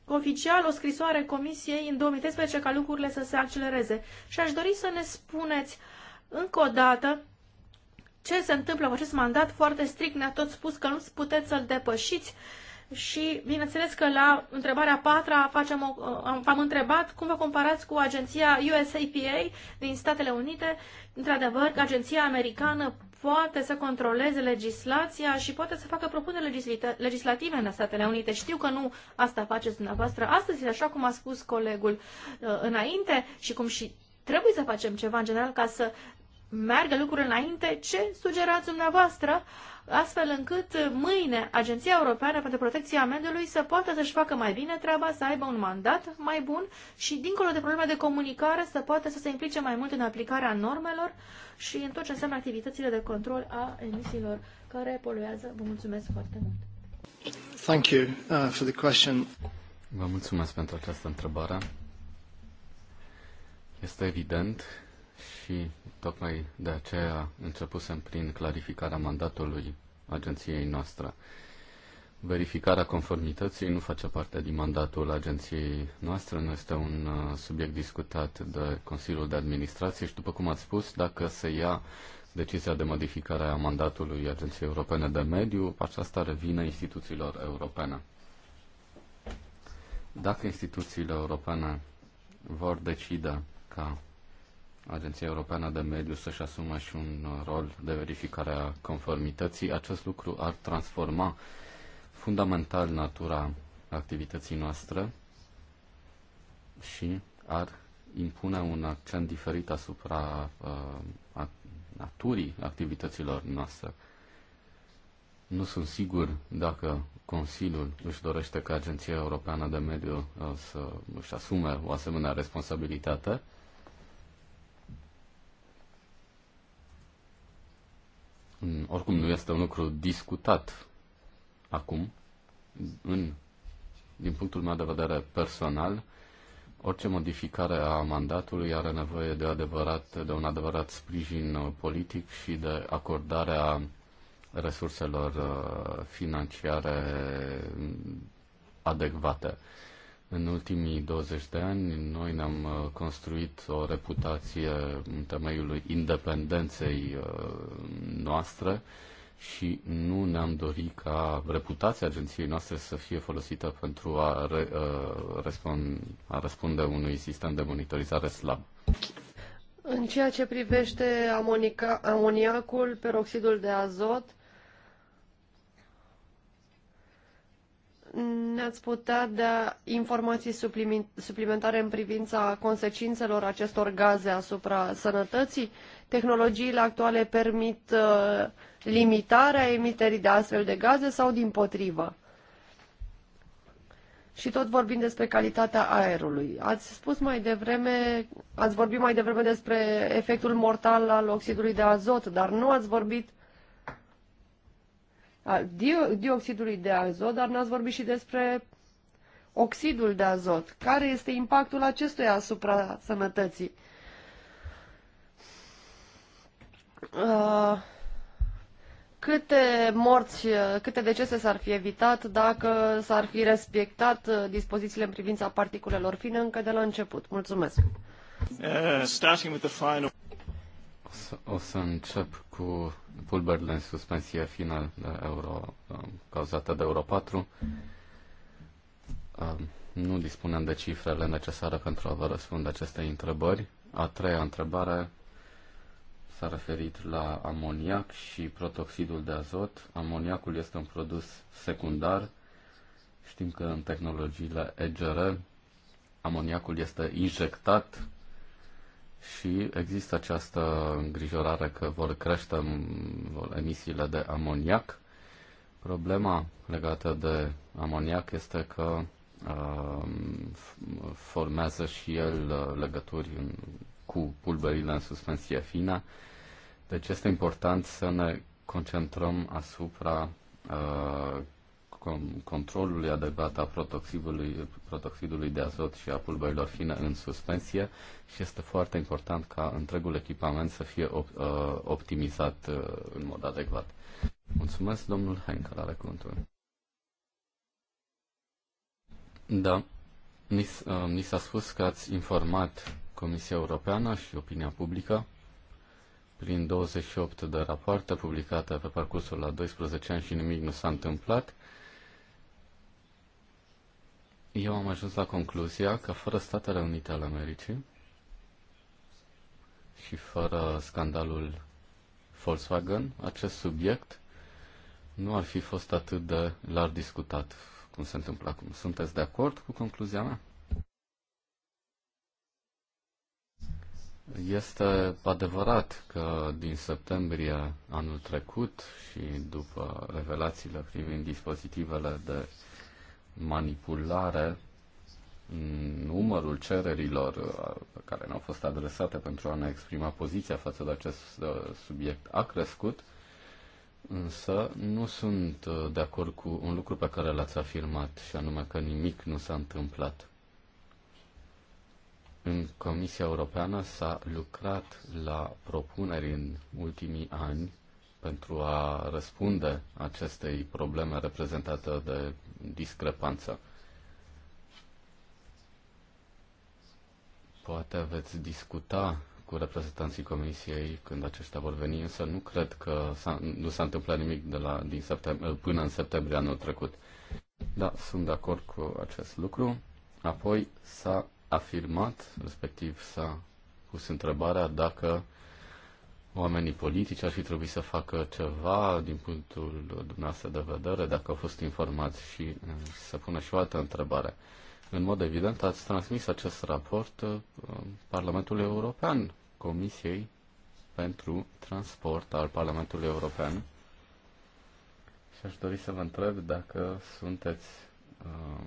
oficial o scrisoare Comisiei în 2013 ca lucrurile să se accelereze. Și aș dori să ne spuneți încă o dată ce se întâmplă cu acest mandat foarte strict. Ne-a tot spus că nu puteți să-l depășiți și, bineînțeles că la întrebarea patra facem o, uh, am întrebat cum vă comparați cu agenția USAPA din Statele Unite. Într-adevăr, agenția americană poate să controleze legislația și poate să facă propuneri legislative în Statele Unite. Știu că nu asta faceți dumneavoastră astăzi, așa cum a spus colegul uh, înainte și cum și trebuie să facem ceva în general ca să meargă lucrurile înainte, ce sugerați dumneavoastră, astfel încât mâine Agenția Europeană pentru Protecția Mediului să poată să-și facă mai bine treaba, să aibă un mandat mai bun și, dincolo de probleme de comunicare, să poată să se implice mai mult în aplicarea normelor și în tot ce înseamnă activitățile de control a emisiilor care poluează. Vă mulțumesc foarte mult! Thank you, uh, for the question. Vă mulțumesc pentru această întrebare. Este evident și tocmai de aceea începusem prin clarificarea mandatului agenției noastre. Verificarea conformității nu face parte din mandatul agenției noastre, nu este un uh, subiect discutat de Consiliul de Administrație și, după cum ați spus, dacă se ia decizia de modificare a mandatului Agenției Europene de Mediu, aceasta revine instituțiilor europene. Dacă instituțiile europene vor decide ca Agenția Europeană de Mediu să-și asume și un rol de verificare a conformității, acest lucru ar transforma fundamental natura activității noastre și ar impune un accent diferit asupra uh, a, naturii activităților noastre. Nu sunt sigur dacă Consiliul își dorește ca Agenția Europeană de Mediu uh, să își asume o asemenea responsabilitate. Oricum nu este un lucru discutat acum. În, din punctul meu de vedere personal, orice modificare a mandatului are nevoie de, adevărat, de un adevărat sprijin politic și de acordarea resurselor uh, financiare adecvate. În ultimii 20 de ani, noi ne-am uh, construit o reputație în temeiul independenței uh, noastre și nu ne-am dorit ca reputația agenției noastre să fie folosită pentru a, re, a, uh, răspund, a răspunde unui sistem de monitorizare slab. În ceea ce privește amonica, amoniacul, peroxidul de azot, ne-ați putea da informații suplimentare în privința consecințelor acestor gaze asupra sănătății? Tehnologiile actuale permit uh, limitarea emiterii de astfel de gaze sau din potrivă? Și tot vorbim despre calitatea aerului. Ați spus mai devreme, ați vorbit mai devreme despre efectul mortal al oxidului de azot, dar nu ați vorbit uh, al dioxidului de azot, dar n-ați vorbit și despre oxidul de azot. Care este impactul acestuia asupra sănătății? câte morți, câte decese s-ar fi evitat dacă s-ar fi respectat uh, dispozițiile în privința particulelor fine încă de la început? Mulțumesc! Uh, starting with the final... O să încep cu pulberile în suspensie final de euro um, cauzată de Euro 4. Um, nu dispunem de cifrele necesare pentru a vă răspunde aceste întrebări. A treia întrebare s-a referit la amoniac și protoxidul de azot. Amoniacul este un produs secundar. Știm că în tehnologiile EGR amoniacul este injectat și există această îngrijorare că vor crește emisiile de amoniac. Problema legată de amoniac este că uh, formează și el uh, legături în, cu pulberile în suspensie fină. Deci este important să ne concentrăm asupra uh, controlului adecvat a protoxidului, protoxidului de azot și a pulberilor fine în suspensie și este foarte important ca întregul echipament să fie op, uh, optimizat uh, în mod adecvat. Mulțumesc, domnul Henkel, la recuntul. Da, ni, uh, ni s-a spus că ați informat Comisia Europeană și opinia publică prin 28 de rapoarte publicate pe parcursul la 12 ani și nimic nu s-a întâmplat eu am ajuns la concluzia că fără Statele Unite ale Americii și fără scandalul Volkswagen, acest subiect nu ar fi fost atât de larg discutat cum se întâmplă acum. Sunteți de acord cu concluzia mea? Este adevărat că din septembrie anul trecut și după revelațiile privind dispozitivele de manipulare numărul cererilor uh, care ne-au fost adresate pentru a ne exprima poziția față de acest uh, subiect a crescut, însă nu sunt uh, de acord cu un lucru pe care l-ați afirmat, și anume că nimic nu s-a întâmplat. În Comisia Europeană s-a lucrat la propuneri în ultimii ani pentru a răspunde acestei probleme reprezentate de discrepanță. Poate veți discuta cu reprezentanții comisiei când aceștia vor veni, însă nu cred că s-a, nu s-a întâmplat nimic de la, din septembrie, până în septembrie anul trecut. Da, sunt de acord cu acest lucru. Apoi s-a afirmat, respectiv s-a pus întrebarea dacă oamenii politici ar fi trebuit să facă ceva din punctul dumneavoastră de vedere, dacă au fost informați și eh, să pună și o altă întrebare. În mod evident, ați transmis acest raport eh, Parlamentului European, Comisiei pentru Transport al Parlamentului European. Și aș dori să vă întreb dacă sunteți eh,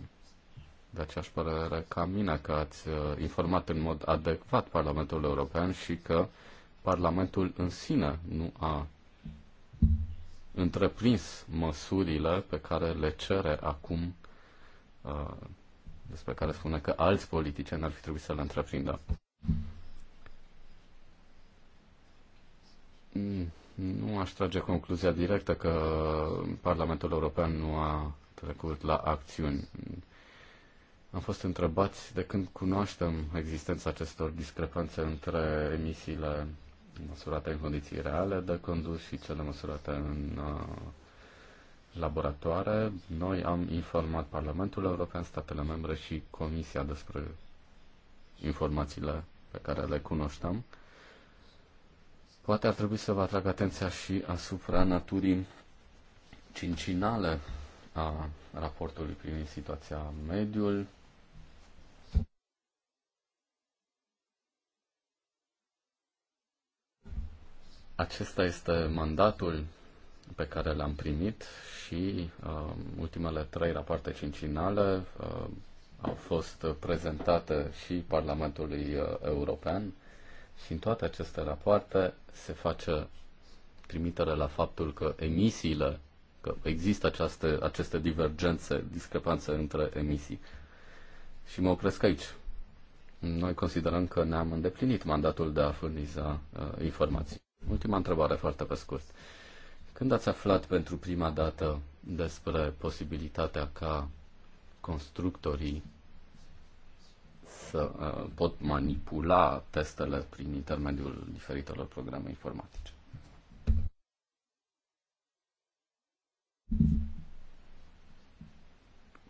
de aceeași părere ca mine, că ați informat în mod adecvat Parlamentul European și că Parlamentul în sine nu a întreprins măsurile pe care le cere acum, uh, despre care spune că alți politicieni ar fi trebuit să le întreprindă. Mm, nu aș trage concluzia directă că Parlamentul European nu a trecut la acțiuni. Am fost întrebați de când cunoaștem existența acestor discrepanțe între emisiile măsurată în condiții reale de condus și cele măsurate în uh, laboratoare. Noi am informat Parlamentul European, statele membre și Comisia despre informațiile pe care le cunoșteam. Poate ar trebui să vă atrag atenția și asupra naturii cincinale a raportului privind situația mediului. Acesta este mandatul pe care l-am primit și uh, ultimele trei rapoarte cincinale uh, au fost prezentate și Parlamentului uh, European și în toate aceste rapoarte se face trimitere la faptul că emisiile, că există aceste, aceste divergențe, discrepanțe între emisii. Și mă opresc aici. Noi considerăm că ne-am îndeplinit mandatul de a furniza uh, informații. Ultima întrebare, foarte pe scurt. Când ați aflat pentru prima dată despre posibilitatea ca constructorii să uh, pot manipula testele prin intermediul diferitelor programe informatice?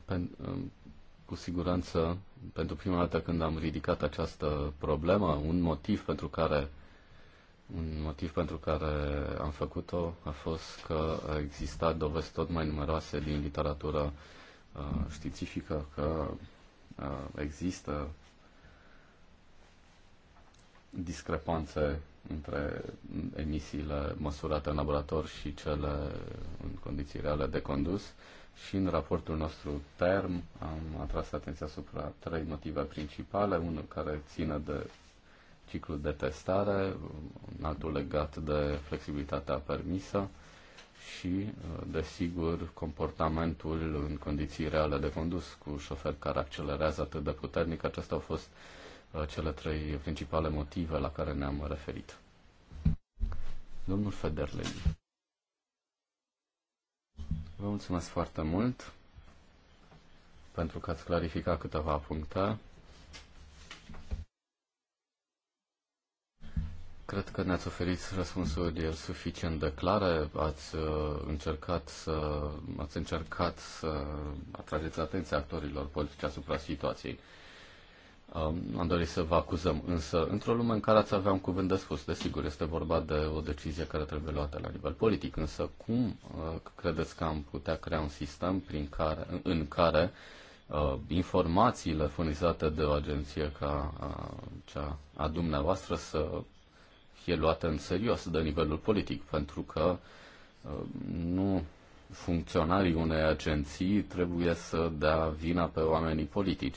Pen, uh, cu siguranță, pentru prima dată când am ridicat această problemă, un motiv pentru care un motiv pentru care am făcut-o a fost că a existat dovezi tot mai numeroase din literatura uh, științifică că uh, există discrepanțe între emisiile măsurate în laborator și cele în condiții reale de condus și în raportul nostru term am atras atenția asupra trei motive principale, unul care ține de ciclu de testare, un altul legat de flexibilitatea permisă și, desigur, comportamentul în condiții reale de condus cu șofer care accelerează atât de puternic. Acestea au fost uh, cele trei principale motive la care ne-am referit. Domnul Federley. Vă mulțumesc foarte mult pentru că ați clarificat câteva puncte Cred că ne-ați oferit răspunsuri suficient de clare. Ați uh, încercat să ați încercat să atrageți atenția actorilor politici asupra situației. Um, am dorit să vă acuzăm, însă, într-o lume în care ați avea un cuvânt de spus, desigur, este vorba de o decizie care trebuie luată la nivel politic, însă cum uh, credeți că am putea crea un sistem prin care, în care uh, informațiile furnizate de o agenție ca uh, cea a dumneavoastră să fie luată în serios de nivelul politic, pentru că uh, nu funcționarii unei agenții trebuie să dea vina pe oamenii politici.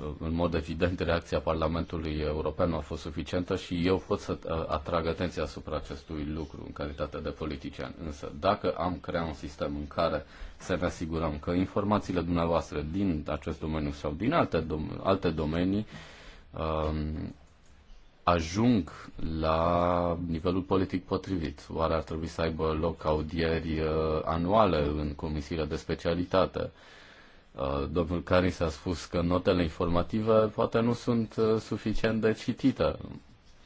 Uh, în mod evident, reacția Parlamentului European nu a fost suficientă și eu pot să uh, atrag atenția asupra acestui lucru în calitate de politician. Însă, dacă am creat un sistem în care să ne asigurăm că informațiile dumneavoastră din acest domeniu sau din alte, dom- alte domenii ajung la nivelul politic potrivit. Oare ar trebui să aibă loc audieri uh, anuale în comisiile de specialitate? Uh, domnul Caris a spus că notele informative poate nu sunt uh, suficient de citite.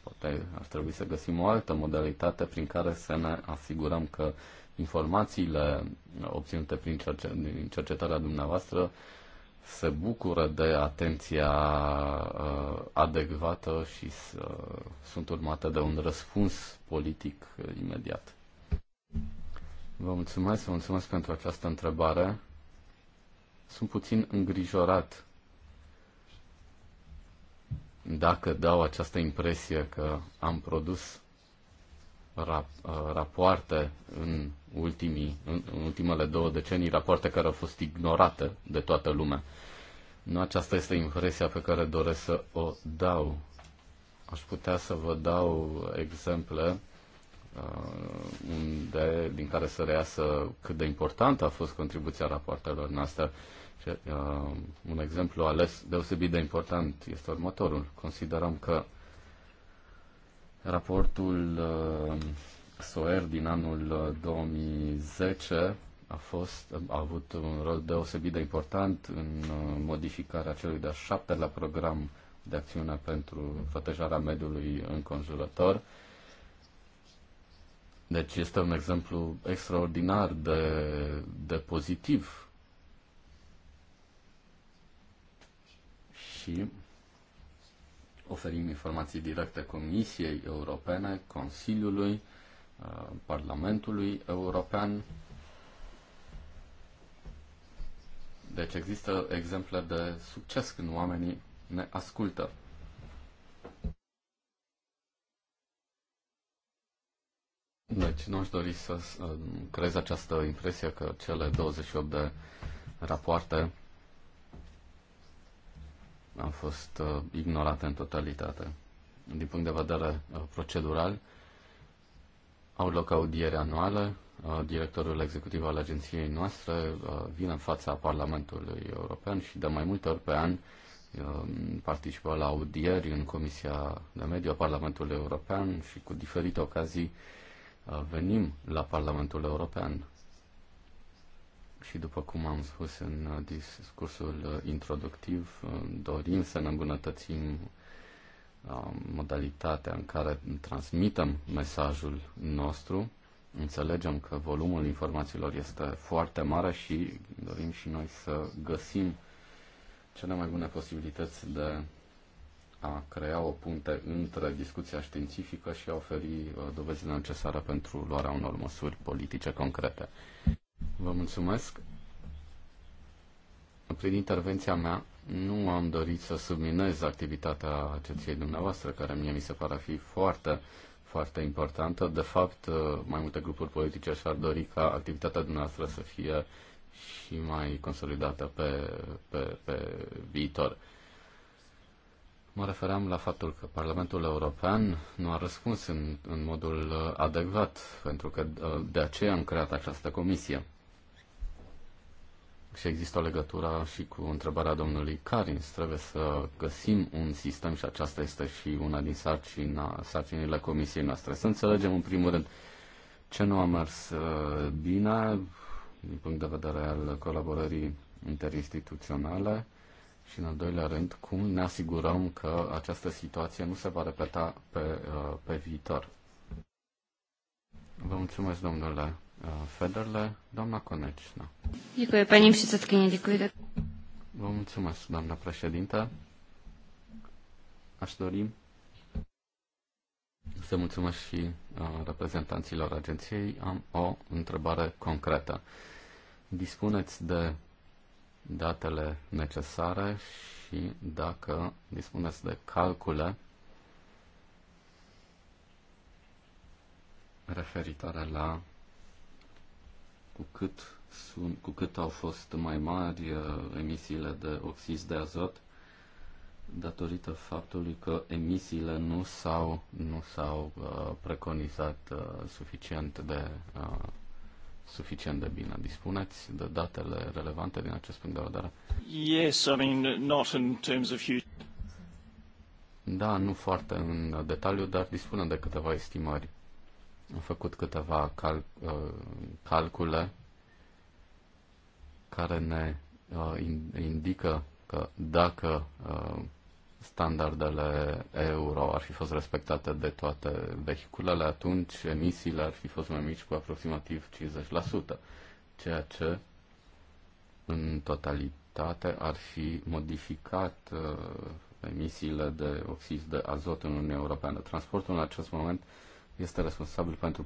Poate ar trebui să găsim o altă modalitate prin care să ne asigurăm că informațiile obținute prin cercetarea dumneavoastră se bucură de atenția uh, adecvată și să sunt urmate de un răspuns politic imediat. Vă mulțumesc, vă mulțumesc pentru această întrebare. Sunt puțin îngrijorat dacă dau această impresie că am produs rap- uh, rapoarte în ultimii, în ultimele două decenii rapoarte care au fost ignorate de toată lumea. Nu aceasta este impresia pe care doresc să o dau. Aș putea să vă dau exemple uh, unde, din care să reiasă cât de importantă a fost contribuția rapoartelor noastre. uh, un exemplu ales deosebit de important este următorul. Considerăm că raportul uh, SOER din anul 2010 uh, a, fost, a avut un rol deosebit de important în uh, modificarea celui de-a șaptelea program de acțiune pentru protejarea mediului înconjurător. Deci este un exemplu extraordinar de, de pozitiv. Și oferim informații directe Comisiei Europene, Consiliului, Parlamentului European. Deci există exemple de succes când oamenii ne ascultă. Deci nu aș dori să creez această impresie că cele 28 de rapoarte au fost uh, ignorate în totalitate. Din punct de vedere uh, procedural, au loc audiere anuale. Uh, directorul executiv al agenției noastre uh, vine în fața Parlamentului European și de mai multe ori pe an uh, participă la audieri în Comisia de Mediu a Parlamentului European și cu diferite ocazii venim la Parlamentul European. Și după cum am spus în discursul introductiv, dorim să ne îmbunătățim modalitatea în care transmitem mesajul nostru. Înțelegem că volumul informațiilor este foarte mare și dorim și noi să găsim cele mai bune posibilități de a crea o punte între discuția științifică și a oferi dovezile necesare pentru luarea unor măsuri politice concrete. Vă mulțumesc! prin intervenția mea, nu am dorit să subminez activitatea agenției dumneavoastră, care mie mi se pare a fi foarte, foarte importantă. De fapt, uh, mai multe grupuri politice și-ar dori ca activitatea dumneavoastră să fie și mai consolidată pe, pe, pe viitor. Mă refeream la faptul că Parlamentul European nu a răspuns în, în modul uh, adecvat, pentru că uh, de aceea am creat această comisie și există o legătură și cu întrebarea domnului Carins. Trebuie să găsim un sistem și aceasta este și una din sarcina, sarcinile comisiei noastre. Să înțelegem în primul rând ce nu a mers uh, bine din punct de vedere al colaborării interinstituționale și în al doilea rând cum ne asigurăm că această situație nu se va repeta pe, uh, pe viitor. Vă mulțumesc, domnule Federle, doamna Conecina. Děkuji, paní předsedkyně, děkuji. Vă mulțumesc, doamna președintă. Aș dori să mulțumesc și uh, reprezentanților agenției. Am o întrebare concretă. Dispuneți de datele necesare și dacă dispuneți de calcule referitoare la cu cât, sunt, cu cât au fost mai mari uh, emisiile de oxid de azot, datorită faptului că emisiile nu s-au, nu s-au uh, preconizat uh, suficient de uh, suficient de bine. Dispuneți de datele relevante din acest punct de vedere? Yes, I mean, not in terms of huge... Da, nu foarte în detaliu, dar dispunem de câteva estimări am făcut câteva cal, uh, calcule care ne uh, indică că dacă uh, standardele euro ar fi fost respectate de toate vehiculele, atunci emisiile ar fi fost mai mici cu aproximativ 50%, ceea ce în totalitate ar fi modificat emisiile de oxid de azot în Uniunea Europeană. Transportul în acest moment uh, este responsabil pentru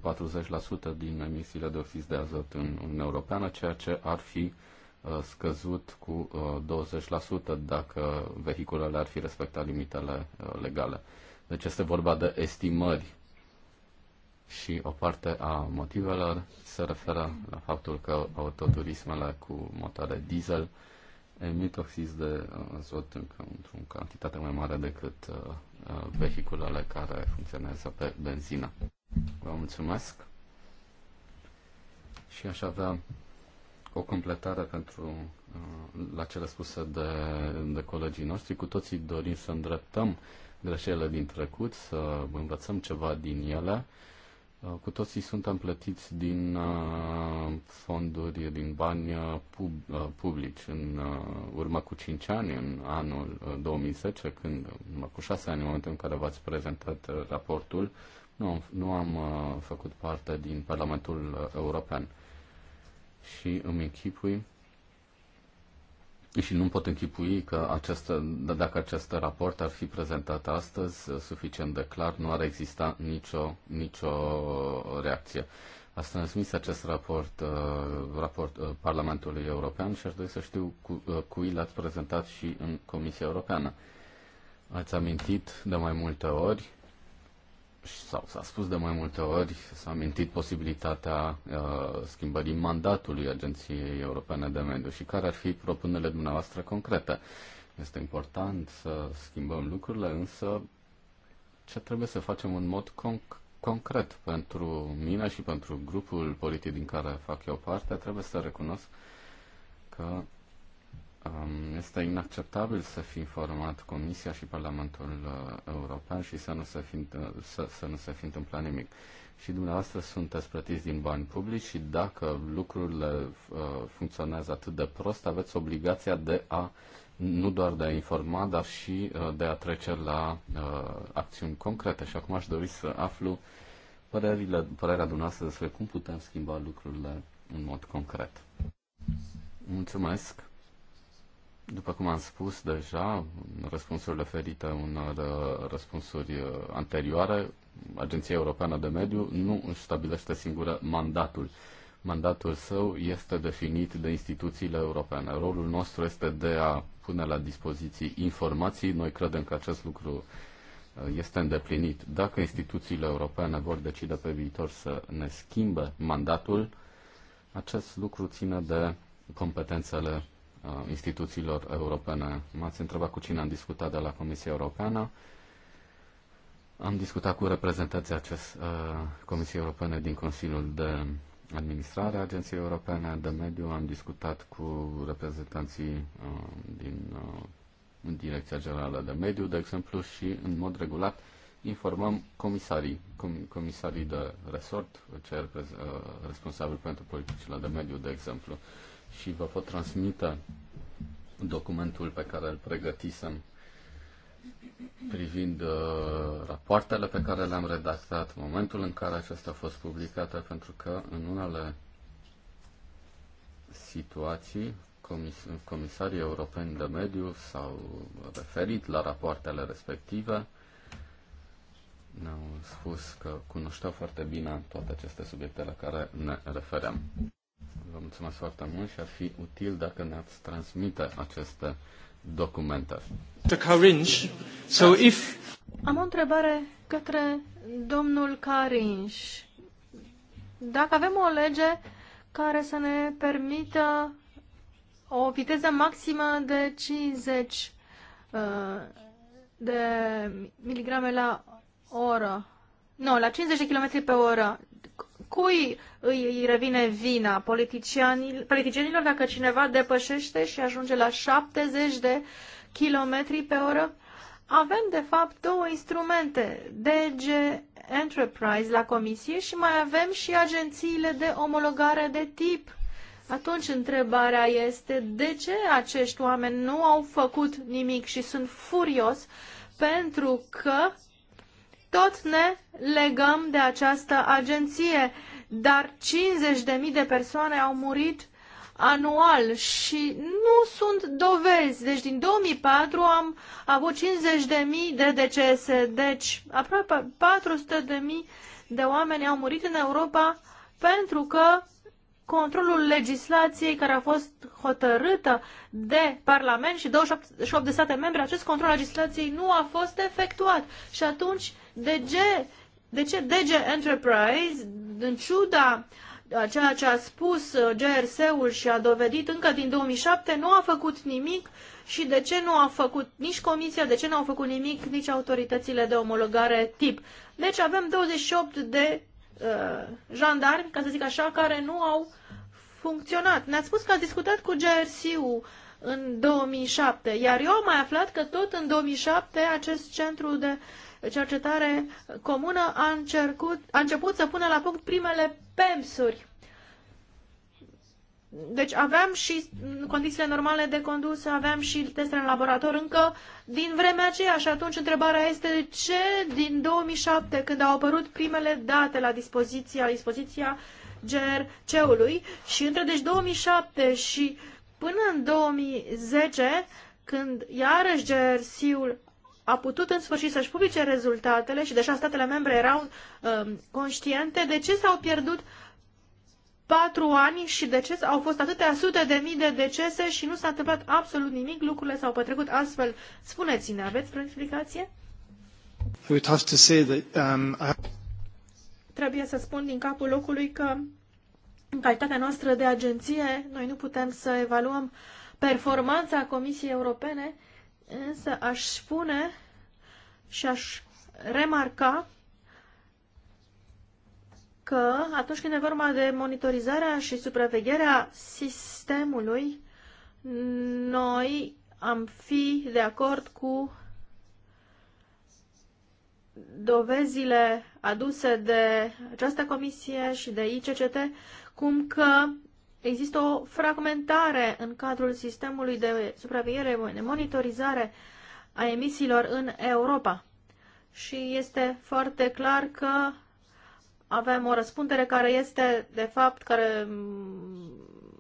40% din emisiile de oxid de azot în Uniunea Europeană, ceea ce ar fi uh, scăzut cu 20% uh, dacă vehiculele ar fi respectat limitele uh, legale. Deci este vorba de estimări și o parte a motivelor se referă la faptul că autoturismele cu motoare diesel emit oxizi de azot într-o cantitate mai mare decât Uh, vehiculele care funcționează pe benzină. Vă mulțumesc și aș avea o completare pentru uh, la cele spuse de, de colegii noștri. Cu toții dorim să îndreptăm greșelile din trecut, să învățăm ceva din ele Uh, cu toții suntem plătiți din uh, fonduri, din bani uh, pub, publici. În urmă cu 5 ani, în anul 2010, când, în urmă cu 6 ani, în momentul în care v-ați prezentat raportul, nu am, nu am făcut parte din Parlamentul European. Și îmi închipui și nu pot închipui că această, da, dacă acest raport ar fi prezentat astăzi suficient de clar, nu ar exista nicio, nicio reacție. A transmis acest raport, uh, raport uh, Parlamentului European și aș dori să știu cu, uh, cui l-ați prezentat și în Comisia Europeană. Ați amintit de mai multe ori sau s-a spus de mai multe ori, s-a mintit posibilitatea uh, schimbării mandatului Agenției Europene de Mediu și care ar fi propunerile dumneavoastră concrete. Este important să schimbăm lucrurile, însă ce trebuie să facem în mod conc- concret pentru mine și pentru grupul politic din care fac eu parte, trebuie să recunosc că Um, este inacceptabil să fi informat Comisia și Parlamentul uh, European și să nu se fi, să, să nu se fi întâmplat nimic. Și dumneavoastră sunteți plătiți din bani publici și dacă lucrurile uh, funcționează atât de prost, aveți obligația de a nu doar de a informa, dar și uh, de a trece la uh, acțiuni concrete. Și acum aș dori să aflu părerile, părerea dumneavoastră despre cum putem schimba lucrurile în mod concret. Mulțumesc! După cum am spus deja, în răspunsurile oferite unor uh, răspunsuri uh, anterioare, Agenția Europeană de Mediu nu își stabilește singură mandatul. Mandatul său este definit de instituțiile europene. Rolul nostru este de a pune la dispoziție informații. Noi credem că acest lucru uh, este îndeplinit. Dacă instituțiile europene vor decide pe viitor să ne schimbe mandatul, acest lucru ține de competențele instituțiilor europene. M-ați întrebat cu cine am discutat de la Comisia Europeană. Am discutat cu reprezentanții acest uh, Comisiei Europene din Consiliul de Administrare a Agenției Europene de Mediu, am discutat cu reprezentanții uh, din uh, Direcția Generală de Mediu, de exemplu, și în mod regulat informăm comisarii, com- comisarii de resort, cei uh, responsabili pentru politicile de mediu, de exemplu. Uh, și vă pot transmite documentul pe care îl pregătisem privind uh, rapoartele pe care le-am redactat, momentul în care acestea au fost publicate, pentru că în unele situații comis- comisarii europeni de mediu s-au referit la rapoartele respective, ne-au spus că cunoșteau foarte bine toate aceste subiecte la care ne refeream. Vă mulțumesc foarte mult și ar fi util dacă ne-ați transmite aceste documente. So da. if... Am o întrebare către domnul Carinș. Dacă avem o lege care să ne permită o viteză maximă de 50 uh, de miligrame la oră, nu, la 50 de km pe oră, cui îi revine vina? Politicienilor dacă cineva depășește și ajunge la 70 de kilometri pe oră? Avem, de fapt, două instrumente, DG Enterprise la comisie și mai avem și agențiile de omologare de tip. Atunci întrebarea este de ce acești oameni nu au făcut nimic și sunt furios pentru că tot ne legăm de această agenție, dar 50.000 de persoane au murit anual și nu sunt dovezi. Deci din 2004 am avut 50.000 de decese, deci aproape 400.000 de oameni au murit în Europa pentru că controlul legislației care a fost hotărâtă de Parlament și 28 de state membre, acest control legislației nu a fost efectuat. Și atunci de ce, de ce DG Enterprise, în ciuda a ceea ce a spus uh, GRS-ul și a dovedit încă din 2007, nu a făcut nimic și de ce nu a făcut nici comisia, de ce nu au făcut nimic nici autoritățile de omologare tip. Deci avem 28 de uh, jandarmi, ca să zic așa, care nu au funcționat. ne a spus că a discutat cu grs ul în 2007, iar eu am mai aflat că tot în 2007 acest centru de uh, cercetare comună a, încercut, a început să pună la punct primele PEMS-uri. Deci aveam și condițiile normale de condus, aveam și testele în laborator încă din vremea aceea și atunci întrebarea este de ce din 2007 când au apărut primele date la dispoziția, la dispoziția GRC-ului și între deci 2007 și până în 2010 când iarăși GRC-ul a putut în sfârșit să-și publice rezultatele și deja statele membre erau uh, conștiente de ce s-au pierdut patru ani și de ce au fost atâtea sute de mii de decese și nu s-a întâmplat absolut nimic, lucrurile s-au petrecut astfel. Spuneți-ne, aveți vreo explicație? Um, Trebuie să spun din capul locului că în calitatea noastră de agenție, noi nu putem să evaluăm performanța Comisiei Europene Însă aș spune și aș remarca că atunci când e vorba de monitorizarea și supravegherea sistemului, noi am fi de acord cu dovezile aduse de această comisie și de ICCT, cum că Există o fragmentare în cadrul sistemului de supraveghere, de monitorizare a emisiilor în Europa. Și este foarte clar că avem o răspundere care este, de fapt, care mm,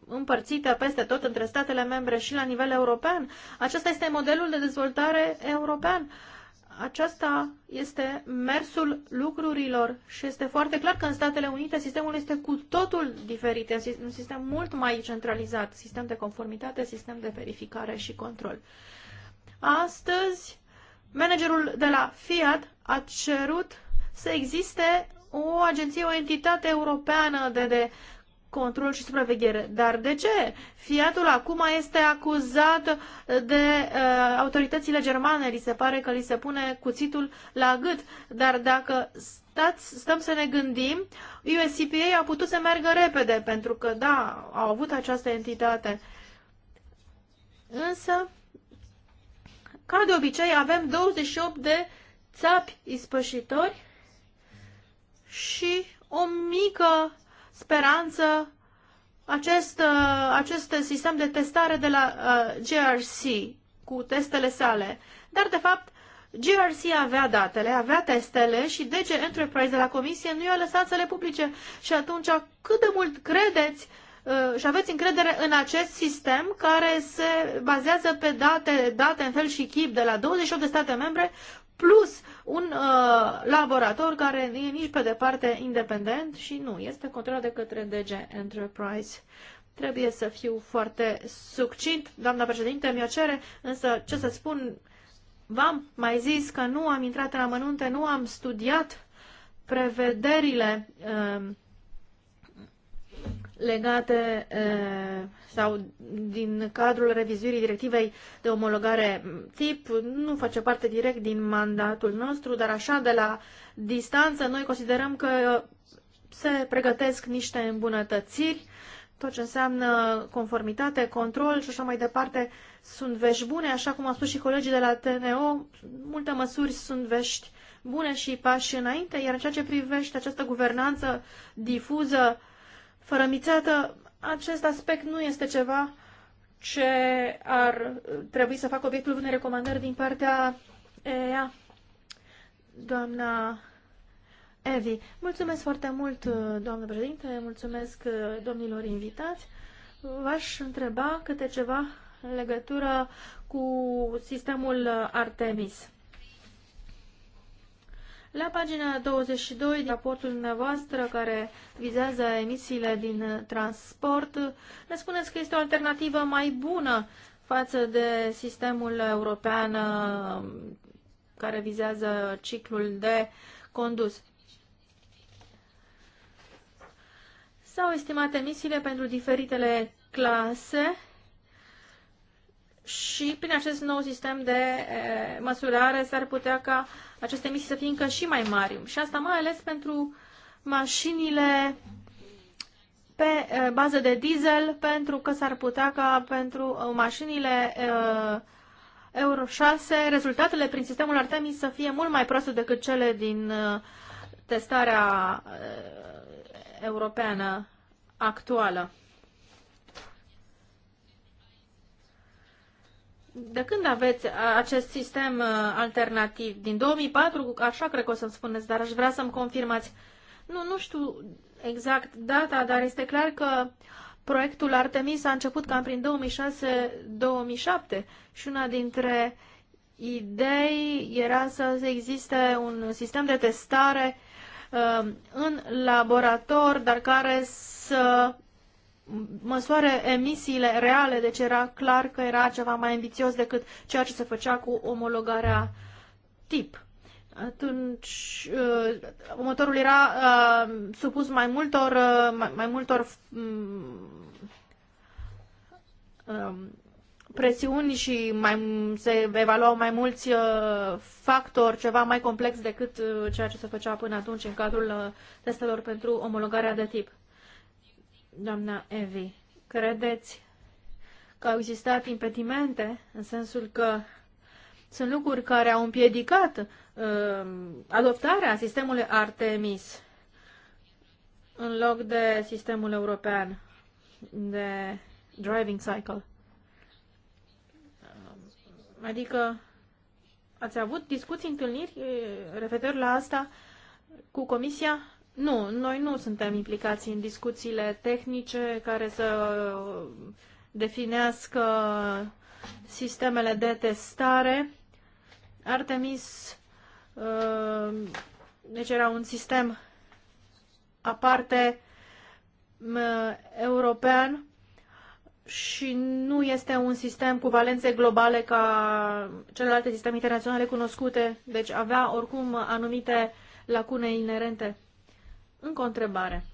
împărțită peste tot între statele membre și la nivel european. Acesta este modelul de dezvoltare european. Uh, aceasta este mersul lucrurilor și este foarte clar că în Statele Unite sistemul este cu totul diferit, este un sistem mult mai centralizat, sistem de conformitate, sistem de verificare și control. Astăzi, managerul de la Fiat a cerut să existe o agenție, o entitate europeană de, de control și supraveghere. Dar de ce? Fiatul acum este acuzat de uh, autoritățile germane. Li se pare că li se pune cuțitul la gât. Dar dacă stați, stăm să ne gândim, USCPA a putut să meargă repede, pentru că, da, au avut această entitate. Însă, ca de obicei, avem 28 de țapi ispășitori și o mică speranță acest, uh, acest sistem de testare de la uh, GRC cu testele sale. Dar, de fapt, GRC avea datele, avea testele și DG Enterprise de la Comisie nu i-a lăsat să le publice. Și atunci, cât de mult credeți uh, și aveți încredere în acest sistem care se bazează pe date, date în fel și chip de la 28 de state membre, plus un uh, laborator care nu e nici pe departe independent și nu, este controlat de către DG Enterprise. Trebuie să fiu foarte succint, doamna președinte mi-o cere, însă ce să spun, v-am mai zis că nu am intrat în amănunte, nu am studiat prevederile uh, legate sau din cadrul revizuirii directivei de omologare tip, nu face parte direct din mandatul nostru, dar așa de la distanță noi considerăm că se pregătesc niște îmbunătățiri, tot ce înseamnă conformitate, control și așa mai departe sunt vești bune, așa cum au spus și colegii de la TNO, multe măsuri sunt vești bune și pași înainte, iar în ceea ce privește această guvernanță difuză fără mițeată, acest aspect nu este ceva ce ar trebui să facă obiectul unei recomandări din partea EA, doamna Evi. Mulțumesc foarte mult, doamnă președinte, mulțumesc domnilor invitați. V-aș întreba câte ceva în legătură cu sistemul Artemis. La pagina 22 din raportul dumneavoastră care vizează emisiile din transport, ne spuneți că este o alternativă mai bună față de sistemul european um, care vizează ciclul de condus. S-au estimat emisiile pentru diferitele clase și prin acest nou sistem de eh, măsurare s-ar putea ca aceste emisii să fie încă și mai mari. Și asta mai ales pentru mașinile pe eh, bază de diesel, pentru că s-ar putea ca pentru eh, mașinile eh, Euro 6 rezultatele prin sistemul Artemis să fie mult mai proaste decât cele din testarea europeană actuală. de când aveți acest sistem uh, alternativ? Din 2004? Așa cred că o să-mi spuneți, dar aș vrea să-mi confirmați. Nu, nu știu exact data, dar este clar că proiectul Artemis a început cam prin 2006-2007 și una dintre idei era să existe un sistem de testare uh, în laborator, dar care să măsoare emisiile reale, deci era clar că era ceva mai ambițios decât ceea ce se făcea cu omologarea tip. Atunci, uh, motorul era uh, supus mai multor, uh, mai, mai multor mm, um, presiuni și mai, se evaluau mai mulți factori, ceva mai complex decât ceea ce se făcea până atunci în cadrul testelor pentru omologarea de tip doamna Evi, credeți că au existat impedimente în sensul că sunt lucruri care au împiedicat uh, adoptarea sistemului Artemis în loc de sistemul european de driving cycle. Uh, adică ați avut discuții, întâlniri uh, referitor la asta cu Comisia nu, noi nu suntem implicați în discuțiile tehnice care să definească sistemele de testare. Artemis uh, deci era un sistem aparte uh, european și nu este un sistem cu valențe globale ca celelalte sisteme internaționale cunoscute, deci avea oricum anumite lacune inerente. Încă o întrebare.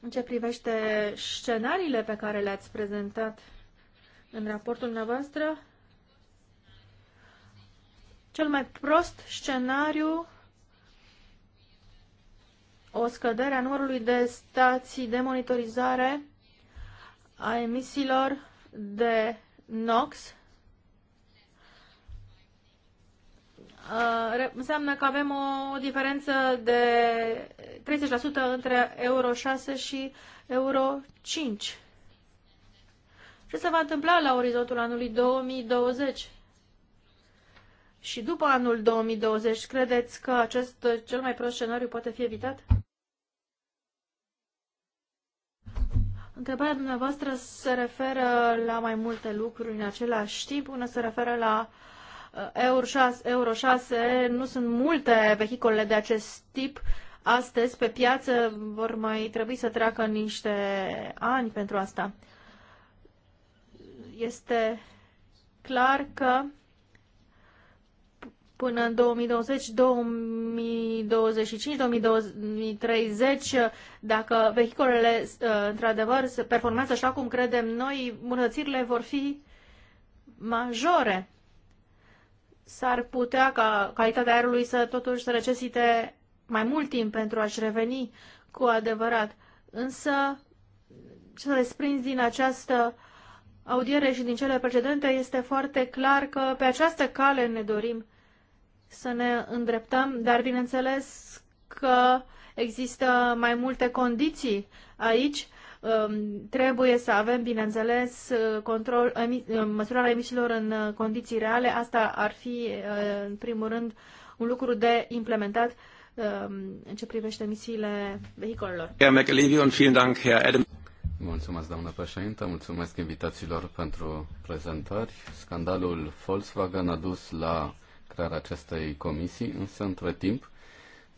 În ce privește scenariile pe care le-ați prezentat în raportul dumneavoastră, cel mai prost scenariu o scădere a numărului de stații de monitorizare a emisiilor de NOx Uh, înseamnă că avem o diferență de 30% între euro 6 și euro 5. Ce se va întâmpla la orizontul anului 2020? Și după anul 2020, credeți că acest cel mai prost scenariu poate fi evitat? Întrebarea dumneavoastră se referă la mai multe lucruri în același timp. Una se referă la uh, Eh, Euro 6, Euro 6 nu sunt multe vehicole de acest tip astăzi pe piață, vor mai trebui să treacă niște ani pentru asta. Este clar că până în 2020, 2025, 2030, dacă vehiculele, eh, într-adevăr, se performează așa cum credem noi, mânățirile vor fi majore s-ar putea ca calitatea aerului să totuși să necesite mai mult timp pentru a-și reveni cu adevărat. Însă, ce desprinzi din această audiere și din cele precedente, este foarte clar că pe această cale ne dorim să ne îndreptăm, dar bineînțeles că există mai multe condiții aici Um, trebuie să avem, bineînțeles, control, uh, măsurarea emisiilor în uh, condiții reale. Asta ar fi, uh, în primul rând, un lucru de implementat um, în ce privește emisiile vehicolelor. Mulțumesc, doamnă președintă, mulțumesc invitațiilor pentru prezentări. Scandalul Volkswagen a dus la crearea acestei comisii, însă între timp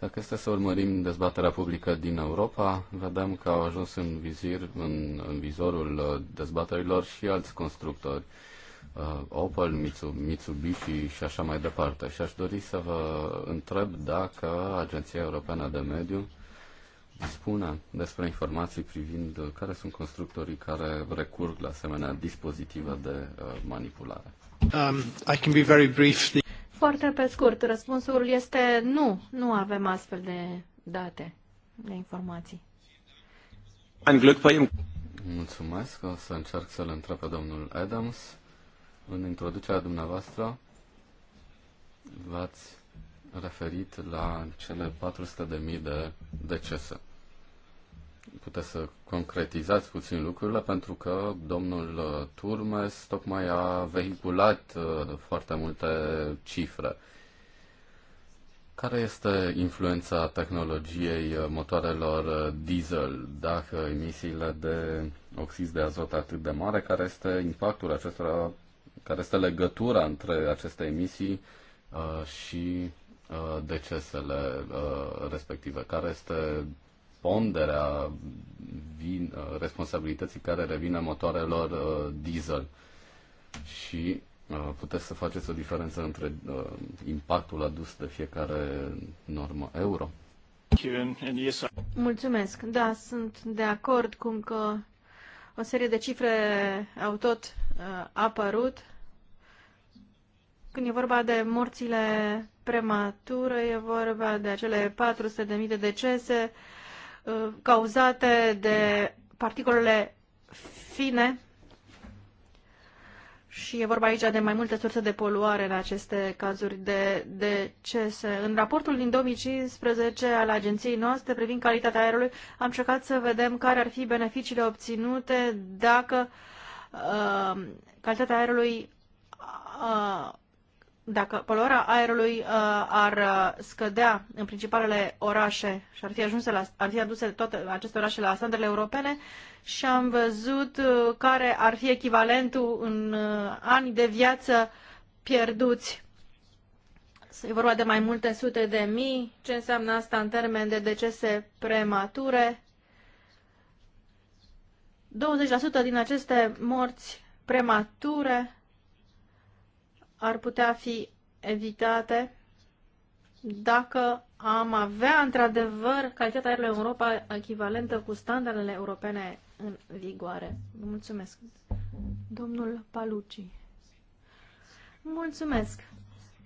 dacă este să urmărim dezbaterea publică din Europa, vedem că au ajuns în, vizir, în, în vizorul uh, dezbaterilor și alți constructori, uh, Opel, Mitsubishi și așa mai departe. Și aș dori să vă întreb dacă Agenția Europeană de Mediu spune despre informații privind uh, care sunt constructorii care recurg la asemenea dispozitive de uh, manipulare. Um, I can be very brief. Foarte pe scurt, răspunsul este nu, nu avem astfel de date, de informații. Mulțumesc, o să încerc să-l întreb pe domnul Adams. În introducerea dumneavoastră v-ați referit la cele 400.000 de decese puteți să concretizați puțin lucrurile, pentru că domnul uh, Turmes tocmai a vehiculat uh, foarte multe cifre. Care este influența tehnologiei uh, motoarelor diesel, dacă emisiile de oxid de azot atât de mare, care este impactul acestora, care este legătura între aceste emisii uh, și uh, decesele uh, respective, care este ponderea vin, uh, responsabilității care revine motoarelor uh, diesel. Și uh, puteți să faceți o diferență între impactul adus de fiecare normă euro? Mulțumesc. Da, sunt de acord cum că o serie de cifre au tot apărut. Când e vorba de morțile premature, e vorba de acele 400.000 de decese, uh, Uh, cauzate de particulele fine și e vorba aici de mai multe surse de poluare în aceste cazuri de decese. În raportul din 2015 al agenției noastre privind calitatea aerului, am încercat să vedem care ar fi beneficiile obținute dacă uh, calitatea aerului uh, dacă poluarea aerului uh, ar uh, scădea în principalele orașe și ar fi, ajuns la, ar fi aduse toate aceste orașe la standardele europene și am văzut uh, care ar fi echivalentul în uh, ani de viață pierduți. E vorba de mai multe sute de mii. Ce înseamnă asta în termen de decese premature? 20% din aceste morți premature ar putea fi evitate dacă am avea într-adevăr calitatea aerului Europa echivalentă cu standardele europene în vigoare. Mulțumesc. Domnul Paluci. Mulțumesc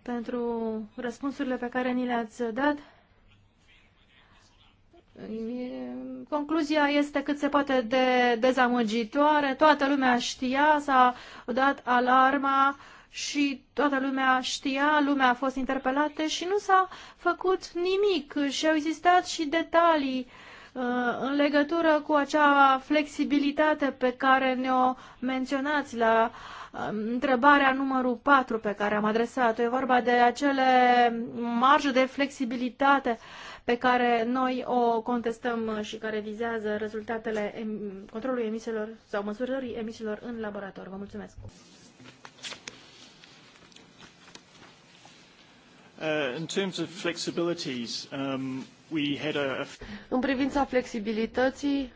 pentru răspunsurile pe care ni le-ați dat. Concluzia este cât se poate de dezamăgitoare. Toată lumea știa, s-a dat alarma și toată lumea știa, lumea a fost interpelată și nu s-a făcut nimic și au existat și detalii uh, în legătură cu acea flexibilitate pe care ne-o menționați la uh, întrebarea numărul 4 pe care am adresat-o. E vorba de acele marje de flexibilitate pe care noi o contestăm și care vizează rezultatele controlului emisiilor sau măsurării emisiilor în laborator. Vă mulțumesc! Uh, in terms of flexibilities, um, we had a... În privința flexibilității,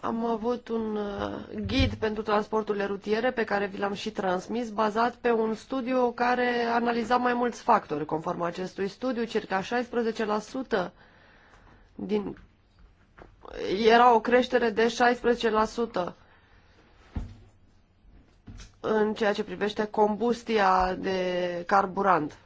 am avut un uh, ghid pentru transporturile rutiere pe care vi l-am și transmis, bazat pe un studiu care analiza mai mulți factori. Conform acestui studiu, circa 16% din... era o creștere de 16% în ceea ce privește combustia de carburant.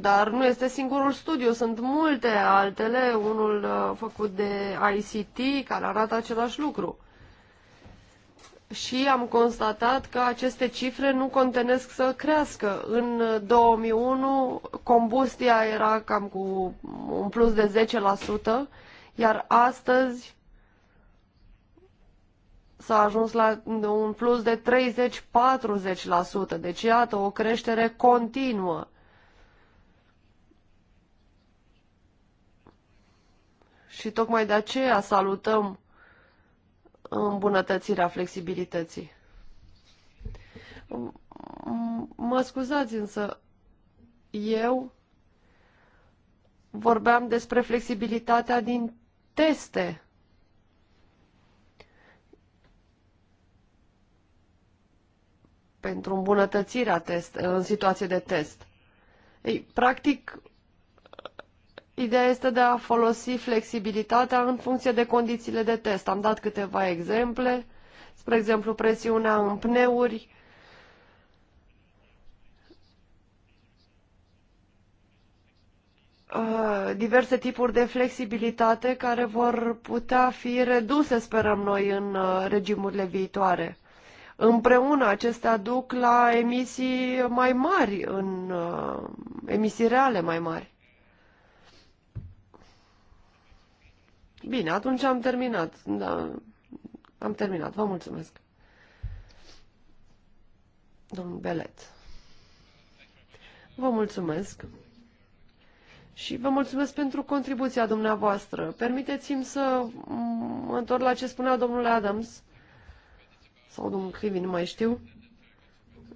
dar nu este singurul studiu, sunt multe altele, unul uh, făcut de ICT care arată același lucru. Și am constatat că aceste cifre nu contenesc să crească. În 2001 uh, combustia era cam cu un plus de 10%, iar astăzi s-a ajuns la un plus de 30-40%. Deci, iată, o creștere continuă. și tocmai de aceea salutăm îmbunătățirea flexibilității. Mă scuzați, însă eu vorbeam despre flexibilitatea din teste. pentru îmbunătățirea test, în situație de test. Ei, practic, Ideea este de a folosi flexibilitatea în funcție de condițiile de test. Am dat câteva exemple, spre exemplu presiunea în pneuri, uh, diverse tipuri de flexibilitate care vor putea fi reduse, sperăm noi, în uh, regimurile viitoare. Împreună acestea duc la emisii mai mari, în uh, emisii reale mai mari. Bine, atunci am terminat. Da, am terminat. Vă mulțumesc. Domnul Belet. Vă mulțumesc. Și vă mulțumesc pentru contribuția dumneavoastră. Permiteți-mi să mă întorc la ce spunea domnul Adams sau domnul Crivi, nu mai știu,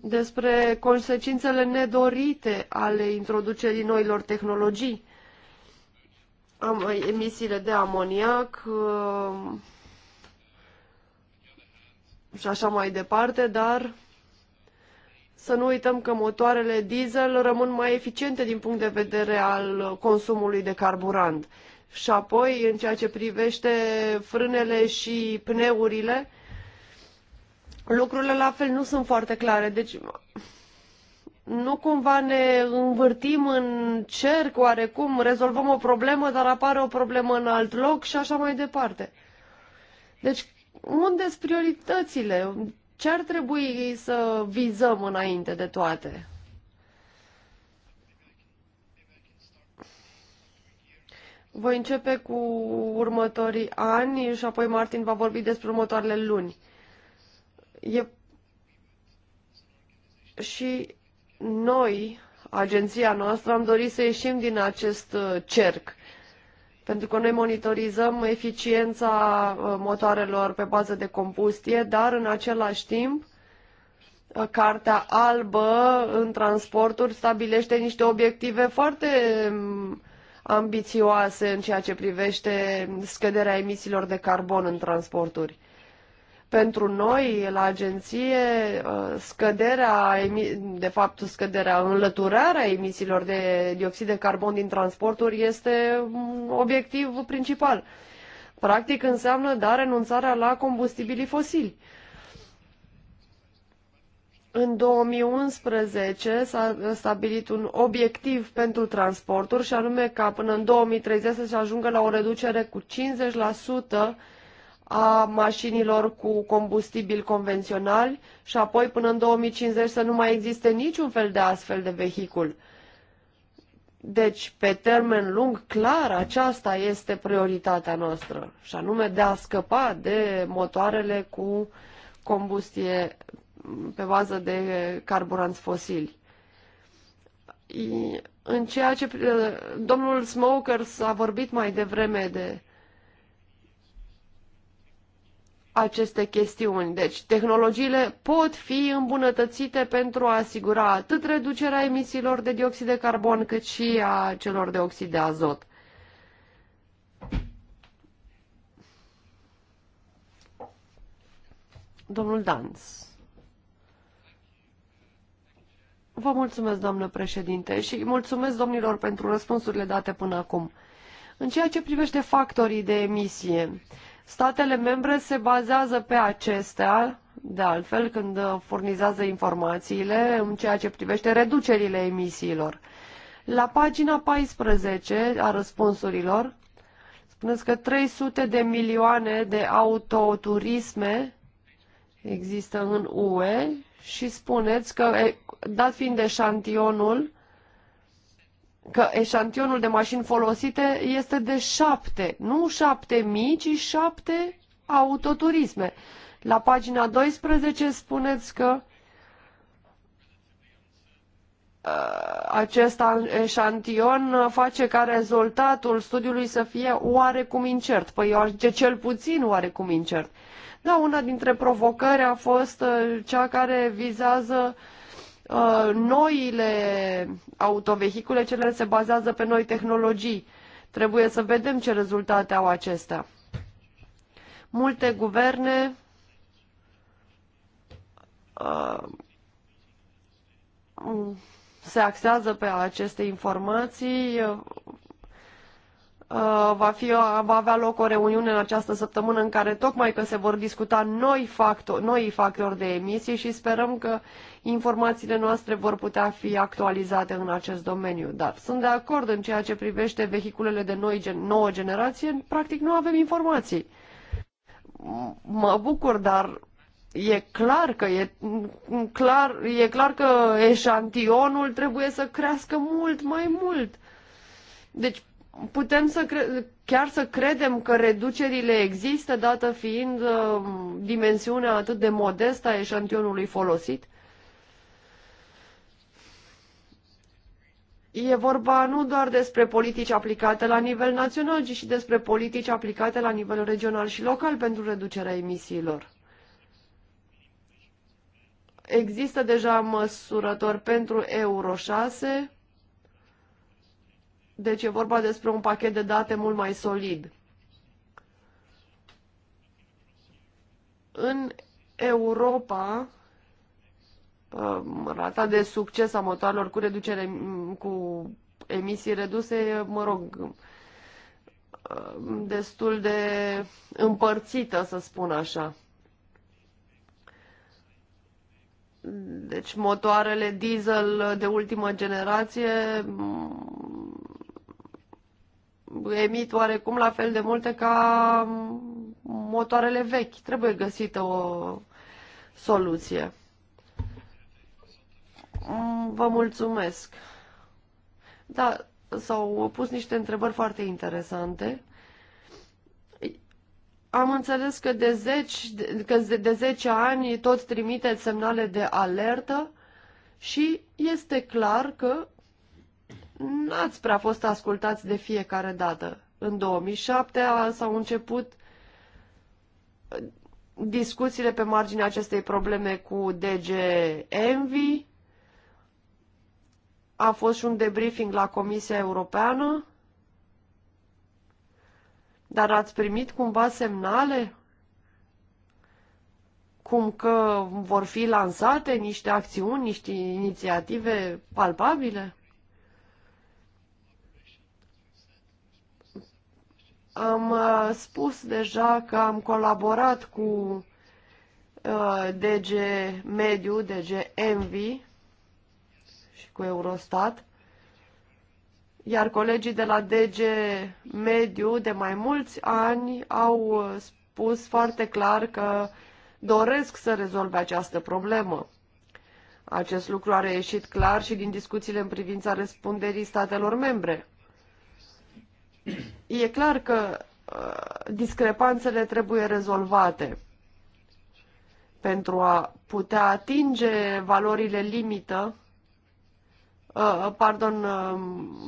despre consecințele nedorite ale introducerii noilor tehnologii emisiile de amoniac uh, și așa mai departe, dar să nu uităm că motoarele diesel rămân mai eficiente din punct de vedere al consumului de carburant. Și apoi, în ceea ce privește frânele și pneurile, lucrurile la fel nu sunt foarte clare. Deci, nu cumva ne învârtim în cerc oarecum, rezolvăm o problemă, dar apare o problemă în alt loc și așa mai departe. Deci, unde sunt prioritățile? Ce ar trebui să vizăm înainte de toate? Voi începe cu următorii ani și apoi Martin va vorbi despre următoarele luni. E... Și noi, agenția noastră, am dorit să ieșim din acest uh, cerc. Pentru că noi monitorizăm eficiența uh, motoarelor pe bază de combustie, dar în același timp uh, Cartea albă în transporturi stabilește niște obiective foarte um, ambițioase în ceea ce privește scăderea emisiilor de carbon în transporturi pentru noi, la agenție, uh, scăderea, de fapt scăderea, înlăturarea emisiilor de dioxid de carbon din transporturi este obiectiv principal. Practic înseamnă, da, renunțarea la combustibilii fosili. În 2011 s-a stabilit un obiectiv pentru transporturi și anume ca până în 2030 să se ajungă la o reducere cu 50% a mașinilor cu combustibil convențional și apoi până în 2050 să nu mai existe niciun fel de astfel de vehicul. Deci, pe termen lung, clar, aceasta este prioritatea noastră, și anume de a scăpa de motoarele cu combustie pe bază de carburanți fosili. În ceea ce domnul Smokers a vorbit mai devreme de aceste chestiuni. Deci, tehnologiile pot fi îmbunătățite pentru a asigura atât reducerea emisiilor de dioxid de carbon, cât și a celor de oxid de azot. Domnul Danz. Vă mulțumesc, doamnă președinte, și mulțumesc domnilor pentru răspunsurile date până acum. În ceea ce privește factorii de emisie, Statele membre se bazează pe acestea, de altfel, când furnizează informațiile în ceea ce privește reducerile emisiilor. La pagina 14 a răspunsurilor, spuneți că 300 de milioane de autoturisme există în UE și spuneți că, dat fiind eșantionul, că eșantionul de mașini folosite este de șapte, nu șapte mii, ci șapte autoturisme. La pagina 12 spuneți că uh, acest eșantion face ca rezultatul studiului să fie oarecum incert. Păi eu aș zice cel puțin oarecum incert. Da, una dintre provocări a fost uh, cea care vizează uh, Uh, noile autovehicule, cele se bazează pe noi tehnologii. Trebuie să vedem ce rezultate au acestea. Multe guverne uh, se axează pe aceste informații, Uh, va, fi, uh, va avea loc o reuniune în această săptămână în care tocmai că se vor discuta noi, factor, noi factori de emisie și sperăm că informațiile noastre vor putea fi actualizate în acest domeniu. Dar sunt de acord în ceea ce privește vehiculele de noi, gen, nouă generație, practic nu avem informații. Mă bucur, dar e clar că e clar, e clar că eșantionul trebuie să crească mult mai mult. Deci putem să cre- chiar să credem că reducerile există, dată fiind uh, dimensiunea atât de modestă a eșantionului folosit? E vorba nu doar despre politici aplicate la nivel național, ci și despre politici aplicate la nivel regional și local pentru reducerea emisiilor. Există deja măsurători pentru Euro 6, deci e vorba despre un pachet de date mult mai solid. În Europa, um, rata de succes a motoarelor cu, reducere, cu emisii reduse, mă rog, um, destul de împărțită, să spun așa. Deci motoarele diesel de ultimă generație emit oarecum la fel de multe ca motoarele vechi. Trebuie găsită o soluție. Mm, vă mulțumesc. Da, s-au pus niște întrebări foarte interesante. Am înțeles că de 10, că de 10 ani tot trimiteți semnale de alertă și este clar că n-ați prea fost ascultați de fiecare dată. În 2007 s-au început uh, discuțiile pe marginea acestei probleme cu DG Envy. A fost și un debriefing la Comisia Europeană. Dar ați primit cumva semnale? Cum că vor fi lansate niște acțiuni, niște inițiative palpabile? Am uh, spus deja că am colaborat cu uh, DG Mediu, DG Envy și cu Eurostat, iar colegii de la DG Mediu de mai mulți ani au uh, spus foarte clar că doresc să rezolve această problemă. Acest lucru a reieșit clar și din discuțiile în privința răspunderii statelor membre. E clar că uh, discrepanțele trebuie rezolvate pentru a putea atinge valorile limită, uh, pardon, uh,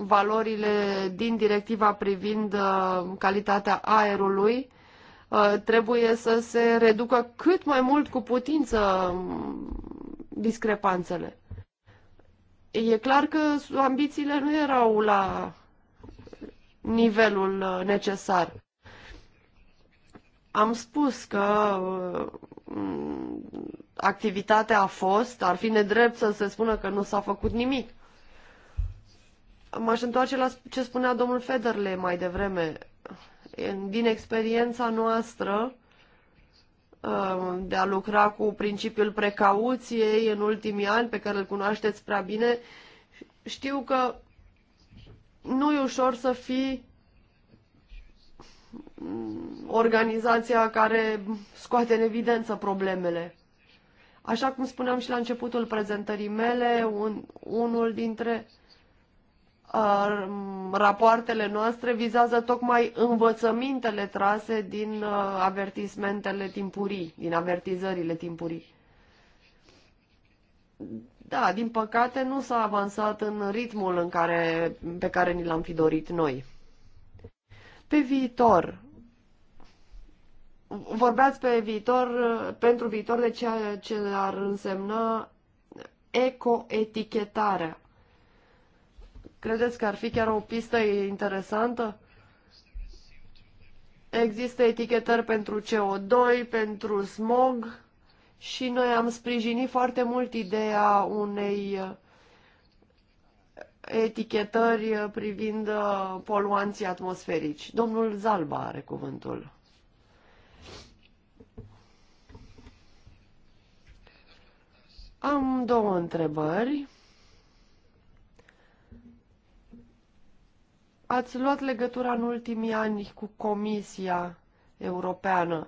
valorile din directiva privind calitatea aerului, trebuie să se reducă cât mai mult cu putință um, discrepanțele. E clar că ambițiile nu erau la nivelul uh, necesar. Am spus că uh, activitatea a fost, ar fi nedrept să se spună că nu s-a făcut nimic. M-aș întoarce la ce spunea domnul Federle mai devreme. Din experiența noastră uh, de a lucra cu principiul precauției în ultimii ani, pe care îl cunoașteți prea bine, știu că nu e ușor să fii organizația care scoate în evidență problemele. Așa cum spuneam și la începutul prezentării mele, un, unul dintre uh, rapoartele noastre vizează tocmai învățămintele trase din uh, avertismentele timpurii, din avertizările timpurii. Da, din păcate nu s-a avansat în ritmul în care, pe care ni l-am fi dorit noi. Pe viitor, vorbeați pe viitor, pentru viitor de ceea ce ar însemna ecoetichetarea. Credeți că ar fi chiar o pistă interesantă? Există etichetări pentru CO2, pentru smog, și noi am sprijinit foarte mult ideea unei uh, etichetări uh, privind uh, poluanții atmosferici. Domnul Zalba are cuvântul. Am două întrebări. Ați luat legătura în ultimii ani cu Comisia Europeană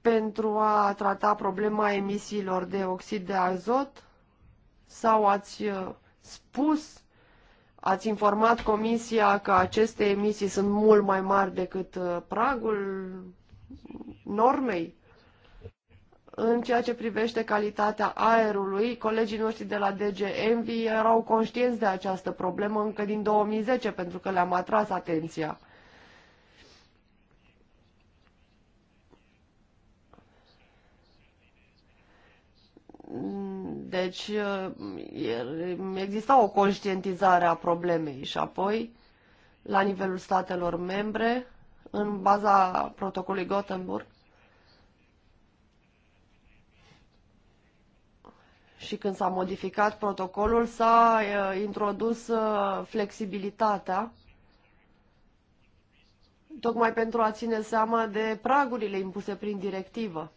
pentru a trata problema emisiilor de oxid de azot? Sau ați uh, spus, ați informat Comisia că aceste emisii sunt mult mai mari decât uh, pragul normei? În ceea ce privește calitatea aerului, colegii noștri de la DG Envy erau conștienți de această problemă încă din 2010, pentru că le-am atras atenția. Deci exista o conștientizare a problemei și apoi, la nivelul statelor membre, în baza protocolului Gothenburg, și când s-a modificat protocolul, s-a introdus flexibilitatea tocmai pentru a ține seama de pragurile impuse prin directivă.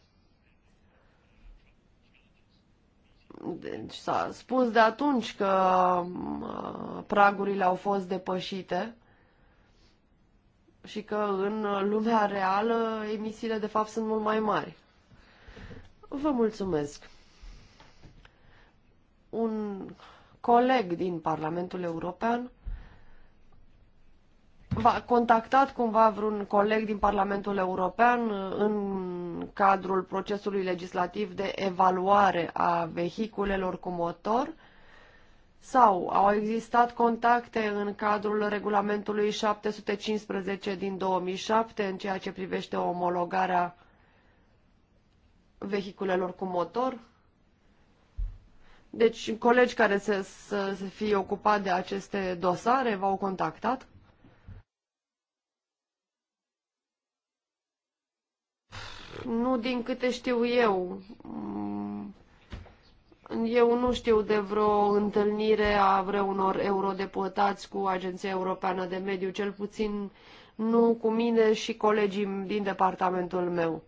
Deci s-a spus de atunci că pragurile au fost depășite și că în lumea reală emisiile de fapt sunt mult mai mari. Vă mulțumesc. Un coleg din Parlamentul European V-a contactat cumva vreun coleg din Parlamentul European uh, în cadrul procesului legislativ de evaluare a vehiculelor cu motor? Sau au existat contacte în cadrul regulamentului 715 din 2007 în ceea ce privește omologarea vehiculelor cu motor? Deci, colegi care se, să se fie ocupat de aceste dosare v-au contactat? Nu din câte știu eu. Eu nu știu de vreo întâlnire a vreunor eurodeputați cu Agenția Europeană de Mediu, cel puțin nu cu mine și colegii din departamentul meu.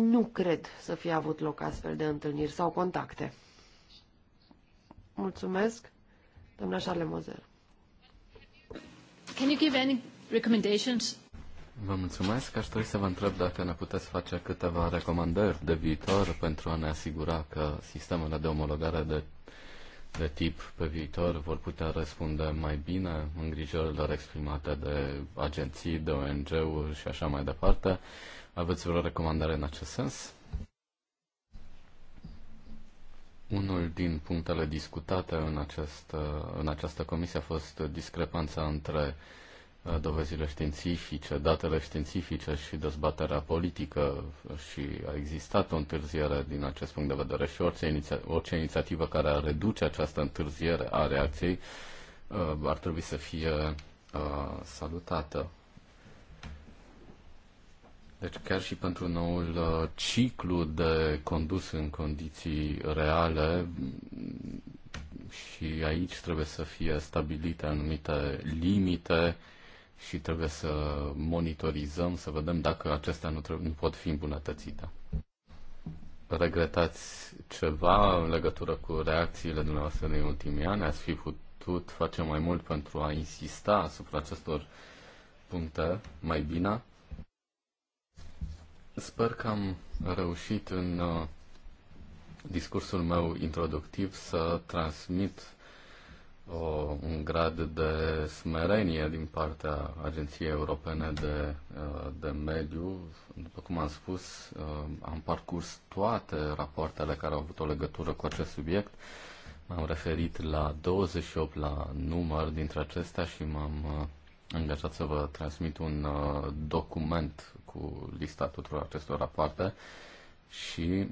Nu cred să fie avut loc astfel de întâlniri sau contacte. Mulțumesc, doamna Charles Mozer. Can you give any recommendations Vă mulțumesc. Aș trebui să vă întreb dacă ne puteți face câteva recomandări de viitor pentru a ne asigura că sistemele de omologare de, de tip pe viitor vor putea răspunde mai bine îngrijorilor exprimate de agenții, de ONG-uri și așa mai departe. Aveți vreo recomandare în acest sens? Unul din punctele discutate în, acest, în această comisie a fost discrepanța între uh, Uh, dovezile științifice, datele științifice și dezbaterea politică și a existat o întârziere din acest punct de vedere și orice, iniția- orice inițiativă care ar reduce această întârziere a reacției uh, ar trebui să fie uh, salutată. Deci chiar și pentru noul ciclu de condus în condiții reale și aici trebuie să fie stabilite anumite limite și trebuie să monitorizăm, să vedem dacă acestea nu, trebuie, nu pot fi îmbunătățite. Regretați ceva în legătură cu reacțiile dumneavoastră din ultimii ani? Ați fi putut face mai mult pentru a insista asupra acestor puncte mai bine? Sper că am reușit în uh, discursul meu introductiv să transmit o, un grad de smerenie din partea Agenției Europene de, de Mediu. După cum am spus, am parcurs toate rapoartele care au avut o legătură cu acest subiect. M-am referit la 28 la număr dintre acestea și m-am angajat să vă transmit un document cu lista tuturor acestor rapoarte și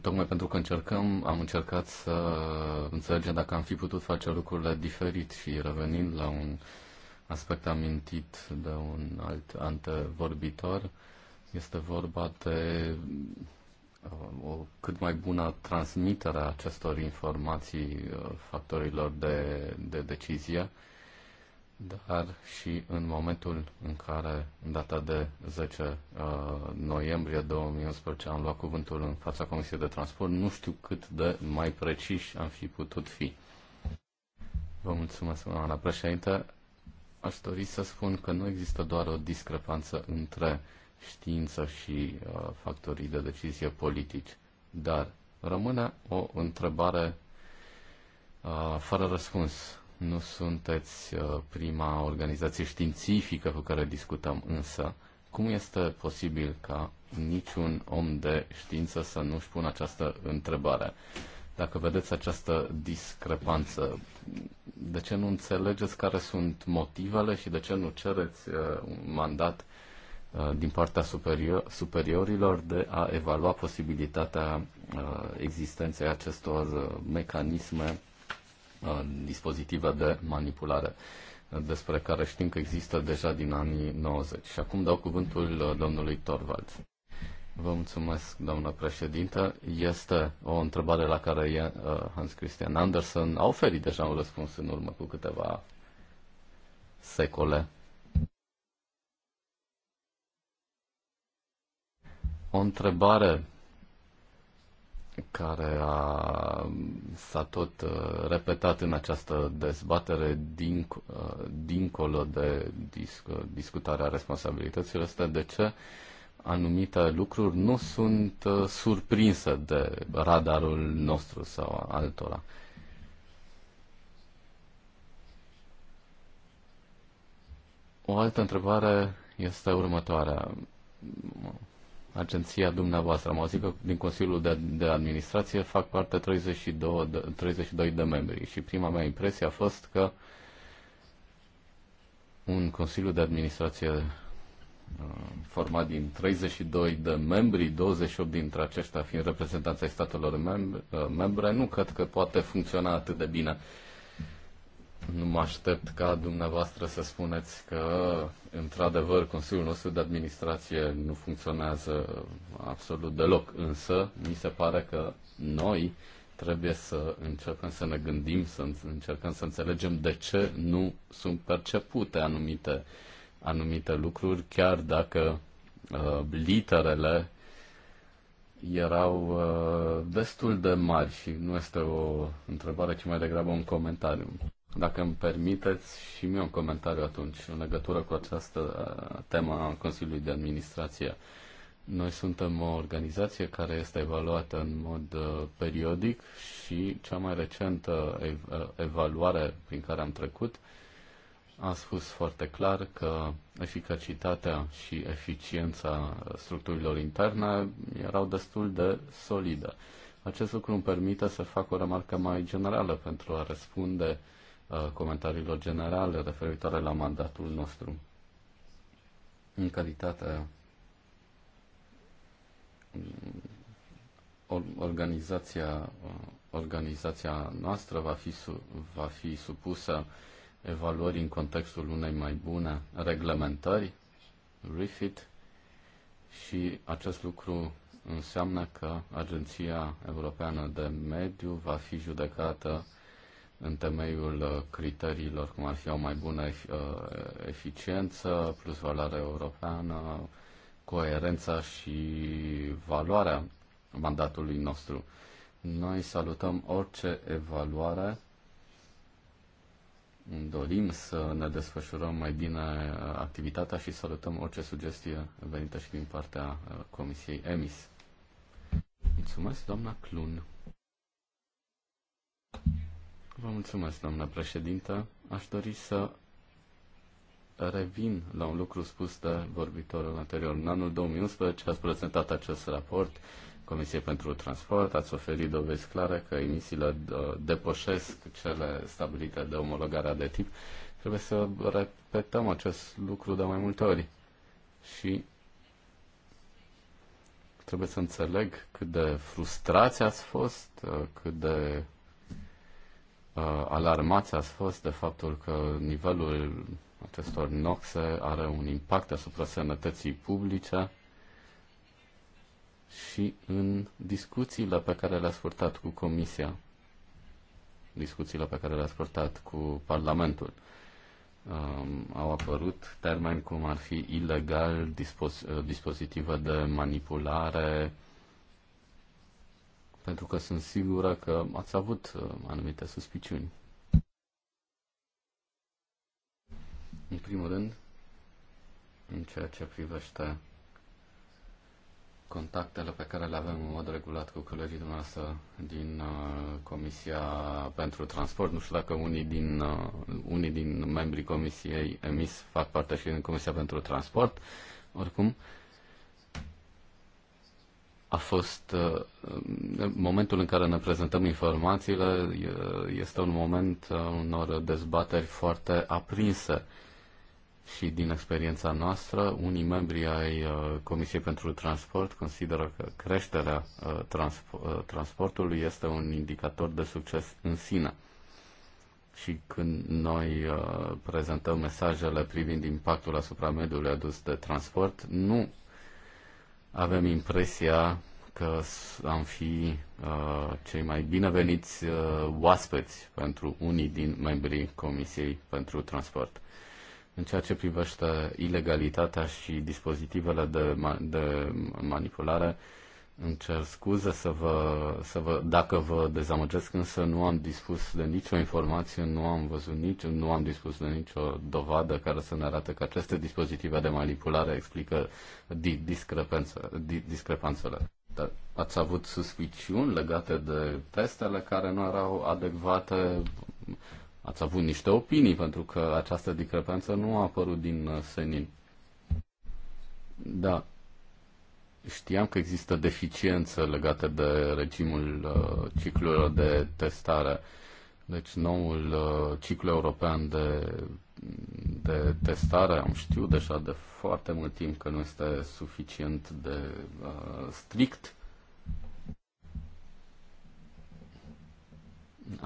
Tocmai pentru că încercăm, am încercat să înțelegem dacă am fi putut face lucrurile diferit și revenind la un aspect amintit de un alt antevorbitor, este vorba de uh, o cât mai bună transmitere a acestor informații uh, factorilor de, de decizie da. dar și în momentul în care, în data de 10 uh, noiembrie 2011, am luat cuvântul în fața Comisiei de Transport, nu știu cât de mai preciși am fi putut fi. Vă mulțumesc, doamna președinte. Aș dori să spun că nu există doar o discrepanță între știință și uh, factorii de decizie politici, dar rămâne o întrebare uh, fără răspuns nu sunteți uh, prima organizație științifică cu care discutăm, însă cum este posibil ca niciun om de știință să nu-și pună această întrebare? Dacă vedeți această discrepanță, de ce nu înțelegeți care sunt motivele și de ce nu cereți uh, un mandat uh, din partea superior, superiorilor de a evalua posibilitatea existenței acestor mecanisme Uh, dispozitive de manipulare uh, despre care știm că există deja din anii 90. Și acum dau cuvântul uh, domnului Torvald. Vă mulțumesc, doamnă președintă. Este o întrebare la care Hans Christian Andersen a oferit deja un răspuns în urmă cu câteva secole. O întrebare care a, s-a tot uh, repetat în această dezbatere din, uh, dincolo de disc, discutarea responsabilităților este de ce anumite lucruri nu sunt uh, surprinse de radarul nostru sau altora. O altă întrebare este următoarea agenția dumneavoastră. Am auzit că din Consiliul de, de Administrație fac parte 32 de, 32 de membri și prima mea impresie a fost că un Consiliu de Administrație uh, format din 32 de membri, 28 dintre aceștia fiind reprezentanța statelor membre, uh, membre, nu cred că poate funcționa atât de bine. Nu mă aștept ca dumneavoastră să spuneți că, într-adevăr, Consiliul nostru de administrație nu funcționează absolut deloc, însă mi se pare că noi trebuie să încercăm să ne gândim, să încercăm să înțelegem de ce nu sunt percepute anumite, anumite lucruri, chiar dacă uh, literele erau uh, destul de mari și nu este o întrebare, ci mai degrabă un comentariu. Dacă îmi permiteți și mie un comentariu atunci în legătură cu această uh, temă a Consiliului de Administrație. Noi suntem o organizație care este evaluată în mod uh, periodic și cea mai recentă uh, evaluare prin care am trecut a spus foarte clar că eficacitatea și eficiența structurilor interne erau destul de solide. Acest lucru îmi permite să fac o remarcă mai generală pentru a răspunde uh, Uh, comentariilor generale referitoare la mandatul nostru. În calitatea um, organizația, uh, organizația noastră va fi, va fi supusă evaluării în contextul unei mai bune reglementări, REFIT, și acest lucru înseamnă că Agenția Europeană de Mediu va fi judecată în temeiul uh, criteriilor, cum ar fi o mai bună uh, eficiență, plus valoare europeană, coerența și valoarea mandatului nostru. Noi salutăm orice evaluare, dorim să ne desfășurăm mai bine uh, activitatea și salutăm orice sugestie venită și din partea Comisiei EMIS. Mulțumesc, doamna Clun. Vă mulțumesc, doamna președintă. Aș dori să revin la un lucru spus de vorbitorul anterior. În anul 2011 ați prezentat acest raport Comisiei pentru Transport, ați oferit dovezi clare că emisiile uh, depășesc cele stabilite de omologarea de tip. Trebuie să repetăm acest lucru de mai multe ori și trebuie să înțeleg cât de frustrați ați fost, uh, cât de Uh, alarmați ați fost de faptul că nivelul acestor noxe are un impact asupra sănătății publice și în discuțiile pe care le-ați purtat cu Comisia, discuțiile pe care le-ați purtat cu Parlamentul, um, au apărut termeni cum ar fi ilegal, dispoz- uh, dispozitivă de manipulare, pentru că sunt sigură că ați avut uh, anumite suspiciuni. În primul rând, în ceea ce privește contactele pe care le avem în mod regulat cu colegii dumneavoastră din uh, Comisia pentru Transport. Nu știu dacă unii din, uh, unii din membrii Comisiei emis fac parte și din Comisia pentru Transport. Oricum, a fost uh, momentul în care ne prezentăm informațiile este un moment uh, unor dezbateri foarte aprinse și din experiența noastră, unii membri ai uh, Comisiei pentru Transport consideră că creșterea transportului este un indicator de succes în sine. Și când noi prezentăm mesajele privind impactul asupra mediului adus de transport, nu avem impresia că am fi uh, cei mai bineveniți uh, oaspeți pentru unii din membrii Comisiei pentru Transport. În ceea ce privește ilegalitatea și dispozitivele de, ma- de manipulare, uh, îmi cer scuze să vă, să vă, dacă vă dezamăgesc, însă nu am dispus de nicio informație, nu am văzut nici, nu am dispus de nicio dovadă care să ne arate că aceste dispozitive de manipulare explică di- di- discrepanțele. Dar ați avut suspiciuni legate de testele care nu erau adecvate? Ați avut niște opinii pentru că această discrepanță nu a apărut din senin. Da, Știam că există deficiențe legate de regimul uh, ciclurilor de testare. Deci noul uh, ciclu european de, de testare, am știut deja de foarte mult timp că nu este suficient de uh, strict.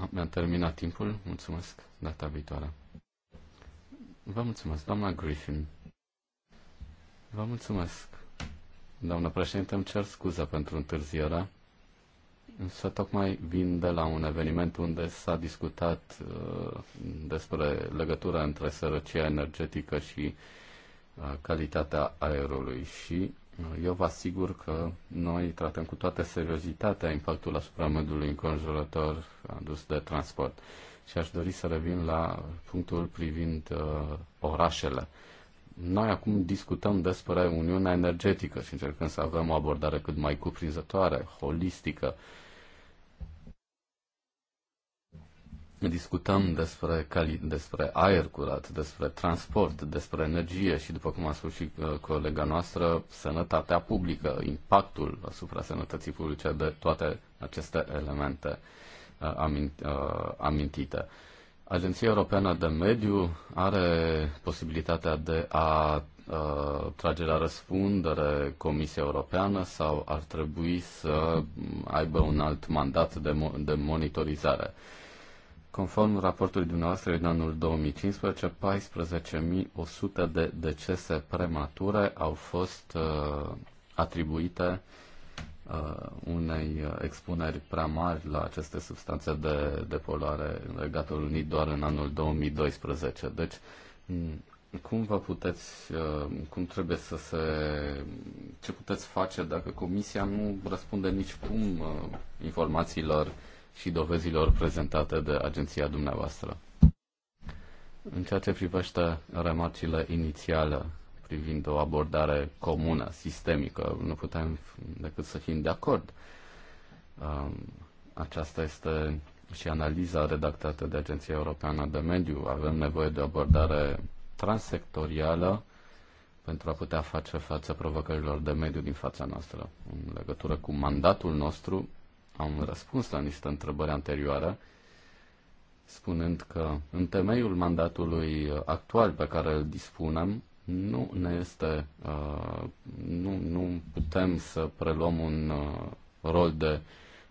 Mi-a terminat timpul. Mulțumesc. Data viitoare. Vă mulțumesc, doamna Griffin. Vă mulțumesc. Doamnă președinte, îmi cer scuze pentru întârzierea. însă tocmai vin de la un eveniment unde s-a discutat uh, despre legătura între sărăcia energetică și uh, calitatea aerului și uh, eu vă asigur că noi tratăm cu toată seriozitatea impactul asupra mediului înconjurător adus de transport. Și aș dori să revin la punctul privind uh, orașele. Uh, noi acum discutăm despre Uniunea Energetică și încercăm să avem o abordare cât mai cuprinzătoare, holistică. Discutăm despre, cali- despre aer curat, despre transport, despre energie și, după cum a spus și uh, colega noastră, sănătatea publică, impactul asupra sănătății publice de toate aceste elemente uh, uh, amintite Agenția Europeană de Mediu are posibilitatea de a trage la răspundere Comisia Europeană sau ar trebui să aibă un alt mandat de, mo- de monitorizare. Conform raportului dumneavoastră din anul 2015, 14.100 de decese premature au fost uh, atribuite uh, Uh, unei uh, expuneri prea mari la aceste substanțe de, de poluare în Regatul Unit doar în anul 2012. Deci, cum vă puteți, uh, cum trebuie să se, ce puteți face dacă Comisia nu răspunde nici cum informațiilor și dovezilor prezentate de agenția dumneavoastră? În ceea ce privește remarcile inițiale privind o abordare comună, sistemică. Nu putem decât să fim de acord. Um, aceasta este și analiza redactată de Agenția Europeană de Mediu. Avem nevoie de o abordare transsectorială pentru a putea face față provocărilor de mediu din fața noastră. În legătură cu mandatul nostru, am răspuns la niște întrebări anterioare, spunând că în temeiul mandatului actual pe care îl dispunem, nu ne este, uh, nu, nu putem să preluăm un uh, rol de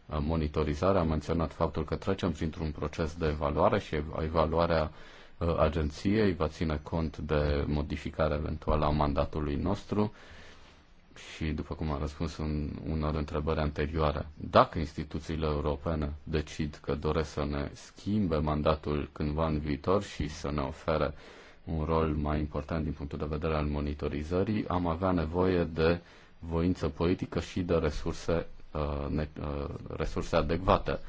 uh, monitorizare. Am menționat faptul că trecem printr-un proces de evaluare și evaluarea agenției va ține cont de modificarea eventuală a mandatului nostru și, după cum am răspuns în unor întrebări anterioare, dacă instituțiile europene decid că doresc să ne schimbe mandatul cândva în viitor și să ne ofere uh, un rol mai important din punctul de vedere al monitorizării, am avea nevoie de voință politică și de resurse, uh, ne, uh, resurse adecvate.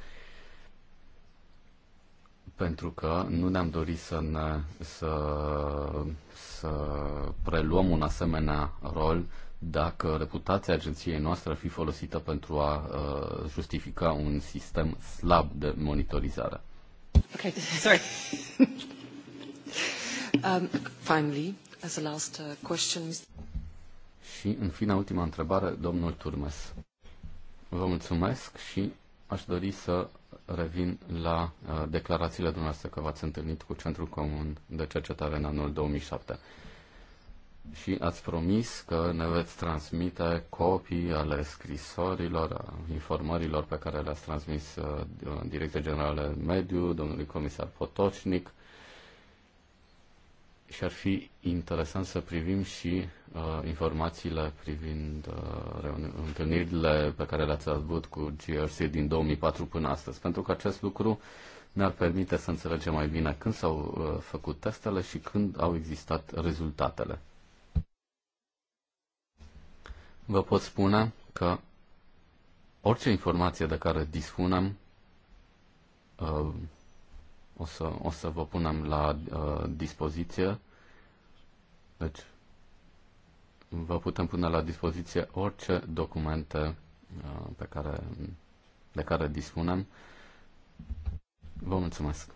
Pentru că nu ne-am dorit să, ne, să, să preluăm un asemenea rol dacă reputația agenției noastre ar fi folosită pentru a uh, justifica un sistem slab de monitorizare. Okay, sorry. *laughs* Um, finally, as a last uh, question, Și, în fine, ultima întrebare, domnul Turmes. Vă mulțumesc și aș dori să revin la uh, declarațiile dumneavoastră că v-ați întâlnit cu Centrul Comun de Cercetare în anul 2007 și ați promis că ne veți transmite copii ale scrisorilor, informărilor pe care le-ați transmis uh, Direcția Generală Mediu, domnului comisar Potocnic și ar fi interesant să privim și uh, informațiile privind uh, întâlnirile pe care le-ați avut cu GRC din 2004 până astăzi, pentru că acest lucru ne-ar permite să înțelegem mai bine când s-au uh, făcut testele și când au existat rezultatele. Vă pot spune că orice informație de care dispunem uh, o să, o să vă punem la uh, dispoziție. Deci, vă putem pune la dispoziție orice documente uh, pe care, de care dispunem. Vă mulțumesc.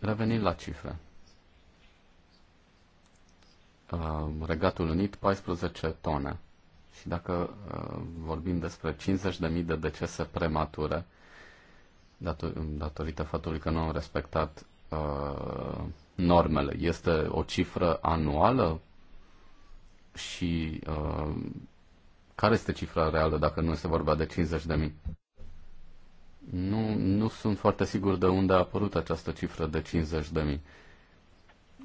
Revenim la cifre. Uh, Regatul Unit 14 tone. Și dacă uh, vorbim despre 50.000 de decese premature, uh, dator, datorită faptului că nu au respectat uh, normele. Este o cifră anuală și uh, care este cifra reală dacă nu este vorba de 50 de mii? Nu, nu sunt foarte sigur de unde a apărut această cifră de 50 de mii.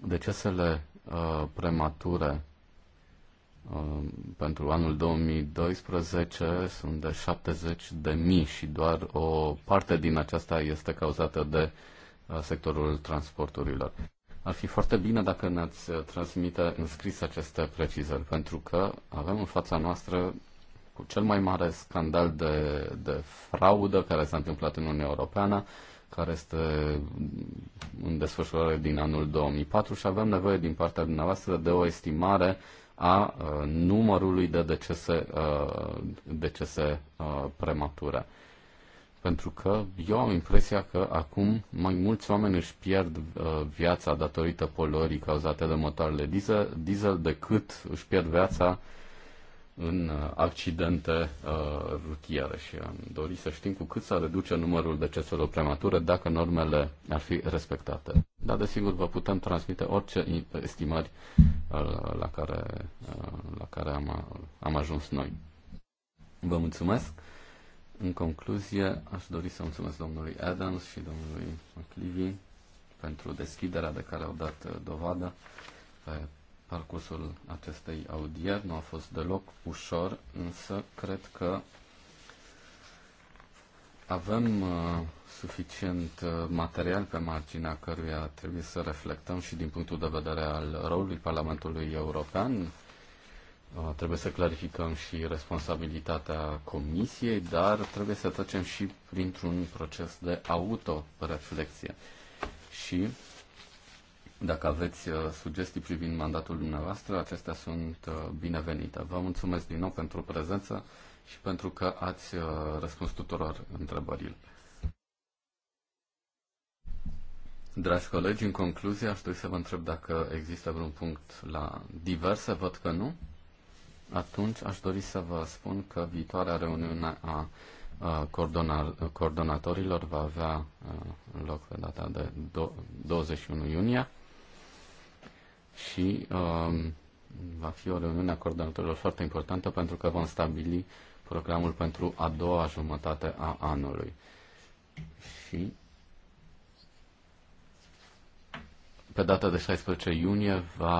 Decesele uh, premature Um, pentru anul 2012 sunt de 70 de mii și doar o parte din aceasta este cauzată de uh, sectorul transporturilor. Ar fi foarte bine dacă ne-ați uh, transmite în scris aceste precizări, pentru că avem în fața noastră cu cel mai mare scandal de, de fraudă care s-a întâmplat în Uniunea Europeană, care este în desfășurare din anul 2004 și avem nevoie din partea dumneavoastră de o estimare a uh, numărului de decese, uh, decese uh, premature. Pentru că eu am impresia că acum mai mulți oameni își pierd viața datorită poluării cauzate de motoarele diesel, decât își pierd viața în uh, accidente uh, rutiere și am dorit să știm cu cât s-ar reduce numărul deceselor premature dacă normele ar fi respectate. Dar, desigur, vă putem transmite orice estimări uh, la care, la care am, am ajuns noi. Vă mulțumesc! În concluzie, aș dori să mulțumesc domnului Adams și domnului McLivy pentru deschiderea de care au dat dovadă pe parcursul acestei audieri. Nu a fost deloc ușor, însă cred că avem uh, suficient uh, material pe marginea căruia trebuie să reflectăm și din punctul de vedere al rolului Parlamentului European. Uh, trebuie să clarificăm și responsabilitatea Comisiei, dar trebuie să trecem și printr-un proces de autoreflexie. Și dacă aveți uh, sugestii privind mandatul dumneavoastră, acestea sunt uh, binevenite. Vă mulțumesc din nou pentru prezență și pentru că ați uh, răspuns tuturor întrebările. Dragi colegi, în concluzie, aș dori să vă întreb dacă există vreun punct la diverse, văd că nu. Atunci aș dori să vă spun că viitoarea reuniune a coordonatorilor va avea loc pe data de 21 iunie și um, va fi o reuniune a coordonatorilor foarte importantă pentru că vom stabili programul pentru a doua jumătate a anului. Și pe data de 16 iunie va